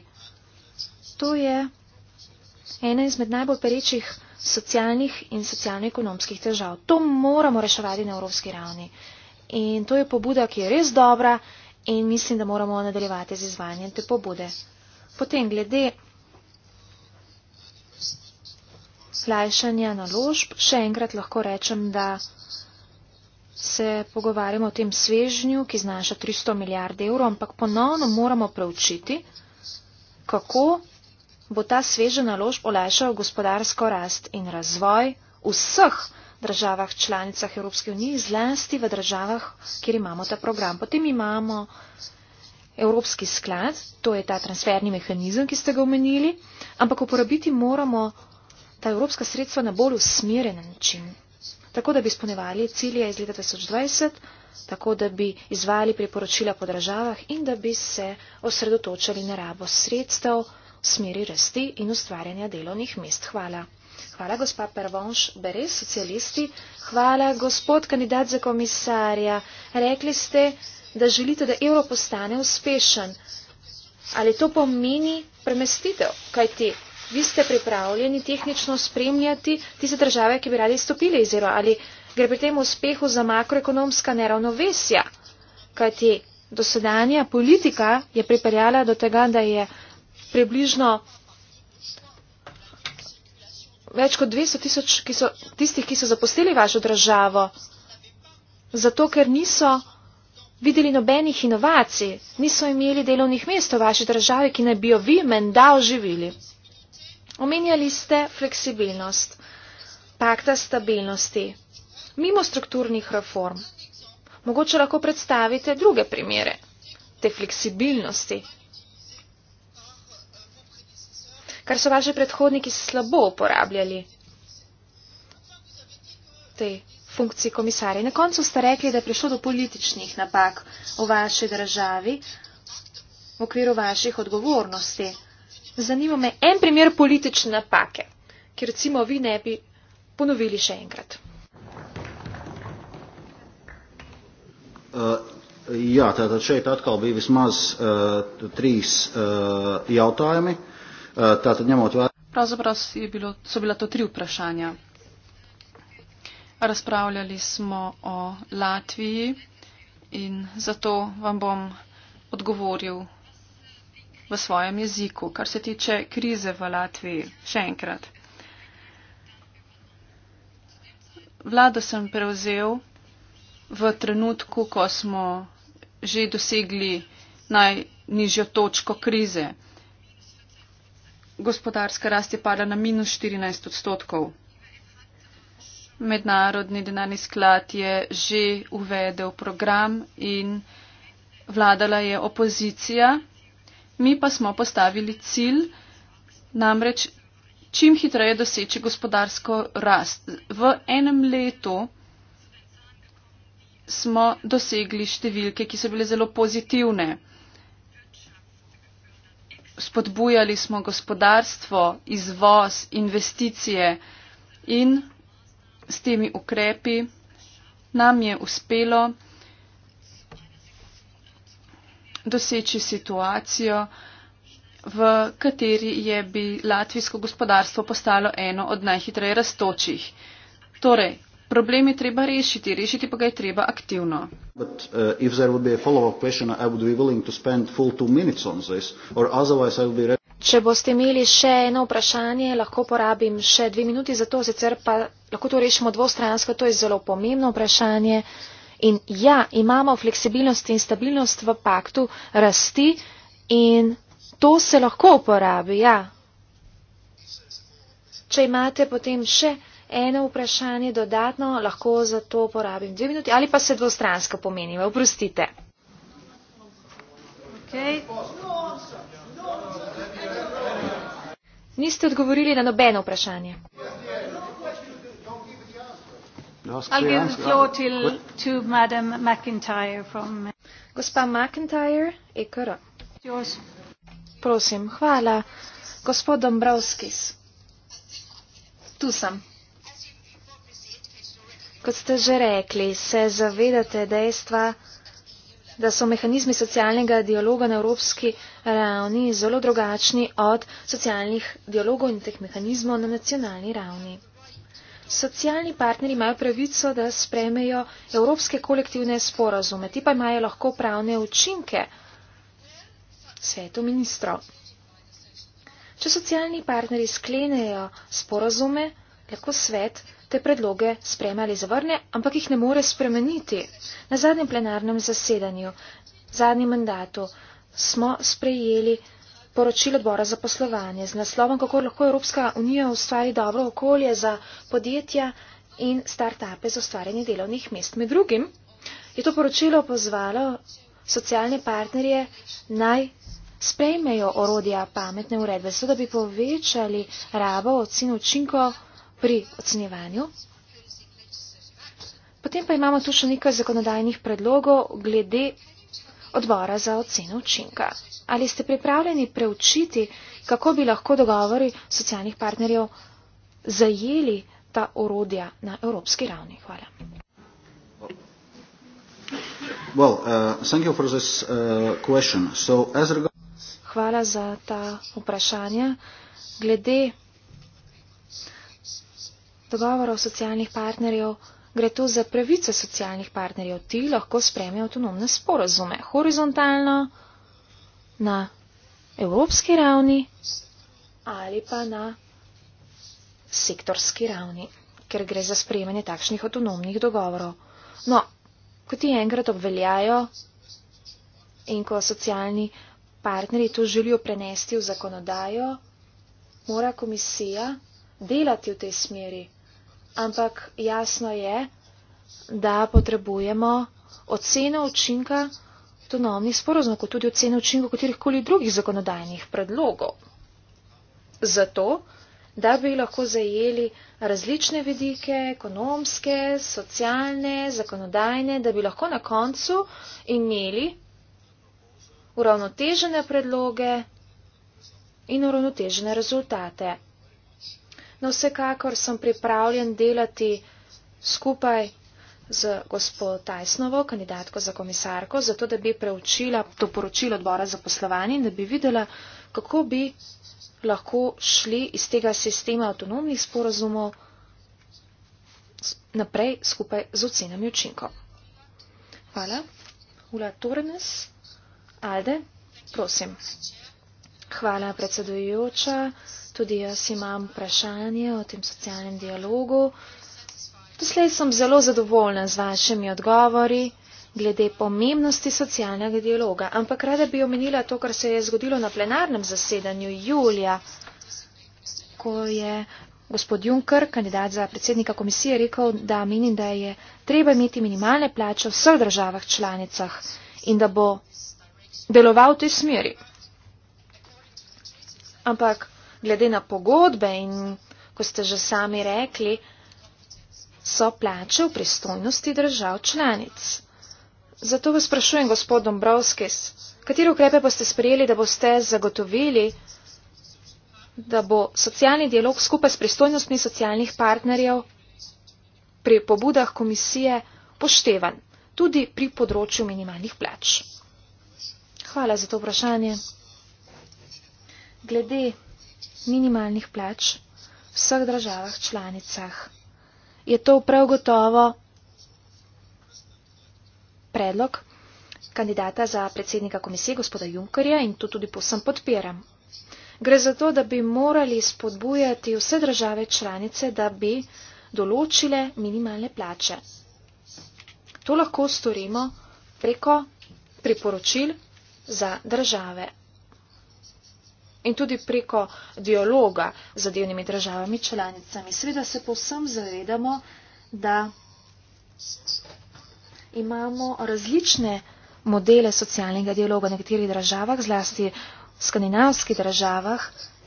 S3: To je ena izmed najbolj perečih socialnih in socialno-ekonomskih težav. To moramo reševati na evropski ravni. In to je pobuda, ki je res dobra in mislim, da moramo nadaljevati z izvanjem te pobude. Potem glede slajšanja naložb, še enkrat lahko rečem, da se pogovarjamo o tem svežnju, ki znaša 300 milijard evrov, ampak ponovno moramo preučiti, kako bo ta sveža naložb olajšal gospodarsko rast in razvoj vseh naložb državah članicah Evropske unije, zlasti v državah, kjer imamo ta program. Potem imamo Evropski sklad, to je ta transferni mehanizem, ki ste ga omenili, ampak uporabiti moramo ta evropska sredstva na bolj usmerjen način. Tako, da bi spolnevali cilje iz leta 2020, tako, da bi izvali priporočila po državah in da bi se osredotočali na rabo sredstev v smeri rasti in ustvarjanja delovnih mest. Hvala. Hvala, gospa Pervonš Beres, socialisti. Hvala, gospod kandidat za komisarja. Rekli ste, da želite, da evro postane uspešen. Ali to pomeni premestitev? Kaj ti? Vi ste pripravljeni tehnično spremljati tiste države, ki bi radi stopili iz evra? Ali gre pri tem uspehu za makroekonomska neravnovesja? Kaj ti? Dosedanja politika je pripeljala do tega, da je približno več kot 200 tisoč tistih, ki so zapustili vašo državo, zato ker niso videli nobenih inovacij, niso imeli delovnih mest v vaši državi, ki ne bi jo vi menda oživili. Omenjali ste fleksibilnost, pakta stabilnosti, mimo strukturnih reform. Mogoče lahko predstavite druge primere te fleksibilnosti, kar so vaši predhodniki slabo uporabljali. Te funkcije komisarja. Na koncu ste rekli, da je prišlo do političnih napak v vaši državi v okviru vaših odgovornosti. Zanima me en primer politične napake, ki recimo vi ne bi ponovili še enkrat.
S2: Uh, ja, tad šeit atkal bija vismaz uh, trīs uh, jautājumi. Uh, ta zadnja motva.
S4: Pravzaprav bilo, so bila to tri vprašanja. Razpravljali smo o Latviji in zato vam bom odgovoril v svojem jeziku, kar se tiče krize v Latviji. Še enkrat. Vlado sem prevzel v trenutku, ko smo že dosegli najnižjo točko krize gospodarska rast je padla na minus 14 odstotkov. Mednarodni denarni sklad je že uvedel program in vladala je opozicija. Mi pa smo postavili cilj, namreč čim hitreje doseči gospodarsko rast. V enem letu smo dosegli številke, ki so bile zelo pozitivne spodbujali smo gospodarstvo, izvoz, investicije in s temi ukrepi nam je uspelo doseči situacijo, v kateri je bi latvijsko gospodarstvo postalo eno od najhitreje rastočih. Torej, problem je treba
S3: rešiti, rešiti pa ga je treba aktivno.
S2: But, uh,
S3: Če boste imeli še eno vprašanje, lahko porabim še dve minuti za to, sicer pa lahko to rešimo dvostransko, to je zelo pomembno vprašanje. In ja, imamo fleksibilnost in stabilnost v paktu rasti in to se lahko uporabi, ja. Če imate potem še eno vprašanje dodatno, lahko za to porabim dve minuti ali pa se dvostransko pomenimo. Oprostite. Okay. Niste odgovorili na nobeno vprašanje. Gospa McIntyre, EKR. Prosim, hvala. Gospod Dombrovskis. Tu sem. Kot ste že rekli, se zavedate dejstva, da so mehanizmi socialnega dialoga na evropski ravni zelo drugačni od socialnih dialogov in teh mehanizmov na nacionalni ravni. Socialni partneri imajo pravico, da spremejo evropske kolektivne sporazume, ti pa imajo lahko pravne učinke svetu ministro. Če socialni partneri sklenejo sporazume, lahko svet te predloge spreme ali zavrne, ampak jih ne more spremeniti. Na zadnjem plenarnem zasedanju, zadnjem mandatu, smo sprejeli poročilo odbora za poslovanje z naslovom, kako lahko Evropska unija ustvari dobro okolje za podjetja in start-upe za ustvarjanje delovnih mest. Med drugim je to poročilo pozvalo socialne partnerje naj sprejmejo orodja pametne uredbe, so da bi povečali rabo, ocen učinko pri ocenjevanju. Potem pa imamo tu še nekaj zakonodajnih predlogov glede odbora za oceno učinka. Ali ste pripravljeni preučiti, kako bi lahko dogovori socialnih partnerjev zajeli ta orodja na evropski ravni? Hvala.
S2: Well, uh, this, uh, so, regard...
S3: Hvala za ta vprašanja. Glede pogovorov socialnih partnerjev, gre tu za pravice socialnih partnerjev. Ti lahko spremijo avtonomne sporozume horizontalno, na evropski ravni ali pa na sektorski ravni, ker gre za spremenje takšnih avtonomnih dogovorov. No, ko ti enkrat obveljajo in ko socialni partnerji to želijo prenesti v zakonodajo, mora komisija delati v tej smeri ampak jasno je, da potrebujemo oceno učinka avtonomnih sporozumov, kot tudi oceno učinka katerih koli drugih zakonodajnih predlogov. Zato, da bi lahko zajeli različne vidike, ekonomske, socialne, zakonodajne, da bi lahko na koncu imeli uravnotežene predloge in uravnotežene rezultate. No, vsekakor sem pripravljen delati skupaj z gospod Tajsnovo, kandidatko za komisarko, zato da bi preučila to poročilo odbora za poslovanje in da bi videla, kako bi lahko šli iz tega sistema avtonomnih sporazumov naprej skupaj z ocenami učinkov. Hvala. Ula Turnes, Alde, prosim. Hvala, predsedujoča. Tudi jaz imam vprašanje o tem socialnem dialogu. Doslej sem zelo zadovoljna z vašimi odgovori glede pomembnosti socialnega dialoga, ampak rada bi omenila to, kar se je zgodilo na plenarnem zasedanju julija, ko je gospod Juncker, kandidat za predsednika komisije, rekel, da menim, da je treba imeti minimalne plače v vseh državah članicah in da bo deloval v tej smeri. Ampak glede na pogodbe in, ko ste že sami rekli, so plače v pristojnosti držav članic. Zato vas sprašujem, gospod Dombrovskis, katere ukrepe boste sprejeli, da boste zagotovili, da bo socialni dialog skupaj s pristojnostmi socialnih partnerjev pri pobudah komisije poštevan, tudi pri področju minimalnih plač. Hvala za to vprašanje. Glede minimalnih plač v vseh državah članicah. Je to prav gotovo predlog kandidata za predsednika komisije gospoda Junkerja in to tudi posem podpiram. Gre za to, da bi morali spodbujati vse države članice, da bi določile minimalne plače. To lahko storimo preko priporočil za države in tudi preko dialoga z zadevnimi državami članicami. Sveda se povsem zavedamo, da imamo različne modele socialnega dialoga v nekaterih državah, zlasti v skandinavskih državah,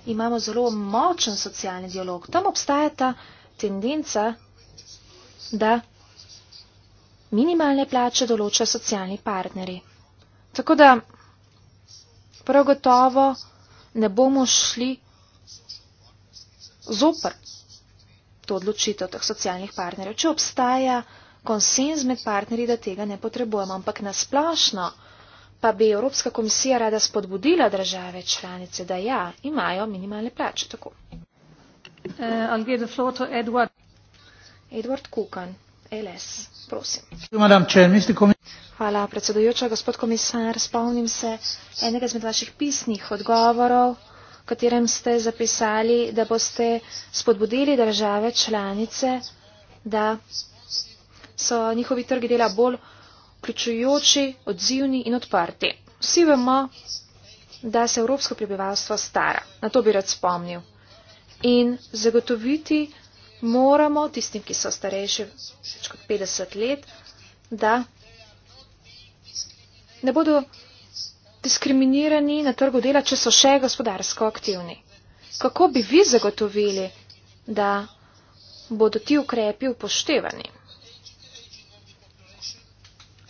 S3: imamo zelo močen socialni dialog. Tam obstaja ta tendenca, da minimalne plače določajo socialni partneri. Tako da prav gotovo ne bomo šli zopr to odločitev teh socialnih partnerjev, če obstaja konsens med partnerji, da tega ne potrebujemo. Ampak nasplošno pa bi Evropska komisija rada spodbudila države članice, da ja, imajo minimalne plače tako. Uh, I'll give the floor to Edward. Edward Kukan, LS. Okay prosim. Hvala, predsedujoča, gospod komisar. Spomnim se enega izmed vaših pisnih odgovorov, v katerem ste zapisali, da boste spodbudili države članice, da so njihovi trgi dela bolj vključujoči, odzivni in odprti. Vsi vemo, da se evropsko prebivalstvo stara. Na to bi rad spomnil. In zagotoviti moramo tistim, ki so starejši več kot 50 let, da ne bodo diskriminirani na trgu dela, če so še gospodarsko aktivni. Kako bi vi zagotovili, da bodo ti ukrepi upoštevani?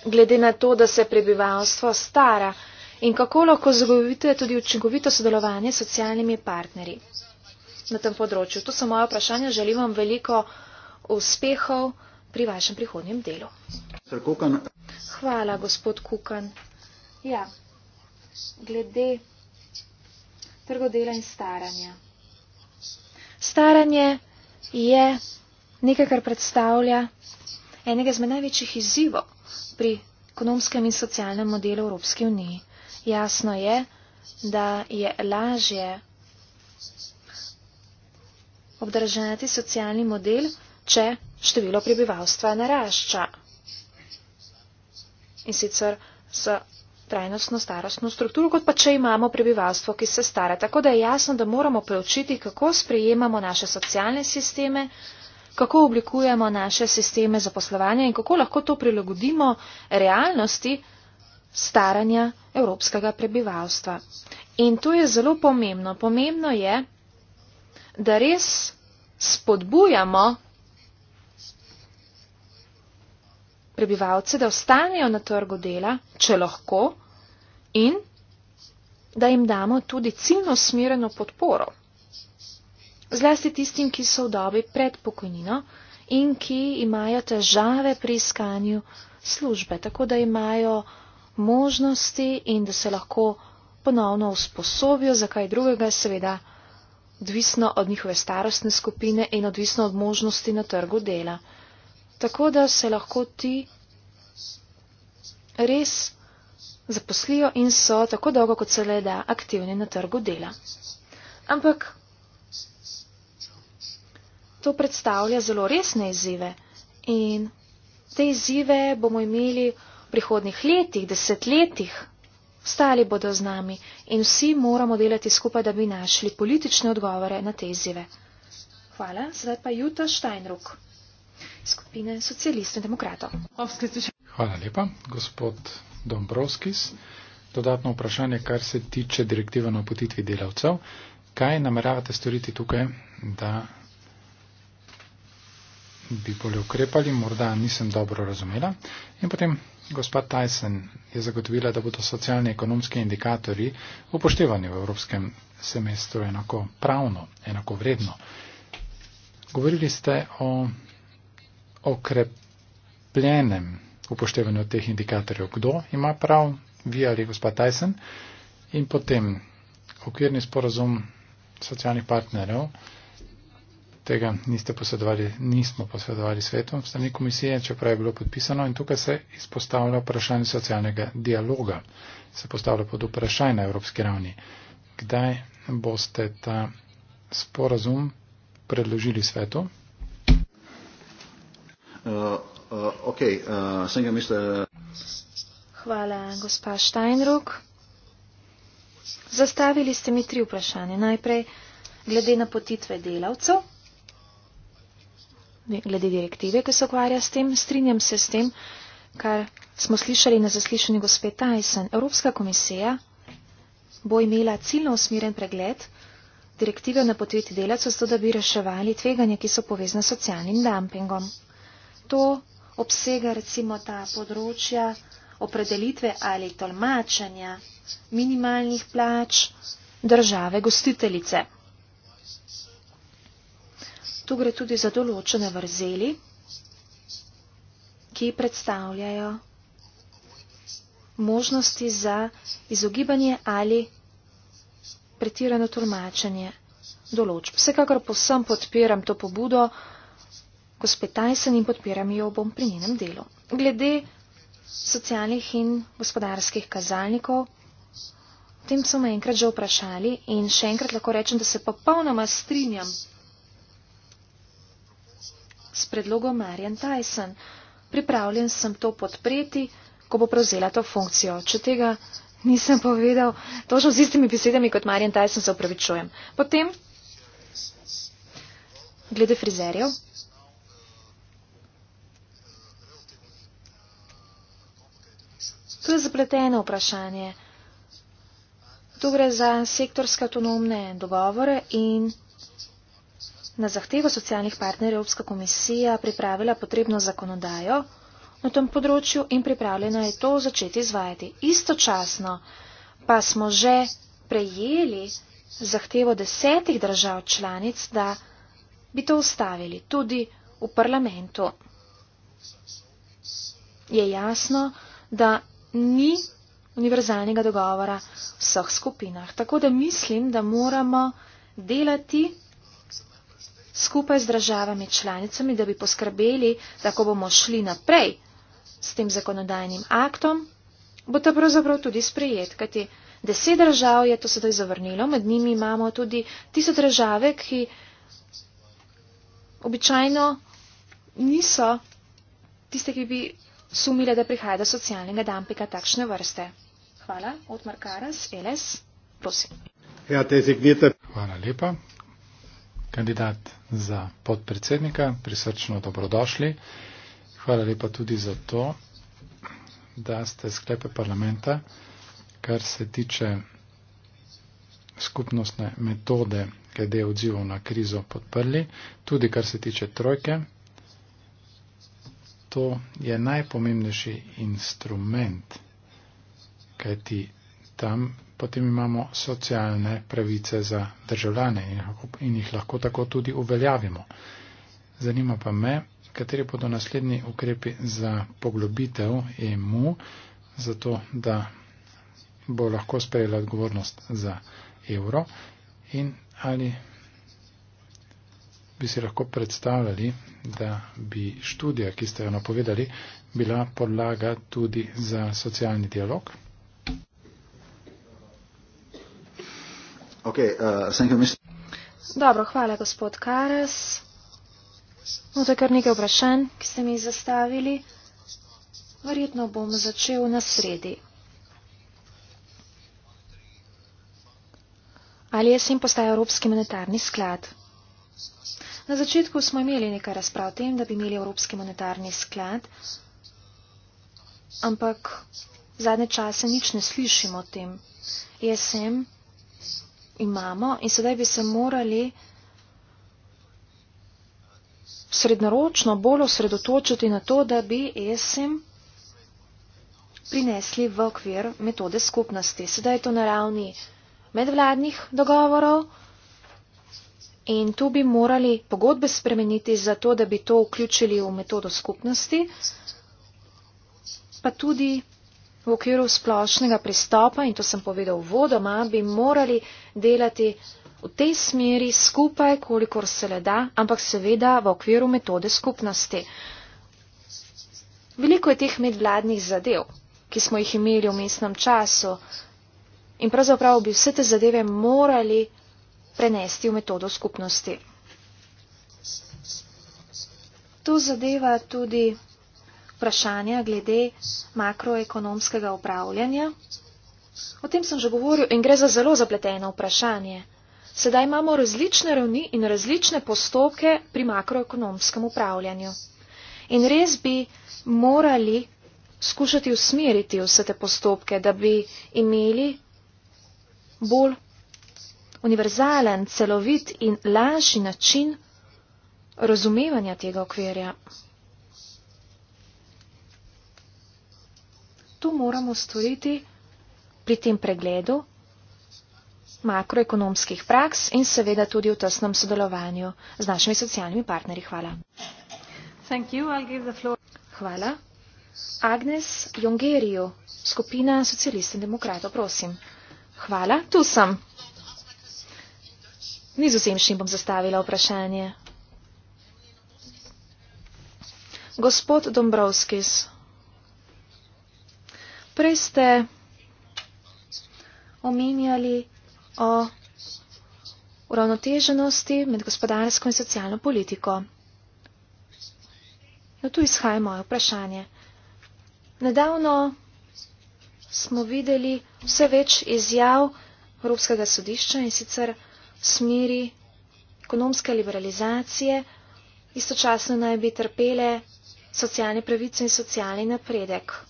S3: Glede na to, da se prebivalstvo stara in kako lahko zagovite tudi učinkovito sodelovanje s socialnimi partnerji na tem področju. To so moje vprašanja. Želim vam veliko uspehov pri vašem prihodnjem delu. Hvala, gospod Kukan. Ja, glede trgodela in staranja. Staranje je nekaj, kar predstavlja enega zmed največjih izzivov pri ekonomskem in socialnem modelu Evropske unije. Jasno je, da je lažje obdržati socialni model, če število prebivalstva narašča. In sicer s trajnostno starostno strukturo, kot pa če imamo prebivalstvo, ki se stara. Tako da je jasno, da moramo preučiti, kako sprejemamo naše socialne sisteme, kako oblikujemo naše sisteme zaposlovanja in kako lahko to prilagodimo realnosti staranja evropskega prebivalstva. In to je zelo pomembno. Pomembno je, da res spodbujamo prebivalce, da ostanejo na trgu dela, če lahko, in da jim damo tudi ciljno smereno podporo. Zlasti tistim, ki so v dobi pred pokojnino in ki imajo težave pri iskanju službe, tako da imajo možnosti in da se lahko ponovno usposobijo za kaj drugega, seveda odvisno od njihove starostne skupine in odvisno od možnosti na trgu dela. Tako da se lahko ti res zaposlijo in so tako dolgo, kot se le da, aktivni na trgu dela. Ampak to predstavlja zelo resne izzive in te izzive bomo imeli v prihodnih letih, desetletjih, stali bodo z nami in vsi moramo delati skupaj, da bi našli politične odgovore na te izzive. Hvala. Zdaj pa Juta Steinruck, skupine socialistov in demokratov.
S1: Hvala lepa, gospod Dombrovskis. Dodatno vprašanje, kar se tiče direktive na potitvi delavcev. Kaj nameravate storiti tukaj, da bi bolje ukrepali, morda nisem dobro razumela. In potem gospod Tyson je zagotovila, da bodo socialni ekonomski indikatori upoštevani v evropskem semestru enako pravno, enako vredno. Govorili ste o okrepljenem upoštevanju teh indikatorjev, kdo ima prav, vi ali gospod Tyson. In potem okvirni sporozum socialnih partnerjev tega niste posredovali, nismo posredovali svetu, strani komisije, čeprav je bilo podpisano in tukaj se izpostavlja vprašanje socialnega dialoga, se postavlja pod vprašanje na evropski ravni. Kdaj boste ta sporazum predložili svetu?
S2: Uh, uh okay, uh, sem ga mislil.
S3: Hvala, gospa Steinruck. Zastavili ste mi tri vprašanja. Najprej glede napotitve delavcev glede direktive, ki se ukvarja s tem. Strinjam se s tem, kar smo slišali na zaslišanju gospe Tyson. Evropska komisija bo imela ciljno usmiren pregled direktive na potviti delavcev, zato da bi reševali tveganja, ki so povezane s socialnim dumpingom. To obsega recimo ta področja opredelitve ali tolmačanja minimalnih plač države gostiteljice. Tu gre tudi za določene vrzeli, ki predstavljajo možnosti za izogibanje ali pretirano tolmačenje določb. Vsekakor posem podpiram to pobudo, gospe Tyson in podpiram jo bom pri njenem delu. Glede socialnih in gospodarskih kazalnikov, tem so me enkrat že vprašali in še enkrat lahko rečem, da se popolnoma strinjam s predlogom Marian Tyson. Pripravljen sem to podpreti, ko bo prevzela to funkcijo. Če tega nisem povedal, točno z istimi besedami kot Marian Tyson se upravičujem. Potem, glede frizerjev. To je zapleteno vprašanje. Tu gre za sektorske avtonomne dogovore in Na zahtevo socialnih partnerjev Evropska komisija pripravila potrebno zakonodajo na tem področju in pripravljena je to začeti izvajati. Istočasno pa smo že prejeli zahtevo desetih držav članic, da bi to ustavili tudi v parlamentu. Je jasno, da ni univerzalnega dogovora v vseh skupinah. Tako da mislim, da moramo delati skupaj z državami članicami, da bi poskrbeli, da ko bomo šli naprej s tem zakonodajnim aktom, bo to pravzaprav tudi sprejet, kajti deset držav je to sedaj zavrnilo, med njimi imamo tudi tiste države, ki običajno niso tiste, ki bi sumile, da prihaja do socialnega dampika takšne vrste. Hvala, Otmar Karas, Eles, prosim.
S1: Ja, te zignite. Hvala lepa kandidat za podpredsednika, prisrčno dobrodošli. Hvala lepa tudi za to, da ste sklepe parlamenta, kar se tiče skupnostne metode, glede odzivov na krizo, podprli, tudi kar se tiče trojke. To je najpomembnejši instrument, kajti tam potem imamo socialne pravice za državljane in jih lahko tako tudi uveljavimo. Zanima pa me, kateri bodo naslednji ukrepi za poglobitev EMU, zato da bo lahko sprejela odgovornost za evro in ali bi si lahko predstavljali, da bi študija, ki ste jo napovedali, bila podlaga tudi za socialni dialog.
S2: Okay, uh, you,
S3: Dobro, hvala, gospod Karas. No, to je kar nekaj vprašanj, ki ste mi zastavili. Verjetno bom začel na sredi. Ali je sem postaja Evropski monetarni sklad? Na začetku smo imeli nekaj razprav o tem, da bi imeli Evropski monetarni sklad, ampak zadnje čase nič ne slišimo o tem. ESM imamo in sedaj bi se morali srednjeročno bolj osredotočiti na to, da bi ESM prinesli v okvir metode skupnosti. Sedaj je to na ravni medvladnih dogovorov in tu bi morali pogodbe spremeniti za to, da bi to vključili v metodo skupnosti, pa tudi v okviru splošnega pristopa, in to sem povedal vodoma, bi morali delati v tej smeri skupaj, kolikor se le da, ampak seveda v okviru metode skupnosti. Veliko je teh medvladnih zadev, ki smo jih imeli v mestnem času in pravzaprav bi vse te zadeve morali prenesti v metodo skupnosti. To zadeva tudi vprašanja glede makroekonomskega upravljanja. O tem sem že govoril in gre za zelo zapleteno vprašanje. Sedaj imamo različne ravni in različne postopke pri makroekonomskem upravljanju. In res bi morali skušati usmeriti vse te postopke, da bi imeli bolj univerzalen, celovit in lažji način razumevanja tega okvirja. to moramo storiti pri tem pregledu makroekonomskih praks in seveda tudi v tesnem sodelovanju z našimi socialnimi partnerji. Hvala. Hvala. Agnes Jongeriju, skupina socialist in demokratov, prosim. Hvala, tu sem. Nizozemšnji bom zastavila vprašanje. Gospod Dombrovskis prej ste omenjali o uravnoteženosti med gospodarsko in socialno politiko. No, tu izhaja moje vprašanje. Nedavno smo videli vse več izjav Evropskega sodišča in sicer v smeri ekonomske liberalizacije, istočasno naj bi trpele socialne pravice in socialni napredek.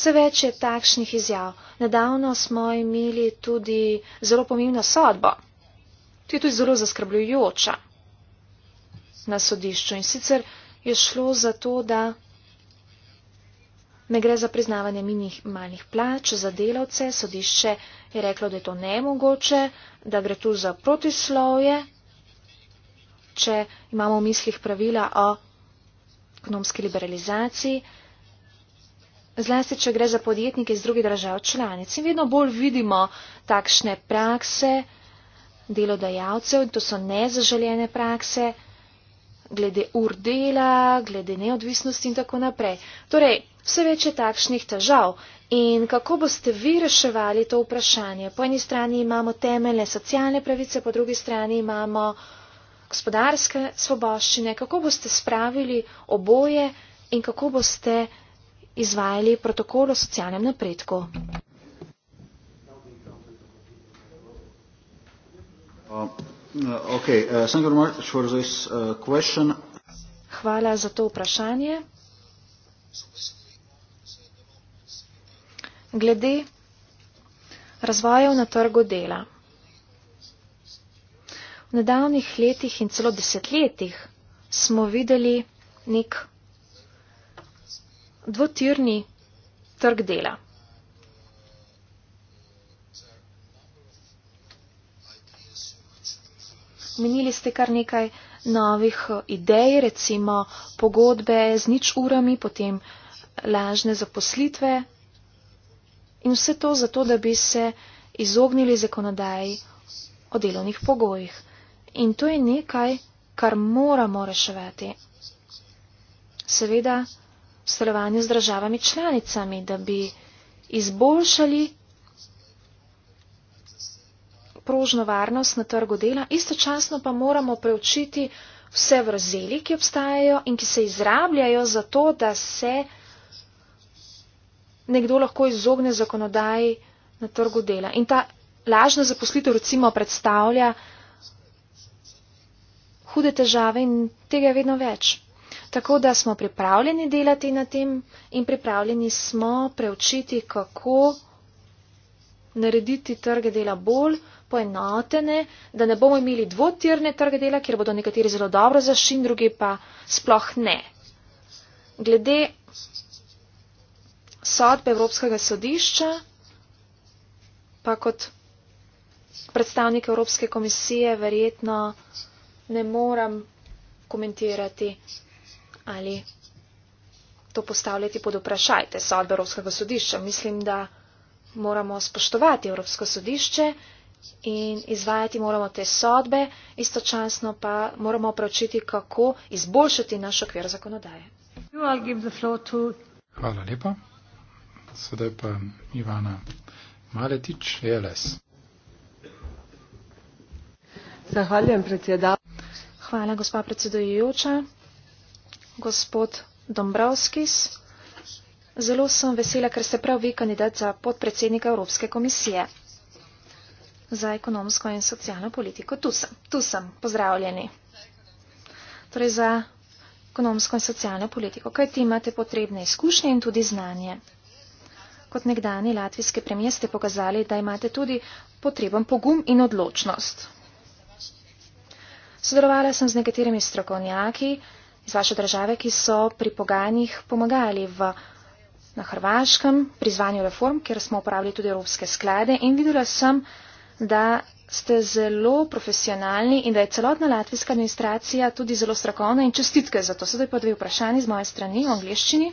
S3: Vse več je takšnih izjav. Nedavno smo imeli tudi zelo pomembno sodbo. To je tudi zelo zaskrbljujoča na sodišču. In sicer je šlo za to, da ne gre za priznavanje minimalnih plač za delavce. Sodišče je reklo, da je to nemogoče, da gre tu za protislovje, če imamo v mislih pravila o ekonomski liberalizaciji zlasti, če gre za podjetnike iz drugih držav članic. In vedno bolj vidimo takšne prakse delodajalcev, in to so nezaželjene prakse, glede ur dela, glede neodvisnosti in tako naprej. Torej, vse več je takšnih težav. In kako boste vi reševali to vprašanje? Po eni strani imamo temeljne socialne pravice, po drugi strani imamo gospodarske svoboščine. Kako boste spravili oboje in kako boste izvajali protokol o socialnem napredku.
S2: Uh, uh, uh,
S3: Hvala za to vprašanje. Glede razvojev na trgu dela. V nedavnih letih in celo desetletjih smo videli nek dvotirni trg dela. Menili ste kar nekaj novih eh, idej, recimo pogodbe z nič urami, potem lažne zaposlitve in vse to zato, da bi se izognili zakonodaji o delovnih pogojih. In to je nekaj, kar moramo reševati. Seveda, sodelovanju z državami članicami, da bi izboljšali prožno varnost na trgu dela. Istočasno pa moramo preučiti vse vrzeli, ki obstajajo in ki se izrabljajo za to, da se nekdo lahko izogne zakonodaji na trgu dela. In ta lažna zaposlitev recimo predstavlja hude težave in tega je vedno več. Tako da smo pripravljeni delati na tem in pripravljeni smo preučiti, kako narediti trge dela bolj poenotene, da ne bomo imeli dvotirne trge dela, kjer bodo nekateri zelo dobro zašin, druge pa sploh ne. Glede sodbe Evropskega sodišča, pa kot predstavnik Evropske komisije verjetno ne moram komentirati ali to postavljati pod vprašaj, te sodbe Evropskega sodišča. Mislim, da moramo spoštovati Evropsko sodišče in izvajati moramo te sodbe, istočasno pa moramo pravčiti, kako izboljšati naš okvir zakonodaje.
S1: Hvala lepa. Sedaj pa Ivana Maletič, LS.
S3: Zahvaljujem predsedavajoča. Hvala, gospa predsedujoča gospod Dombrovskis. Zelo sem vesela, ker ste prav vi kandidat za podpredsednika Evropske komisije za ekonomsko in socialno politiko. Tu sem, tu sem, pozdravljeni. Torej za ekonomsko in socialno politiko. Kaj ti imate potrebne izkušnje in tudi znanje? Kot nekdani latvijski premijer ste pokazali, da imate tudi potreben pogum in odločnost. Sodelovala sem z nekaterimi strokovnjaki, iz vaše države, ki so pri pogajanjih pomagali v, na Hrvaškem pri izvanju reform, ker smo uporabili tudi evropske sklade in videla sem, da ste zelo profesionalni in da je celotna latvijska administracija tudi zelo strokovna in čestitke za to. Sedaj pa dve vprašanje z moje strani v angliščini.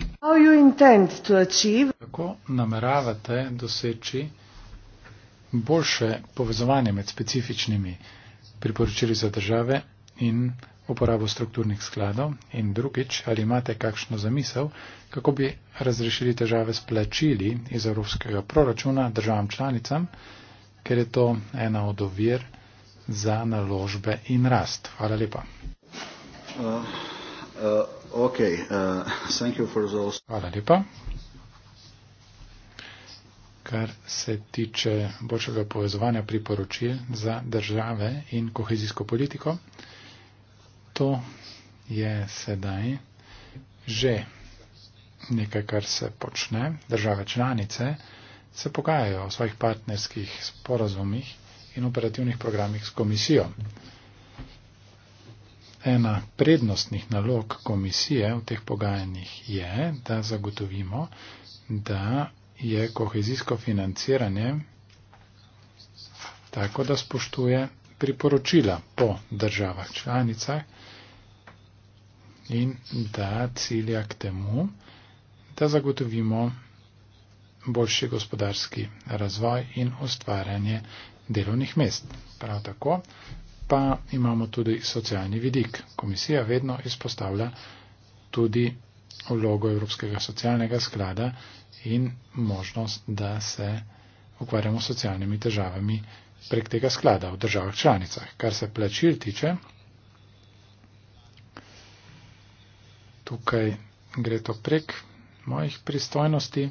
S4: Kako
S1: nameravate doseči boljše povezovanje med specifičnimi priporočili za države in uporabo strukturnih skladov in drugič, ali imate kakšno zamisel, kako bi razrešili težave s plačili iz evropskega proračuna državam članicam, ker je to ena od ovir za naložbe in rast. Hvala lepa.
S2: Uh, uh, okay. uh, thank you for those...
S1: Hvala lepa. Kar se tiče boljšega povezovanja priporočil za države in kohezijsko politiko to je sedaj že nekaj, kar se počne. Države članice se pogajajo o svojih partnerskih sporazumih in operativnih programih s komisijo. Ena prednostnih nalog komisije v teh pogajanjih je, da zagotovimo, da je kohezijsko financiranje tako, da spoštuje priporočila po državah članicah in da cilja k temu, da zagotovimo boljši gospodarski razvoj in ustvarjanje delovnih mest. Prav tako pa imamo tudi socialni vidik. Komisija vedno izpostavlja tudi vlogo Evropskega socialnega sklada in možnost, da se ukvarjamo s socialnimi težavami prek tega sklada v državah članicah. Kar se plačil tiče, tukaj gre to prek mojih pristojnosti,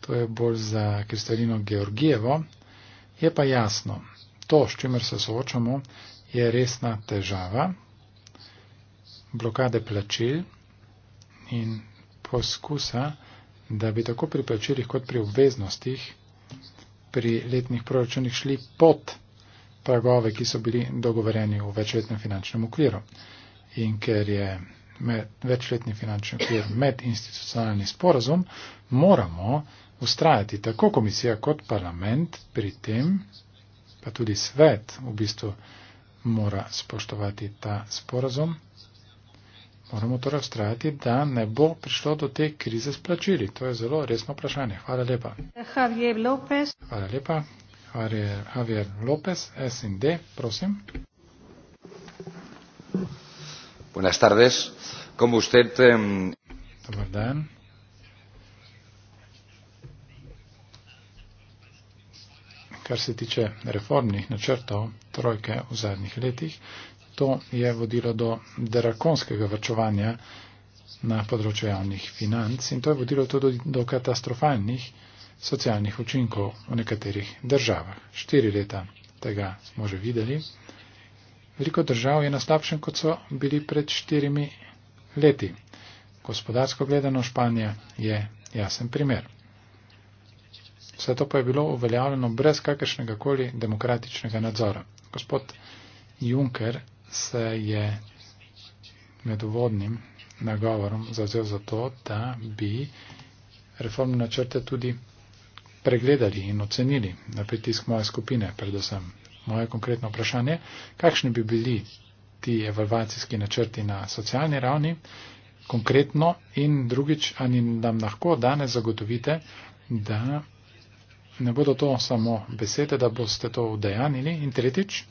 S1: to je bolj za kristalino Georgijevo, je pa jasno, to, s čimer se soočamo, je resna težava, blokade plačil in poskusa, da bi tako pri plačilih kot pri obveznostih pri letnih proračunih šli pod pragove, ki so bili dogovoreni v večletnem finančnem okviru. In ker je med, večletni finančni okvir med institucionalni sporazum, moramo ustrajati tako komisija kot parlament pri tem, pa tudi svet v bistvu mora spoštovati ta sporazum moramo torej ustrajati, da ne bo prišlo do te krize s plačili. To je zelo resno vprašanje. Hvala lepa.
S3: Javier Lopez.
S1: Hvala lepa. Javier Lopez, SND, prosim. Buenas tardes. Como usted. Um... Kar se tiče reformnih načrtov trojke v zadnjih letih, To je vodilo do drakonskega vrčevanja na področju javnih financ in to je vodilo tudi do katastrofalnih socialnih učinkov v nekaterih državah. Štiri leta tega smo že videli. Veliko držav je na slabšem, kot so bili pred štirimi leti. Gospodarsko gledano Španija je jasen primer. Vse to pa je bilo uveljavljeno brez kakršnega koli demokratičnega nadzora. Gospod Juncker se je med uvodnim nagovorom zavzel za to, da bi reformne načrte tudi pregledali in ocenili na pritisk moje skupine, predvsem moje konkretno vprašanje, kakšni bi bili ti evalvacijski načrti na socialni ravni, konkretno in drugič, ali nam lahko danes zagotovite, da ne bodo to samo besede, da boste to udejanili in tretjič,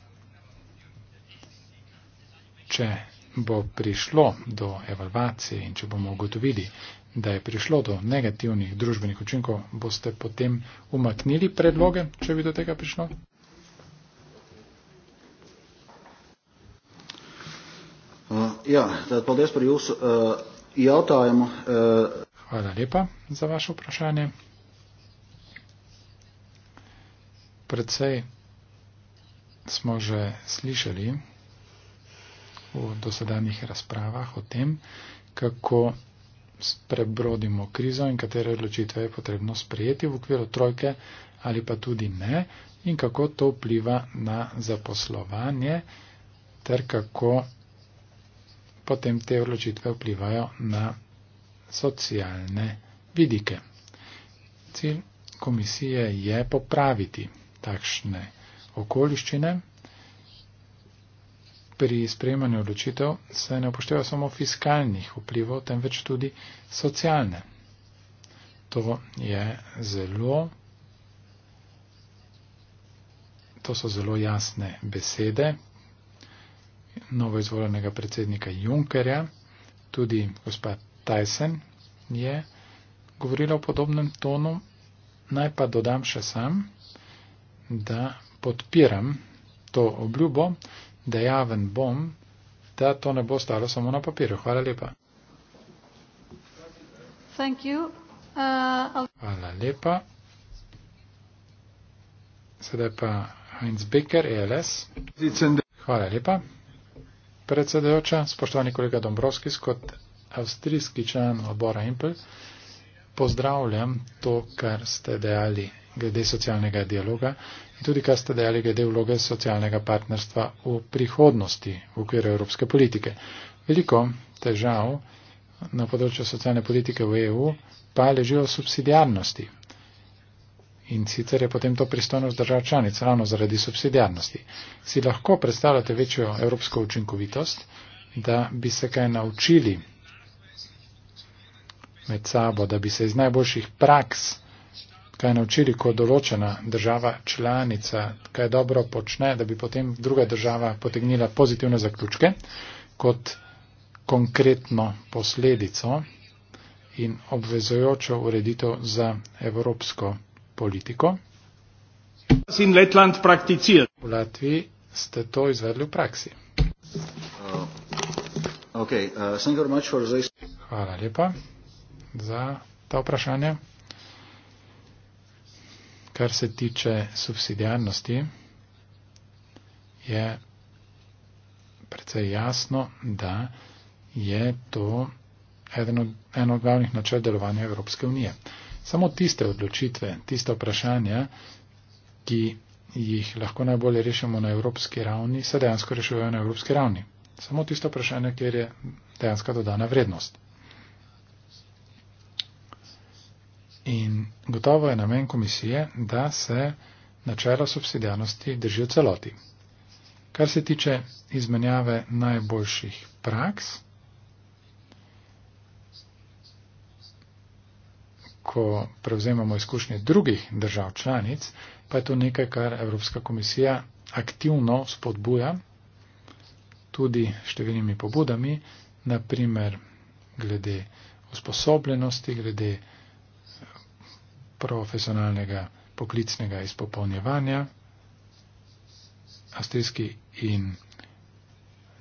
S1: če bo prišlo do evalvacije in če bomo ugotovili, da je prišlo do negativnih družbenih učinkov, boste potem umaknili predloge, če bi do tega prišlo? Uh,
S2: ja, podes pri us, uh, ja, tajem. Uh.
S1: Hvala lepa za vaše vprašanje. Predvsej smo že slišali, v dosedanjih razpravah o tem, kako prebrodimo krizo in katere odločitve je potrebno sprejeti v okviru trojke ali pa tudi ne in kako to vpliva na zaposlovanje ter kako potem te odločitve vplivajo na socialne vidike. Cilj komisije je popraviti takšne okoliščine, pri sprejemanju odločitev se ne upošteva samo fiskalnih vplivov, temveč tudi socialne. To je zelo. To so zelo jasne besede novoizvoljenega predsednika Junkerja, tudi gospa Tyson je govorila v podobnem tonu. Naj pa dodam še sam, da podpiram to obljubo, dejaven bom, da to ne bo stalo samo na papirju. Hvala lepa.
S2: Thank you. Uh,
S1: Hvala lepa. Sedaj pa Heinz Becker, ELS. Hvala lepa. Predsedajoča, spoštovani kolega Dombrovski, kot avstrijski član odbora Impel, pozdravljam to, kar ste dejali glede socialnega dialoga in tudi kar ste dejali glede vloge socialnega partnerstva v prihodnosti v okviru evropske politike. Veliko težav na področju socialne politike v EU pa ležijo v subsidijarnosti. In sicer je potem to pristojnost držav članic ravno zaradi subsidijarnosti. Si lahko predstavljate večjo evropsko učinkovitost, da bi se kaj naučili med sabo, da bi se iz najboljših praks kaj naučili, ko določena država članica kaj dobro počne, da bi potem druga država potegnila pozitivne zaključke kot konkretno posledico in obvezojočo ureditev za evropsko politiko. V Latviji ste to izvedli v praksi. Uh,
S2: uh,
S1: Hvala lepa za ta vprašanja kar se tiče subsidijarnosti, je predvsej jasno, da je to eno, eno od glavnih načel delovanja Evropske unije. Samo tiste odločitve, tiste vprašanja, ki jih lahko najbolje rešimo na evropski ravni, se dejansko rešujejo na evropski ravni. Samo tiste vprašanja, kjer je dejansko dodana vrednost. In gotovo je namen komisije, da se načelo subsidijanosti drži v celoti. Kar se tiče izmenjave najboljših praks, ko prevzemamo izkušnje drugih držav članic, pa je to nekaj, kar Evropska komisija aktivno spodbuja, tudi številnimi pobudami, naprimer glede usposobljenosti, glede profesionalnega poklicnega izpopolnjevanja, avstrijski in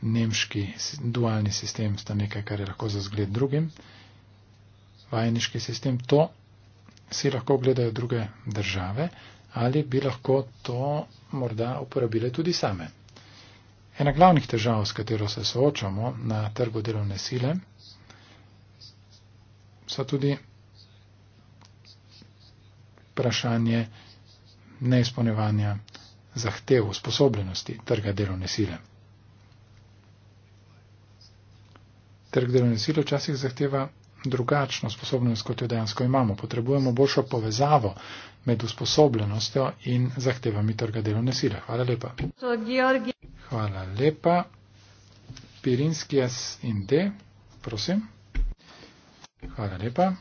S1: nemški dualni sistem sta nekaj, kar je lahko za zgled drugim, vajeniški sistem, to si lahko ogledajo druge države ali bi lahko to morda uporabile tudi same. Ena glavnih težav, s katero se soočamo na trgu delovne sile, so tudi vprašanje neizpolnevanja zahtev, sposobljenosti trga delovne sile. Trg delovne sile včasih zahteva drugačno sposobnost, kot jo dejansko imamo. Potrebujemo boljšo povezavo med usposobljenostjo in zahtevami trga delovne sile. Hvala lepa. Hvala lepa. Pirinski S in D, prosim. Hvala lepa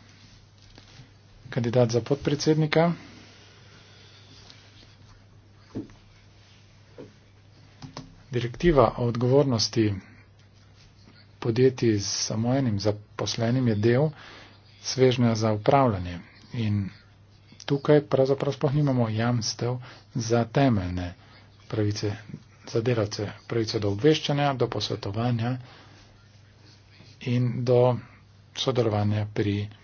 S1: kandidat za podpredsednika. Direktiva o odgovornosti podjetij z samo enim zaposlenim je del svežnja za upravljanje in tukaj pravzaprav sploh nimamo jamstev za temeljne pravice za delavce, pravice do obveščanja, do posvetovanja in do sodelovanja pri upravljanju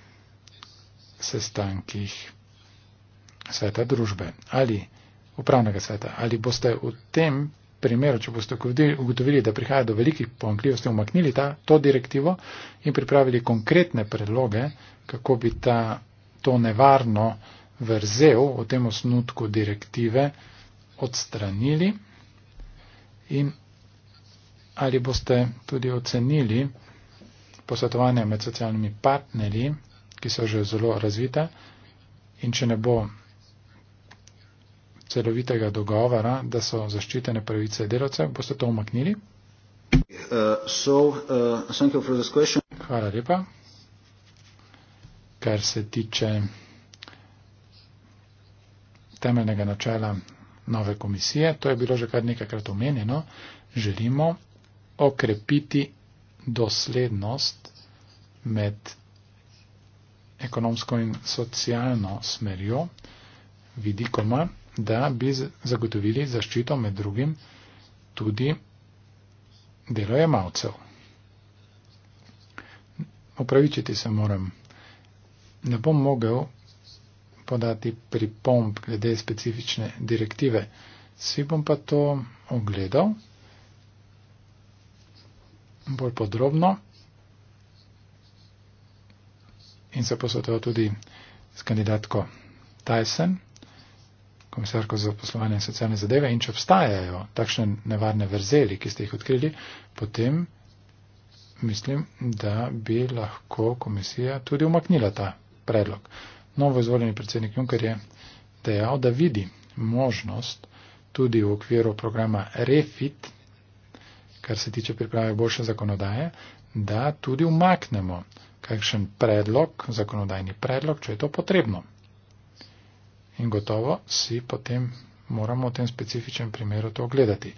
S1: sestankih sveta družbe ali upravnega sveta. Ali boste v tem primeru, če boste ugotovili, da prihaja do velikih pomankljivosti, umaknili ta, to direktivo in pripravili konkretne predloge, kako bi ta, to nevarno vrzel v tem osnutku direktive odstranili in ali boste tudi ocenili posvetovanje med socialnimi partnerji, ki so že zelo razvita in če ne bo celovitega dogovora, da so zaščitene pravice delavcev, boste to umaknili?
S2: Uh, so, uh,
S1: Hvala lepa. Kar se tiče temeljnega načela nove komisije, to je bilo že kar nekakrat omenjeno, želimo okrepiti doslednost med ekonomsko in socialno smerjo vidikoma, da bi zagotovili zaščito med drugim tudi delojemalcev. Opravičiti se moram. Ne bom mogel podati pripomp glede specifične direktive. Si bom pa to ogledal bolj podrobno in se posvetoval tudi s kandidatko Tyson, komisarko za poslovanje in socialne zadeve. In če obstajajo takšne nevarne verzeli, ki ste jih odkrili, potem mislim, da bi lahko komisija tudi umaknila ta predlog. Novo izvoljeni predsednik Juncker je dejal, da vidi možnost tudi v okviru programa REFIT, kar se tiče priprave boljše zakonodaje, da tudi umaknemo kakšen predlog, zakonodajni predlog, če je to potrebno. In gotovo si potem moramo v tem specifičnem primeru to ogledati.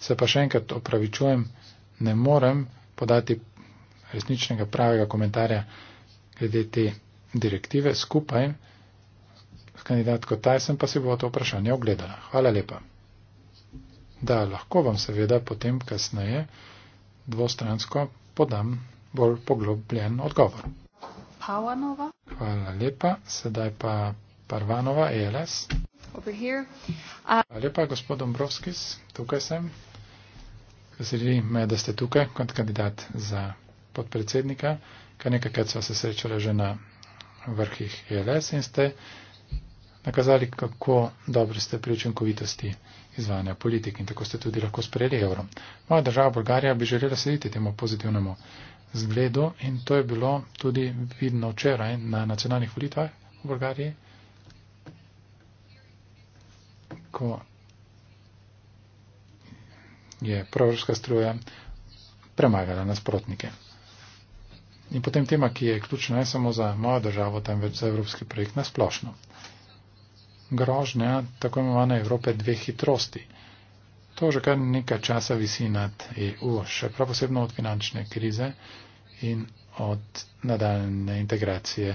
S1: Se pa še enkrat opravičujem, ne morem podati resničnega pravega komentarja glede te direktive skupaj s kandidatko Tyson, pa si bo to vprašanje ogledala. Hvala lepa. Da, lahko vam seveda potem kasneje dvostransko podam bolj poglobljen odgovor.
S4: Pavanova.
S1: Hvala lepa. Sedaj pa Parvanova, ELS. Uh, Hvala lepa, gospod Dombrovskis. Tukaj sem. Veseli me, da ste tukaj kot kandidat za podpredsednika, ker nekajkrat so se srečali že na vrhih ELS in ste nakazali, kako dobro ste pri učinkovitosti izvajanja politik in tako ste tudi lahko sprejeli evro. Moja država Bolgarija bi želela slediti temu pozitivnemu zgledu in to je bilo tudi vidno včeraj na nacionalnih volitvah v Bolgariji, ko je proroška struja premagala nasprotnike. In potem tema, ki je ključna ne samo za mojo državo, temveč za evropski projekt na splošno. Grožnja tako imenovane Evrope dveh hitrosti. To že kar nekaj časa visi nad EU, še prav posebno od finančne krize in od nadaljne integracije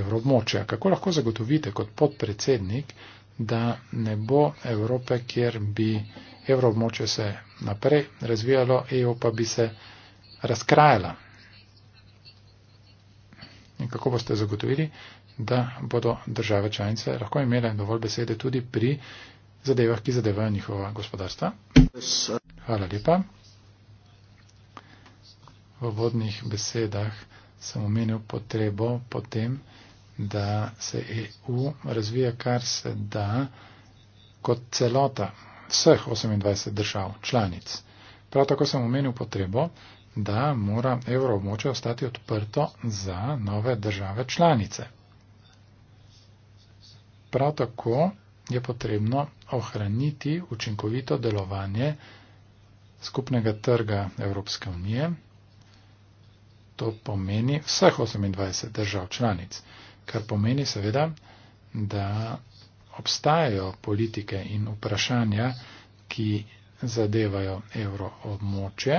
S1: evroobmočja. Kako lahko zagotovite kot podpredsednik, da ne bo Evrope, kjer bi evroobmočje se naprej razvijalo, EU pa bi se razkrajala? In kako boste zagotovili, da bodo države članice lahko imele dovolj besede tudi pri zadevah, ki zadevajo njihova gospodarstva. Hvala lepa. V vodnih besedah sem omenil potrebo potem, da se EU razvija kar se da kot celota vseh 28 držav članic. Prav tako sem omenil potrebo, da mora evroobmoče ostati odprto za nove države članice. Prav tako je potrebno ohraniti učinkovito delovanje skupnega trga Evropske unije. To pomeni vseh 28 držav članic, kar pomeni seveda, da obstajajo politike in vprašanja, ki zadevajo evro območje,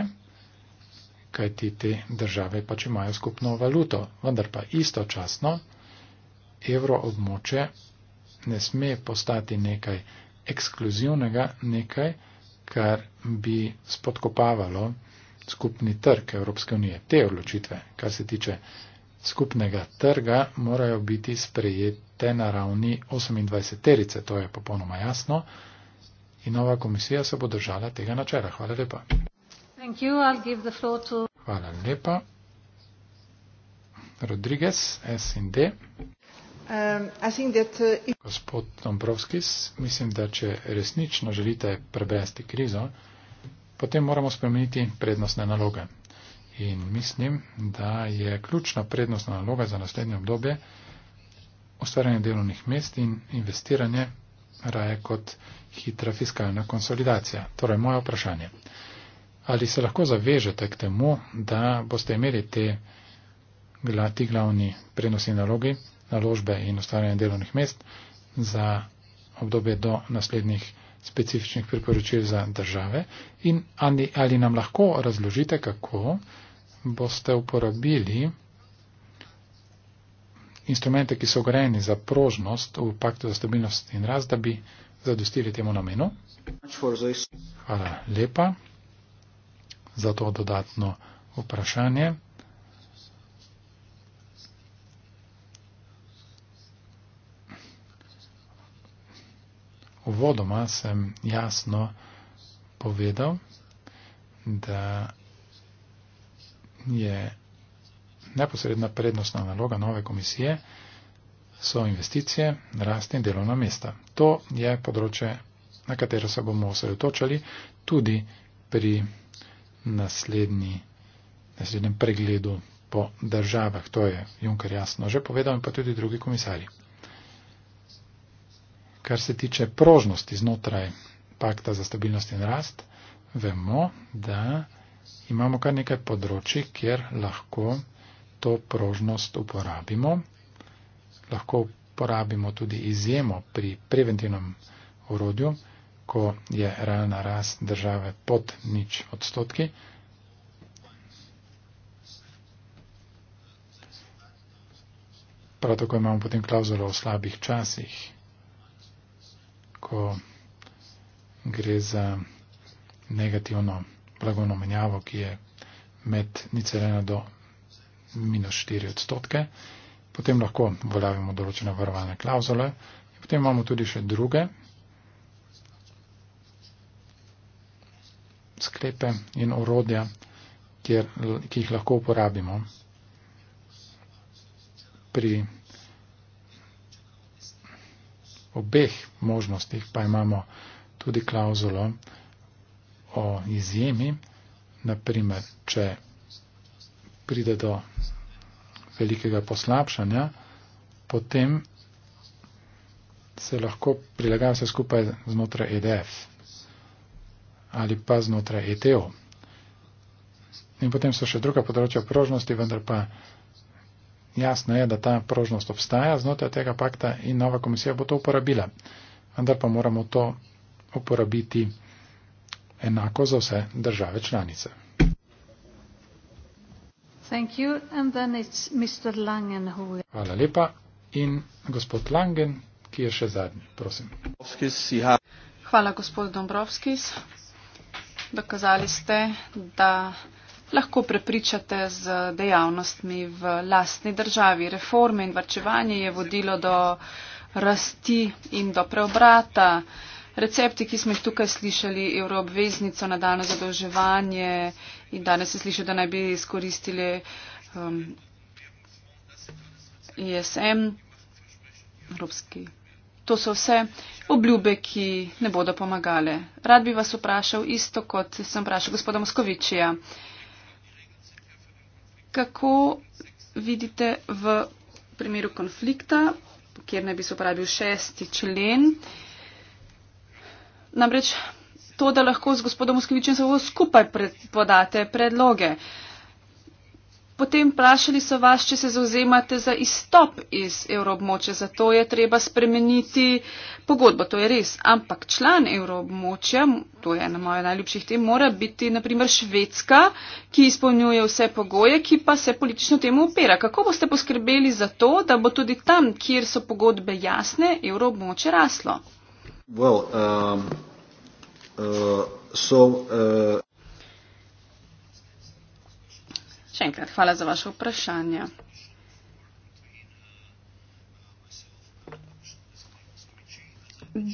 S1: kajti te države pač imajo skupno valuto, vendar pa istočasno evro območje ne sme postati nekaj ekskluzivnega, nekaj, kar bi spodkopavalo skupni trg Evropske unije. Te odločitve, kar se tiče skupnega trga, morajo biti sprejete na ravni 28 terice, to je popolnoma jasno. In nova komisija se bo držala tega načela. Hvala lepa. Hvala lepa. Rodriguez, SND.
S3: Um, uh,
S1: Gospod Dombrovskis, mislim, da če resnično želite prebesti krizo, potem moramo spremeniti prednostne naloge. In mislim, da je ključna prednostna naloga za naslednje obdobje ustvarjanje delovnih mest in investiranje raje kot hitra fiskalna konsolidacija. Torej, moje vprašanje. Ali se lahko zavežete k temu, da boste imeli te glati glavni prednostni nalogi? naložbe in ustvarjanje delovnih mest za obdobje do naslednjih specifičnih priporočil za države in ali, ali nam lahko razložite, kako boste uporabili instrumente, ki so ogrejeni za prožnost v paktu za stabilnost in rast, da bi zadostili temu namenu. Hvala lepa za to dodatno vprašanje. uvodoma sem jasno povedal, da je neposredna prednostna naloga nove komisije so investicije, rast in delovna mesta. To je področje, na katero se bomo osredotočali tudi pri naslednji, naslednjem pregledu po državah. To je Junker jasno že povedal in pa tudi drugi komisarji. Kar se tiče prožnosti znotraj pakta za stabilnost in rast, vemo, da imamo kar nekaj področji, kjer lahko to prožnost uporabimo. Lahko uporabimo tudi izjemo pri preventivnem orodju, ko je realna rast države pod nič odstotki. Prav tako imamo potem klauzulo o slabih časih ko gre za negativno blagovno menjavo, ki je med nicelena do minus 4 odstotke. Potem lahko uveljavimo določene varovalne klauzule. Potem imamo tudi še druge sklepe in orodja, kjer, ki jih lahko uporabimo pri obeh možnostih pa imamo tudi klauzulo o izjemi, naprimer, če pride do velikega poslabšanja, potem se lahko prilega vse skupaj znotraj EDF ali pa znotraj ETO. In potem so še druga področja prožnosti, vendar pa Jasno je, da ta prožnost obstaja znotraj tega pakta in nova komisija bo to uporabila. Vendar pa moramo to uporabiti enako za vse države članice. Hvala lepa. In gospod Langen, ki je še zadnji, prosim.
S4: Hvala, gospod Dombrovskis. Dokazali ste, da lahko prepričate z dejavnostmi v lastni državi. Reforme in varčevanje je vodilo do rasti in do preobrata. Recepti, ki smo jih tukaj slišali, evroobveznico na dano zadolževanje in danes se sliši, da naj bi izkoristili um, ISM, e Evropski. To so vse obljube, ki ne bodo pomagale. Rad bi vas vprašal isto, kot sem vprašal gospoda Moskovičija kako vidite v primeru konflikta, kjer naj bi se uporabil šesti člen. Namreč to, da lahko z gospodom Moskvičem samo skupaj pred, podate predloge. Uh, Potem vprašali so vas, če se zauzemate za izstop iz evroobmočja. Zato je treba spremeniti pogodbo, to je res. Ampak član evroobmočja, to je ena mojih najljubših tem, mora biti naprimer Švedska, ki izpolnjuje vse pogoje, ki pa se politično temu upira. Kako boste poskrbeli za to, da bo tudi tam, kjer so pogodbe jasne, evroobmočje raslo?
S2: Well, um, uh, so, uh...
S4: Še enkrat hvala za vaše vprašanje.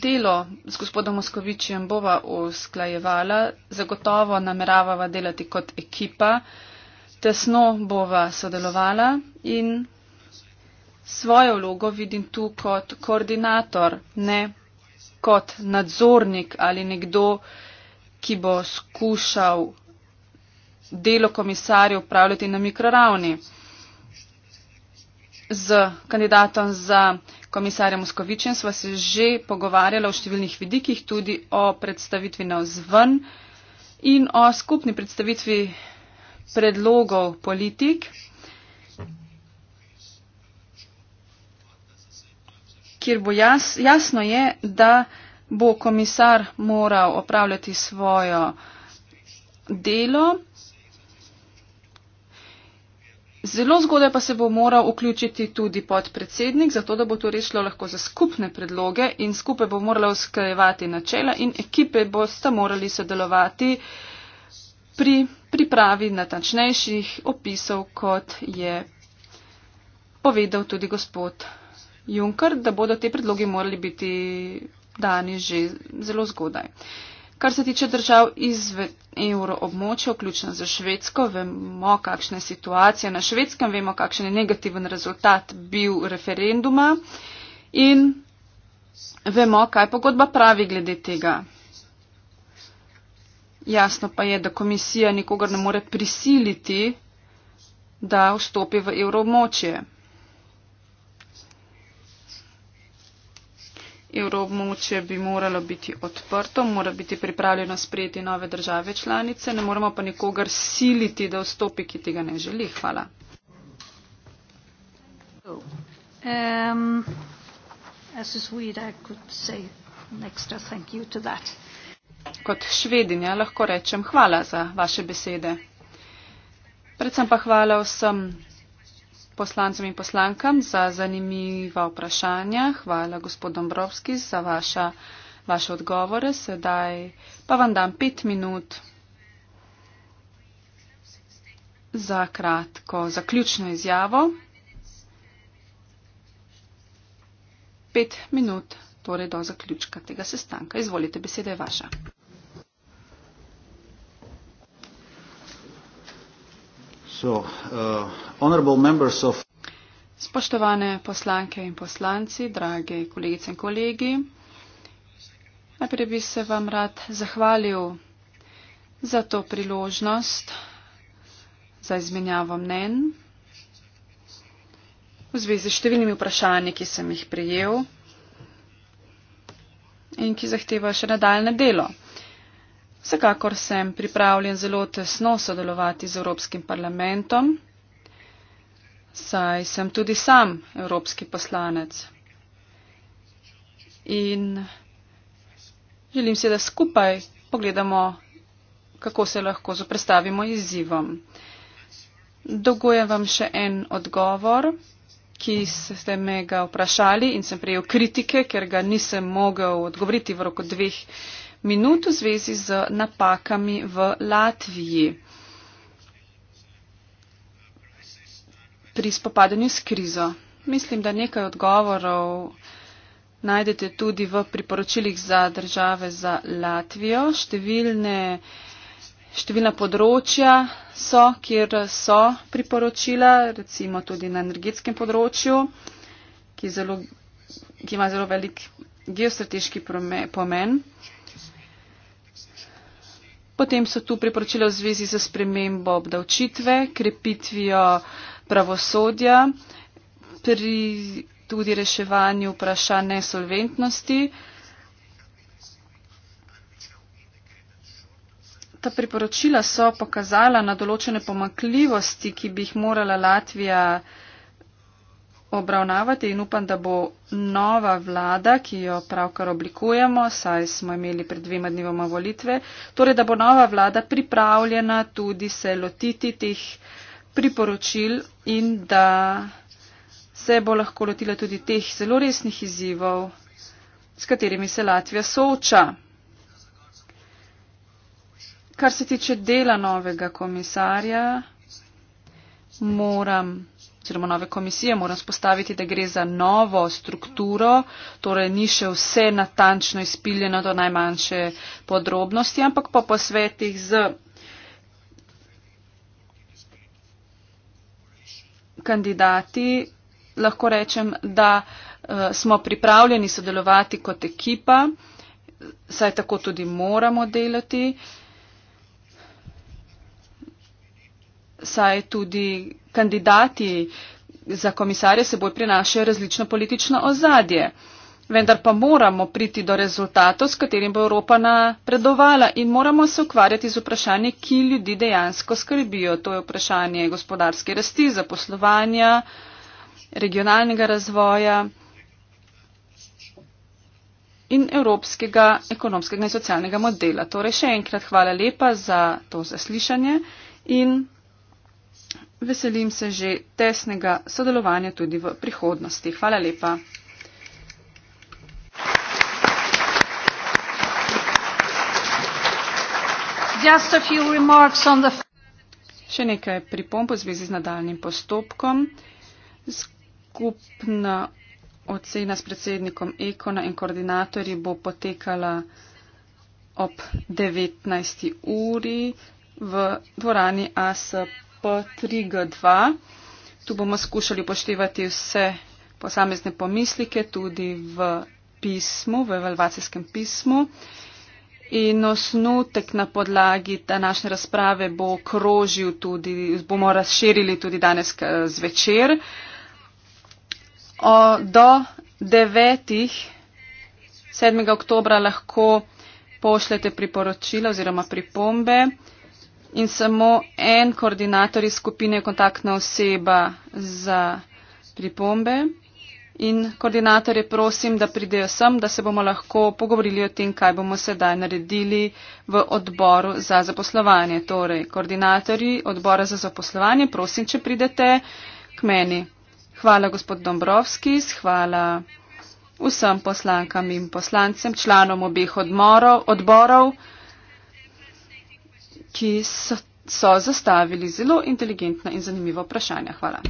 S4: Delo z gospodom Moskovičem bova usklajevala, zagotovo nameravava delati kot ekipa, tesno bova sodelovala in svojo vlogo vidim tu kot koordinator, ne kot nadzornik ali nekdo, ki bo skušal delo komisarja upravljati na mikroravni. Z kandidatom za komisarja Moskovičem sva se že pogovarjala o številnih vidikih, tudi o predstavitvi na vzven in o skupni predstavitvi predlogov politik, kjer bo jas, jasno je, da bo komisar moral opravljati svojo delo. Zelo zgodaj pa se bo moral vključiti tudi podpredsednik, zato da bo to rešilo lahko za skupne predloge in skupaj bo morala usklajevati načela in ekipe bo sta morali sodelovati pri pripravi natančnejših opisov, kot je povedal tudi gospod Juncker, da bodo te predloge morali biti dani že zelo zgodaj. Kar se tiče držav izven evroobmočja, vključno za Švedsko, vemo, kakšna je situacija na Švedskem, vemo, kakšen je negativen rezultat bil referenduma in vemo, kaj pogodba pravi glede tega. Jasno pa je, da komisija nikogar ne more prisiliti, da vstopi v evroobmočje. Evroobmočje bi moralo biti odprto, mora biti pripravljeno sprejeti nove države članice, ne moramo pa nikogar siliti, da vstopi, ki tega ne želi. Hvala.
S3: Um, as is weird, I could say an extra thank you
S4: to that. Kot švedinja lahko rečem hvala za vaše besede. Predvsem pa hvala vsem poslancem in poslankam za zanimiva vprašanja. Hvala gospod Dombrovski za vaša, vaše odgovore. Sedaj pa vam dam pet minut za kratko zaključno izjavo. Pet minut torej do zaključka tega sestanka. Izvolite, beseda je vaša.
S2: So, uh, honorable members of
S4: Spoštovane poslanke in poslanci, drage kolegice in kolegi, najprej bi se vam rad zahvalil za to priložnost za izmenjavo mnen v zvezi s številnimi vprašanji, ki sem jih prijel in ki zahtevajo še nadaljne delo. Vsekakor sem pripravljen zelo tesno sodelovati z Evropskim parlamentom, saj sem tudi sam evropski poslanec. In želim si, da skupaj pogledamo, kako se lahko zoprestavimo izzivom. Dogujem vam še en odgovor, ki ste me ga vprašali in sem prejel kritike, ker ga nisem mogel odgovoriti v roku dveh minut v zvezi z napakami v Latviji. Pri spopadanju s krizo. Mislim, da nekaj odgovorov najdete tudi v priporočilih za države za Latvijo. Številne, številna področja so, kjer so priporočila, recimo tudi na energetskem področju, ki, zelo, ki ima zelo velik geostrateški pomen. Potem so tu priporočila v zvezi za spremembo obdavčitve, krepitvijo pravosodja, pri tudi reševanju vprašanj nesolventnosti. Ta priporočila so pokazala na določene pomakljivosti, ki bi jih morala Latvija obravnavati in upam, da bo nova vlada, ki jo pravkar oblikujemo, saj smo imeli pred dvema dnevoma volitve, torej da bo nova vlada pripravljena tudi se lotiti teh priporočil in da se bo lahko lotila tudi teh zelo resnih izzivov, s katerimi se Latvija sooča. Kar se tiče dela novega komisarja, moram oziroma nove komisije, moram spostaviti, da gre za novo strukturo, torej ni še vse natančno izpiljeno do najmanjše podrobnosti, ampak po posvetih z kandidati lahko rečem, da uh, smo pripravljeni sodelovati kot ekipa, saj tako tudi moramo delati. Saj tudi kandidati za komisarje seboj prinašajo različno politično ozadje. Vendar pa moramo priti do rezultatov, s katerim bo Evropa napredovala in moramo se ukvarjati z vprašanji, ki ljudi dejansko skrbijo. To je vprašanje gospodarske rasti, zaposlovanja, regionalnega razvoja in evropskega ekonomskega in socialnega modela. Torej še enkrat hvala lepa za to zaslišanje in veselim se že tesnega sodelovanja tudi v prihodnosti. Hvala lepa. Še nekaj pripomp v zvezi z nadaljnim postopkom. Skupna ocena s predsednikom Ekona in koordinatorji bo potekala ob 19. uri v dvorani ASP. P3G2. Tu bomo skušali upoštevati vse posamezne pomislike tudi v pismu, v evalvacijskem pismu. In osnutek na podlagi današnje razprave bo krožil tudi, bomo razširili tudi danes zvečer. O, do 9. 7. oktobra lahko pošljete priporočila oziroma pripombe in samo en koordinator iz skupine je kontaktna oseba za pripombe. In koordinatorje prosim, da pridejo sem, da se bomo lahko pogovorili o tem, kaj bomo sedaj naredili v odboru za zaposlovanje. Torej, koordinatorji odbora za zaposlovanje, prosim, če pridete k meni. Hvala, gospod Dombrovski, hvala vsem poslankam in poslancem, članom obeh odmorov, odborov ki so zastavili zelo inteligentna in zanimiva vprašanja. Hvala.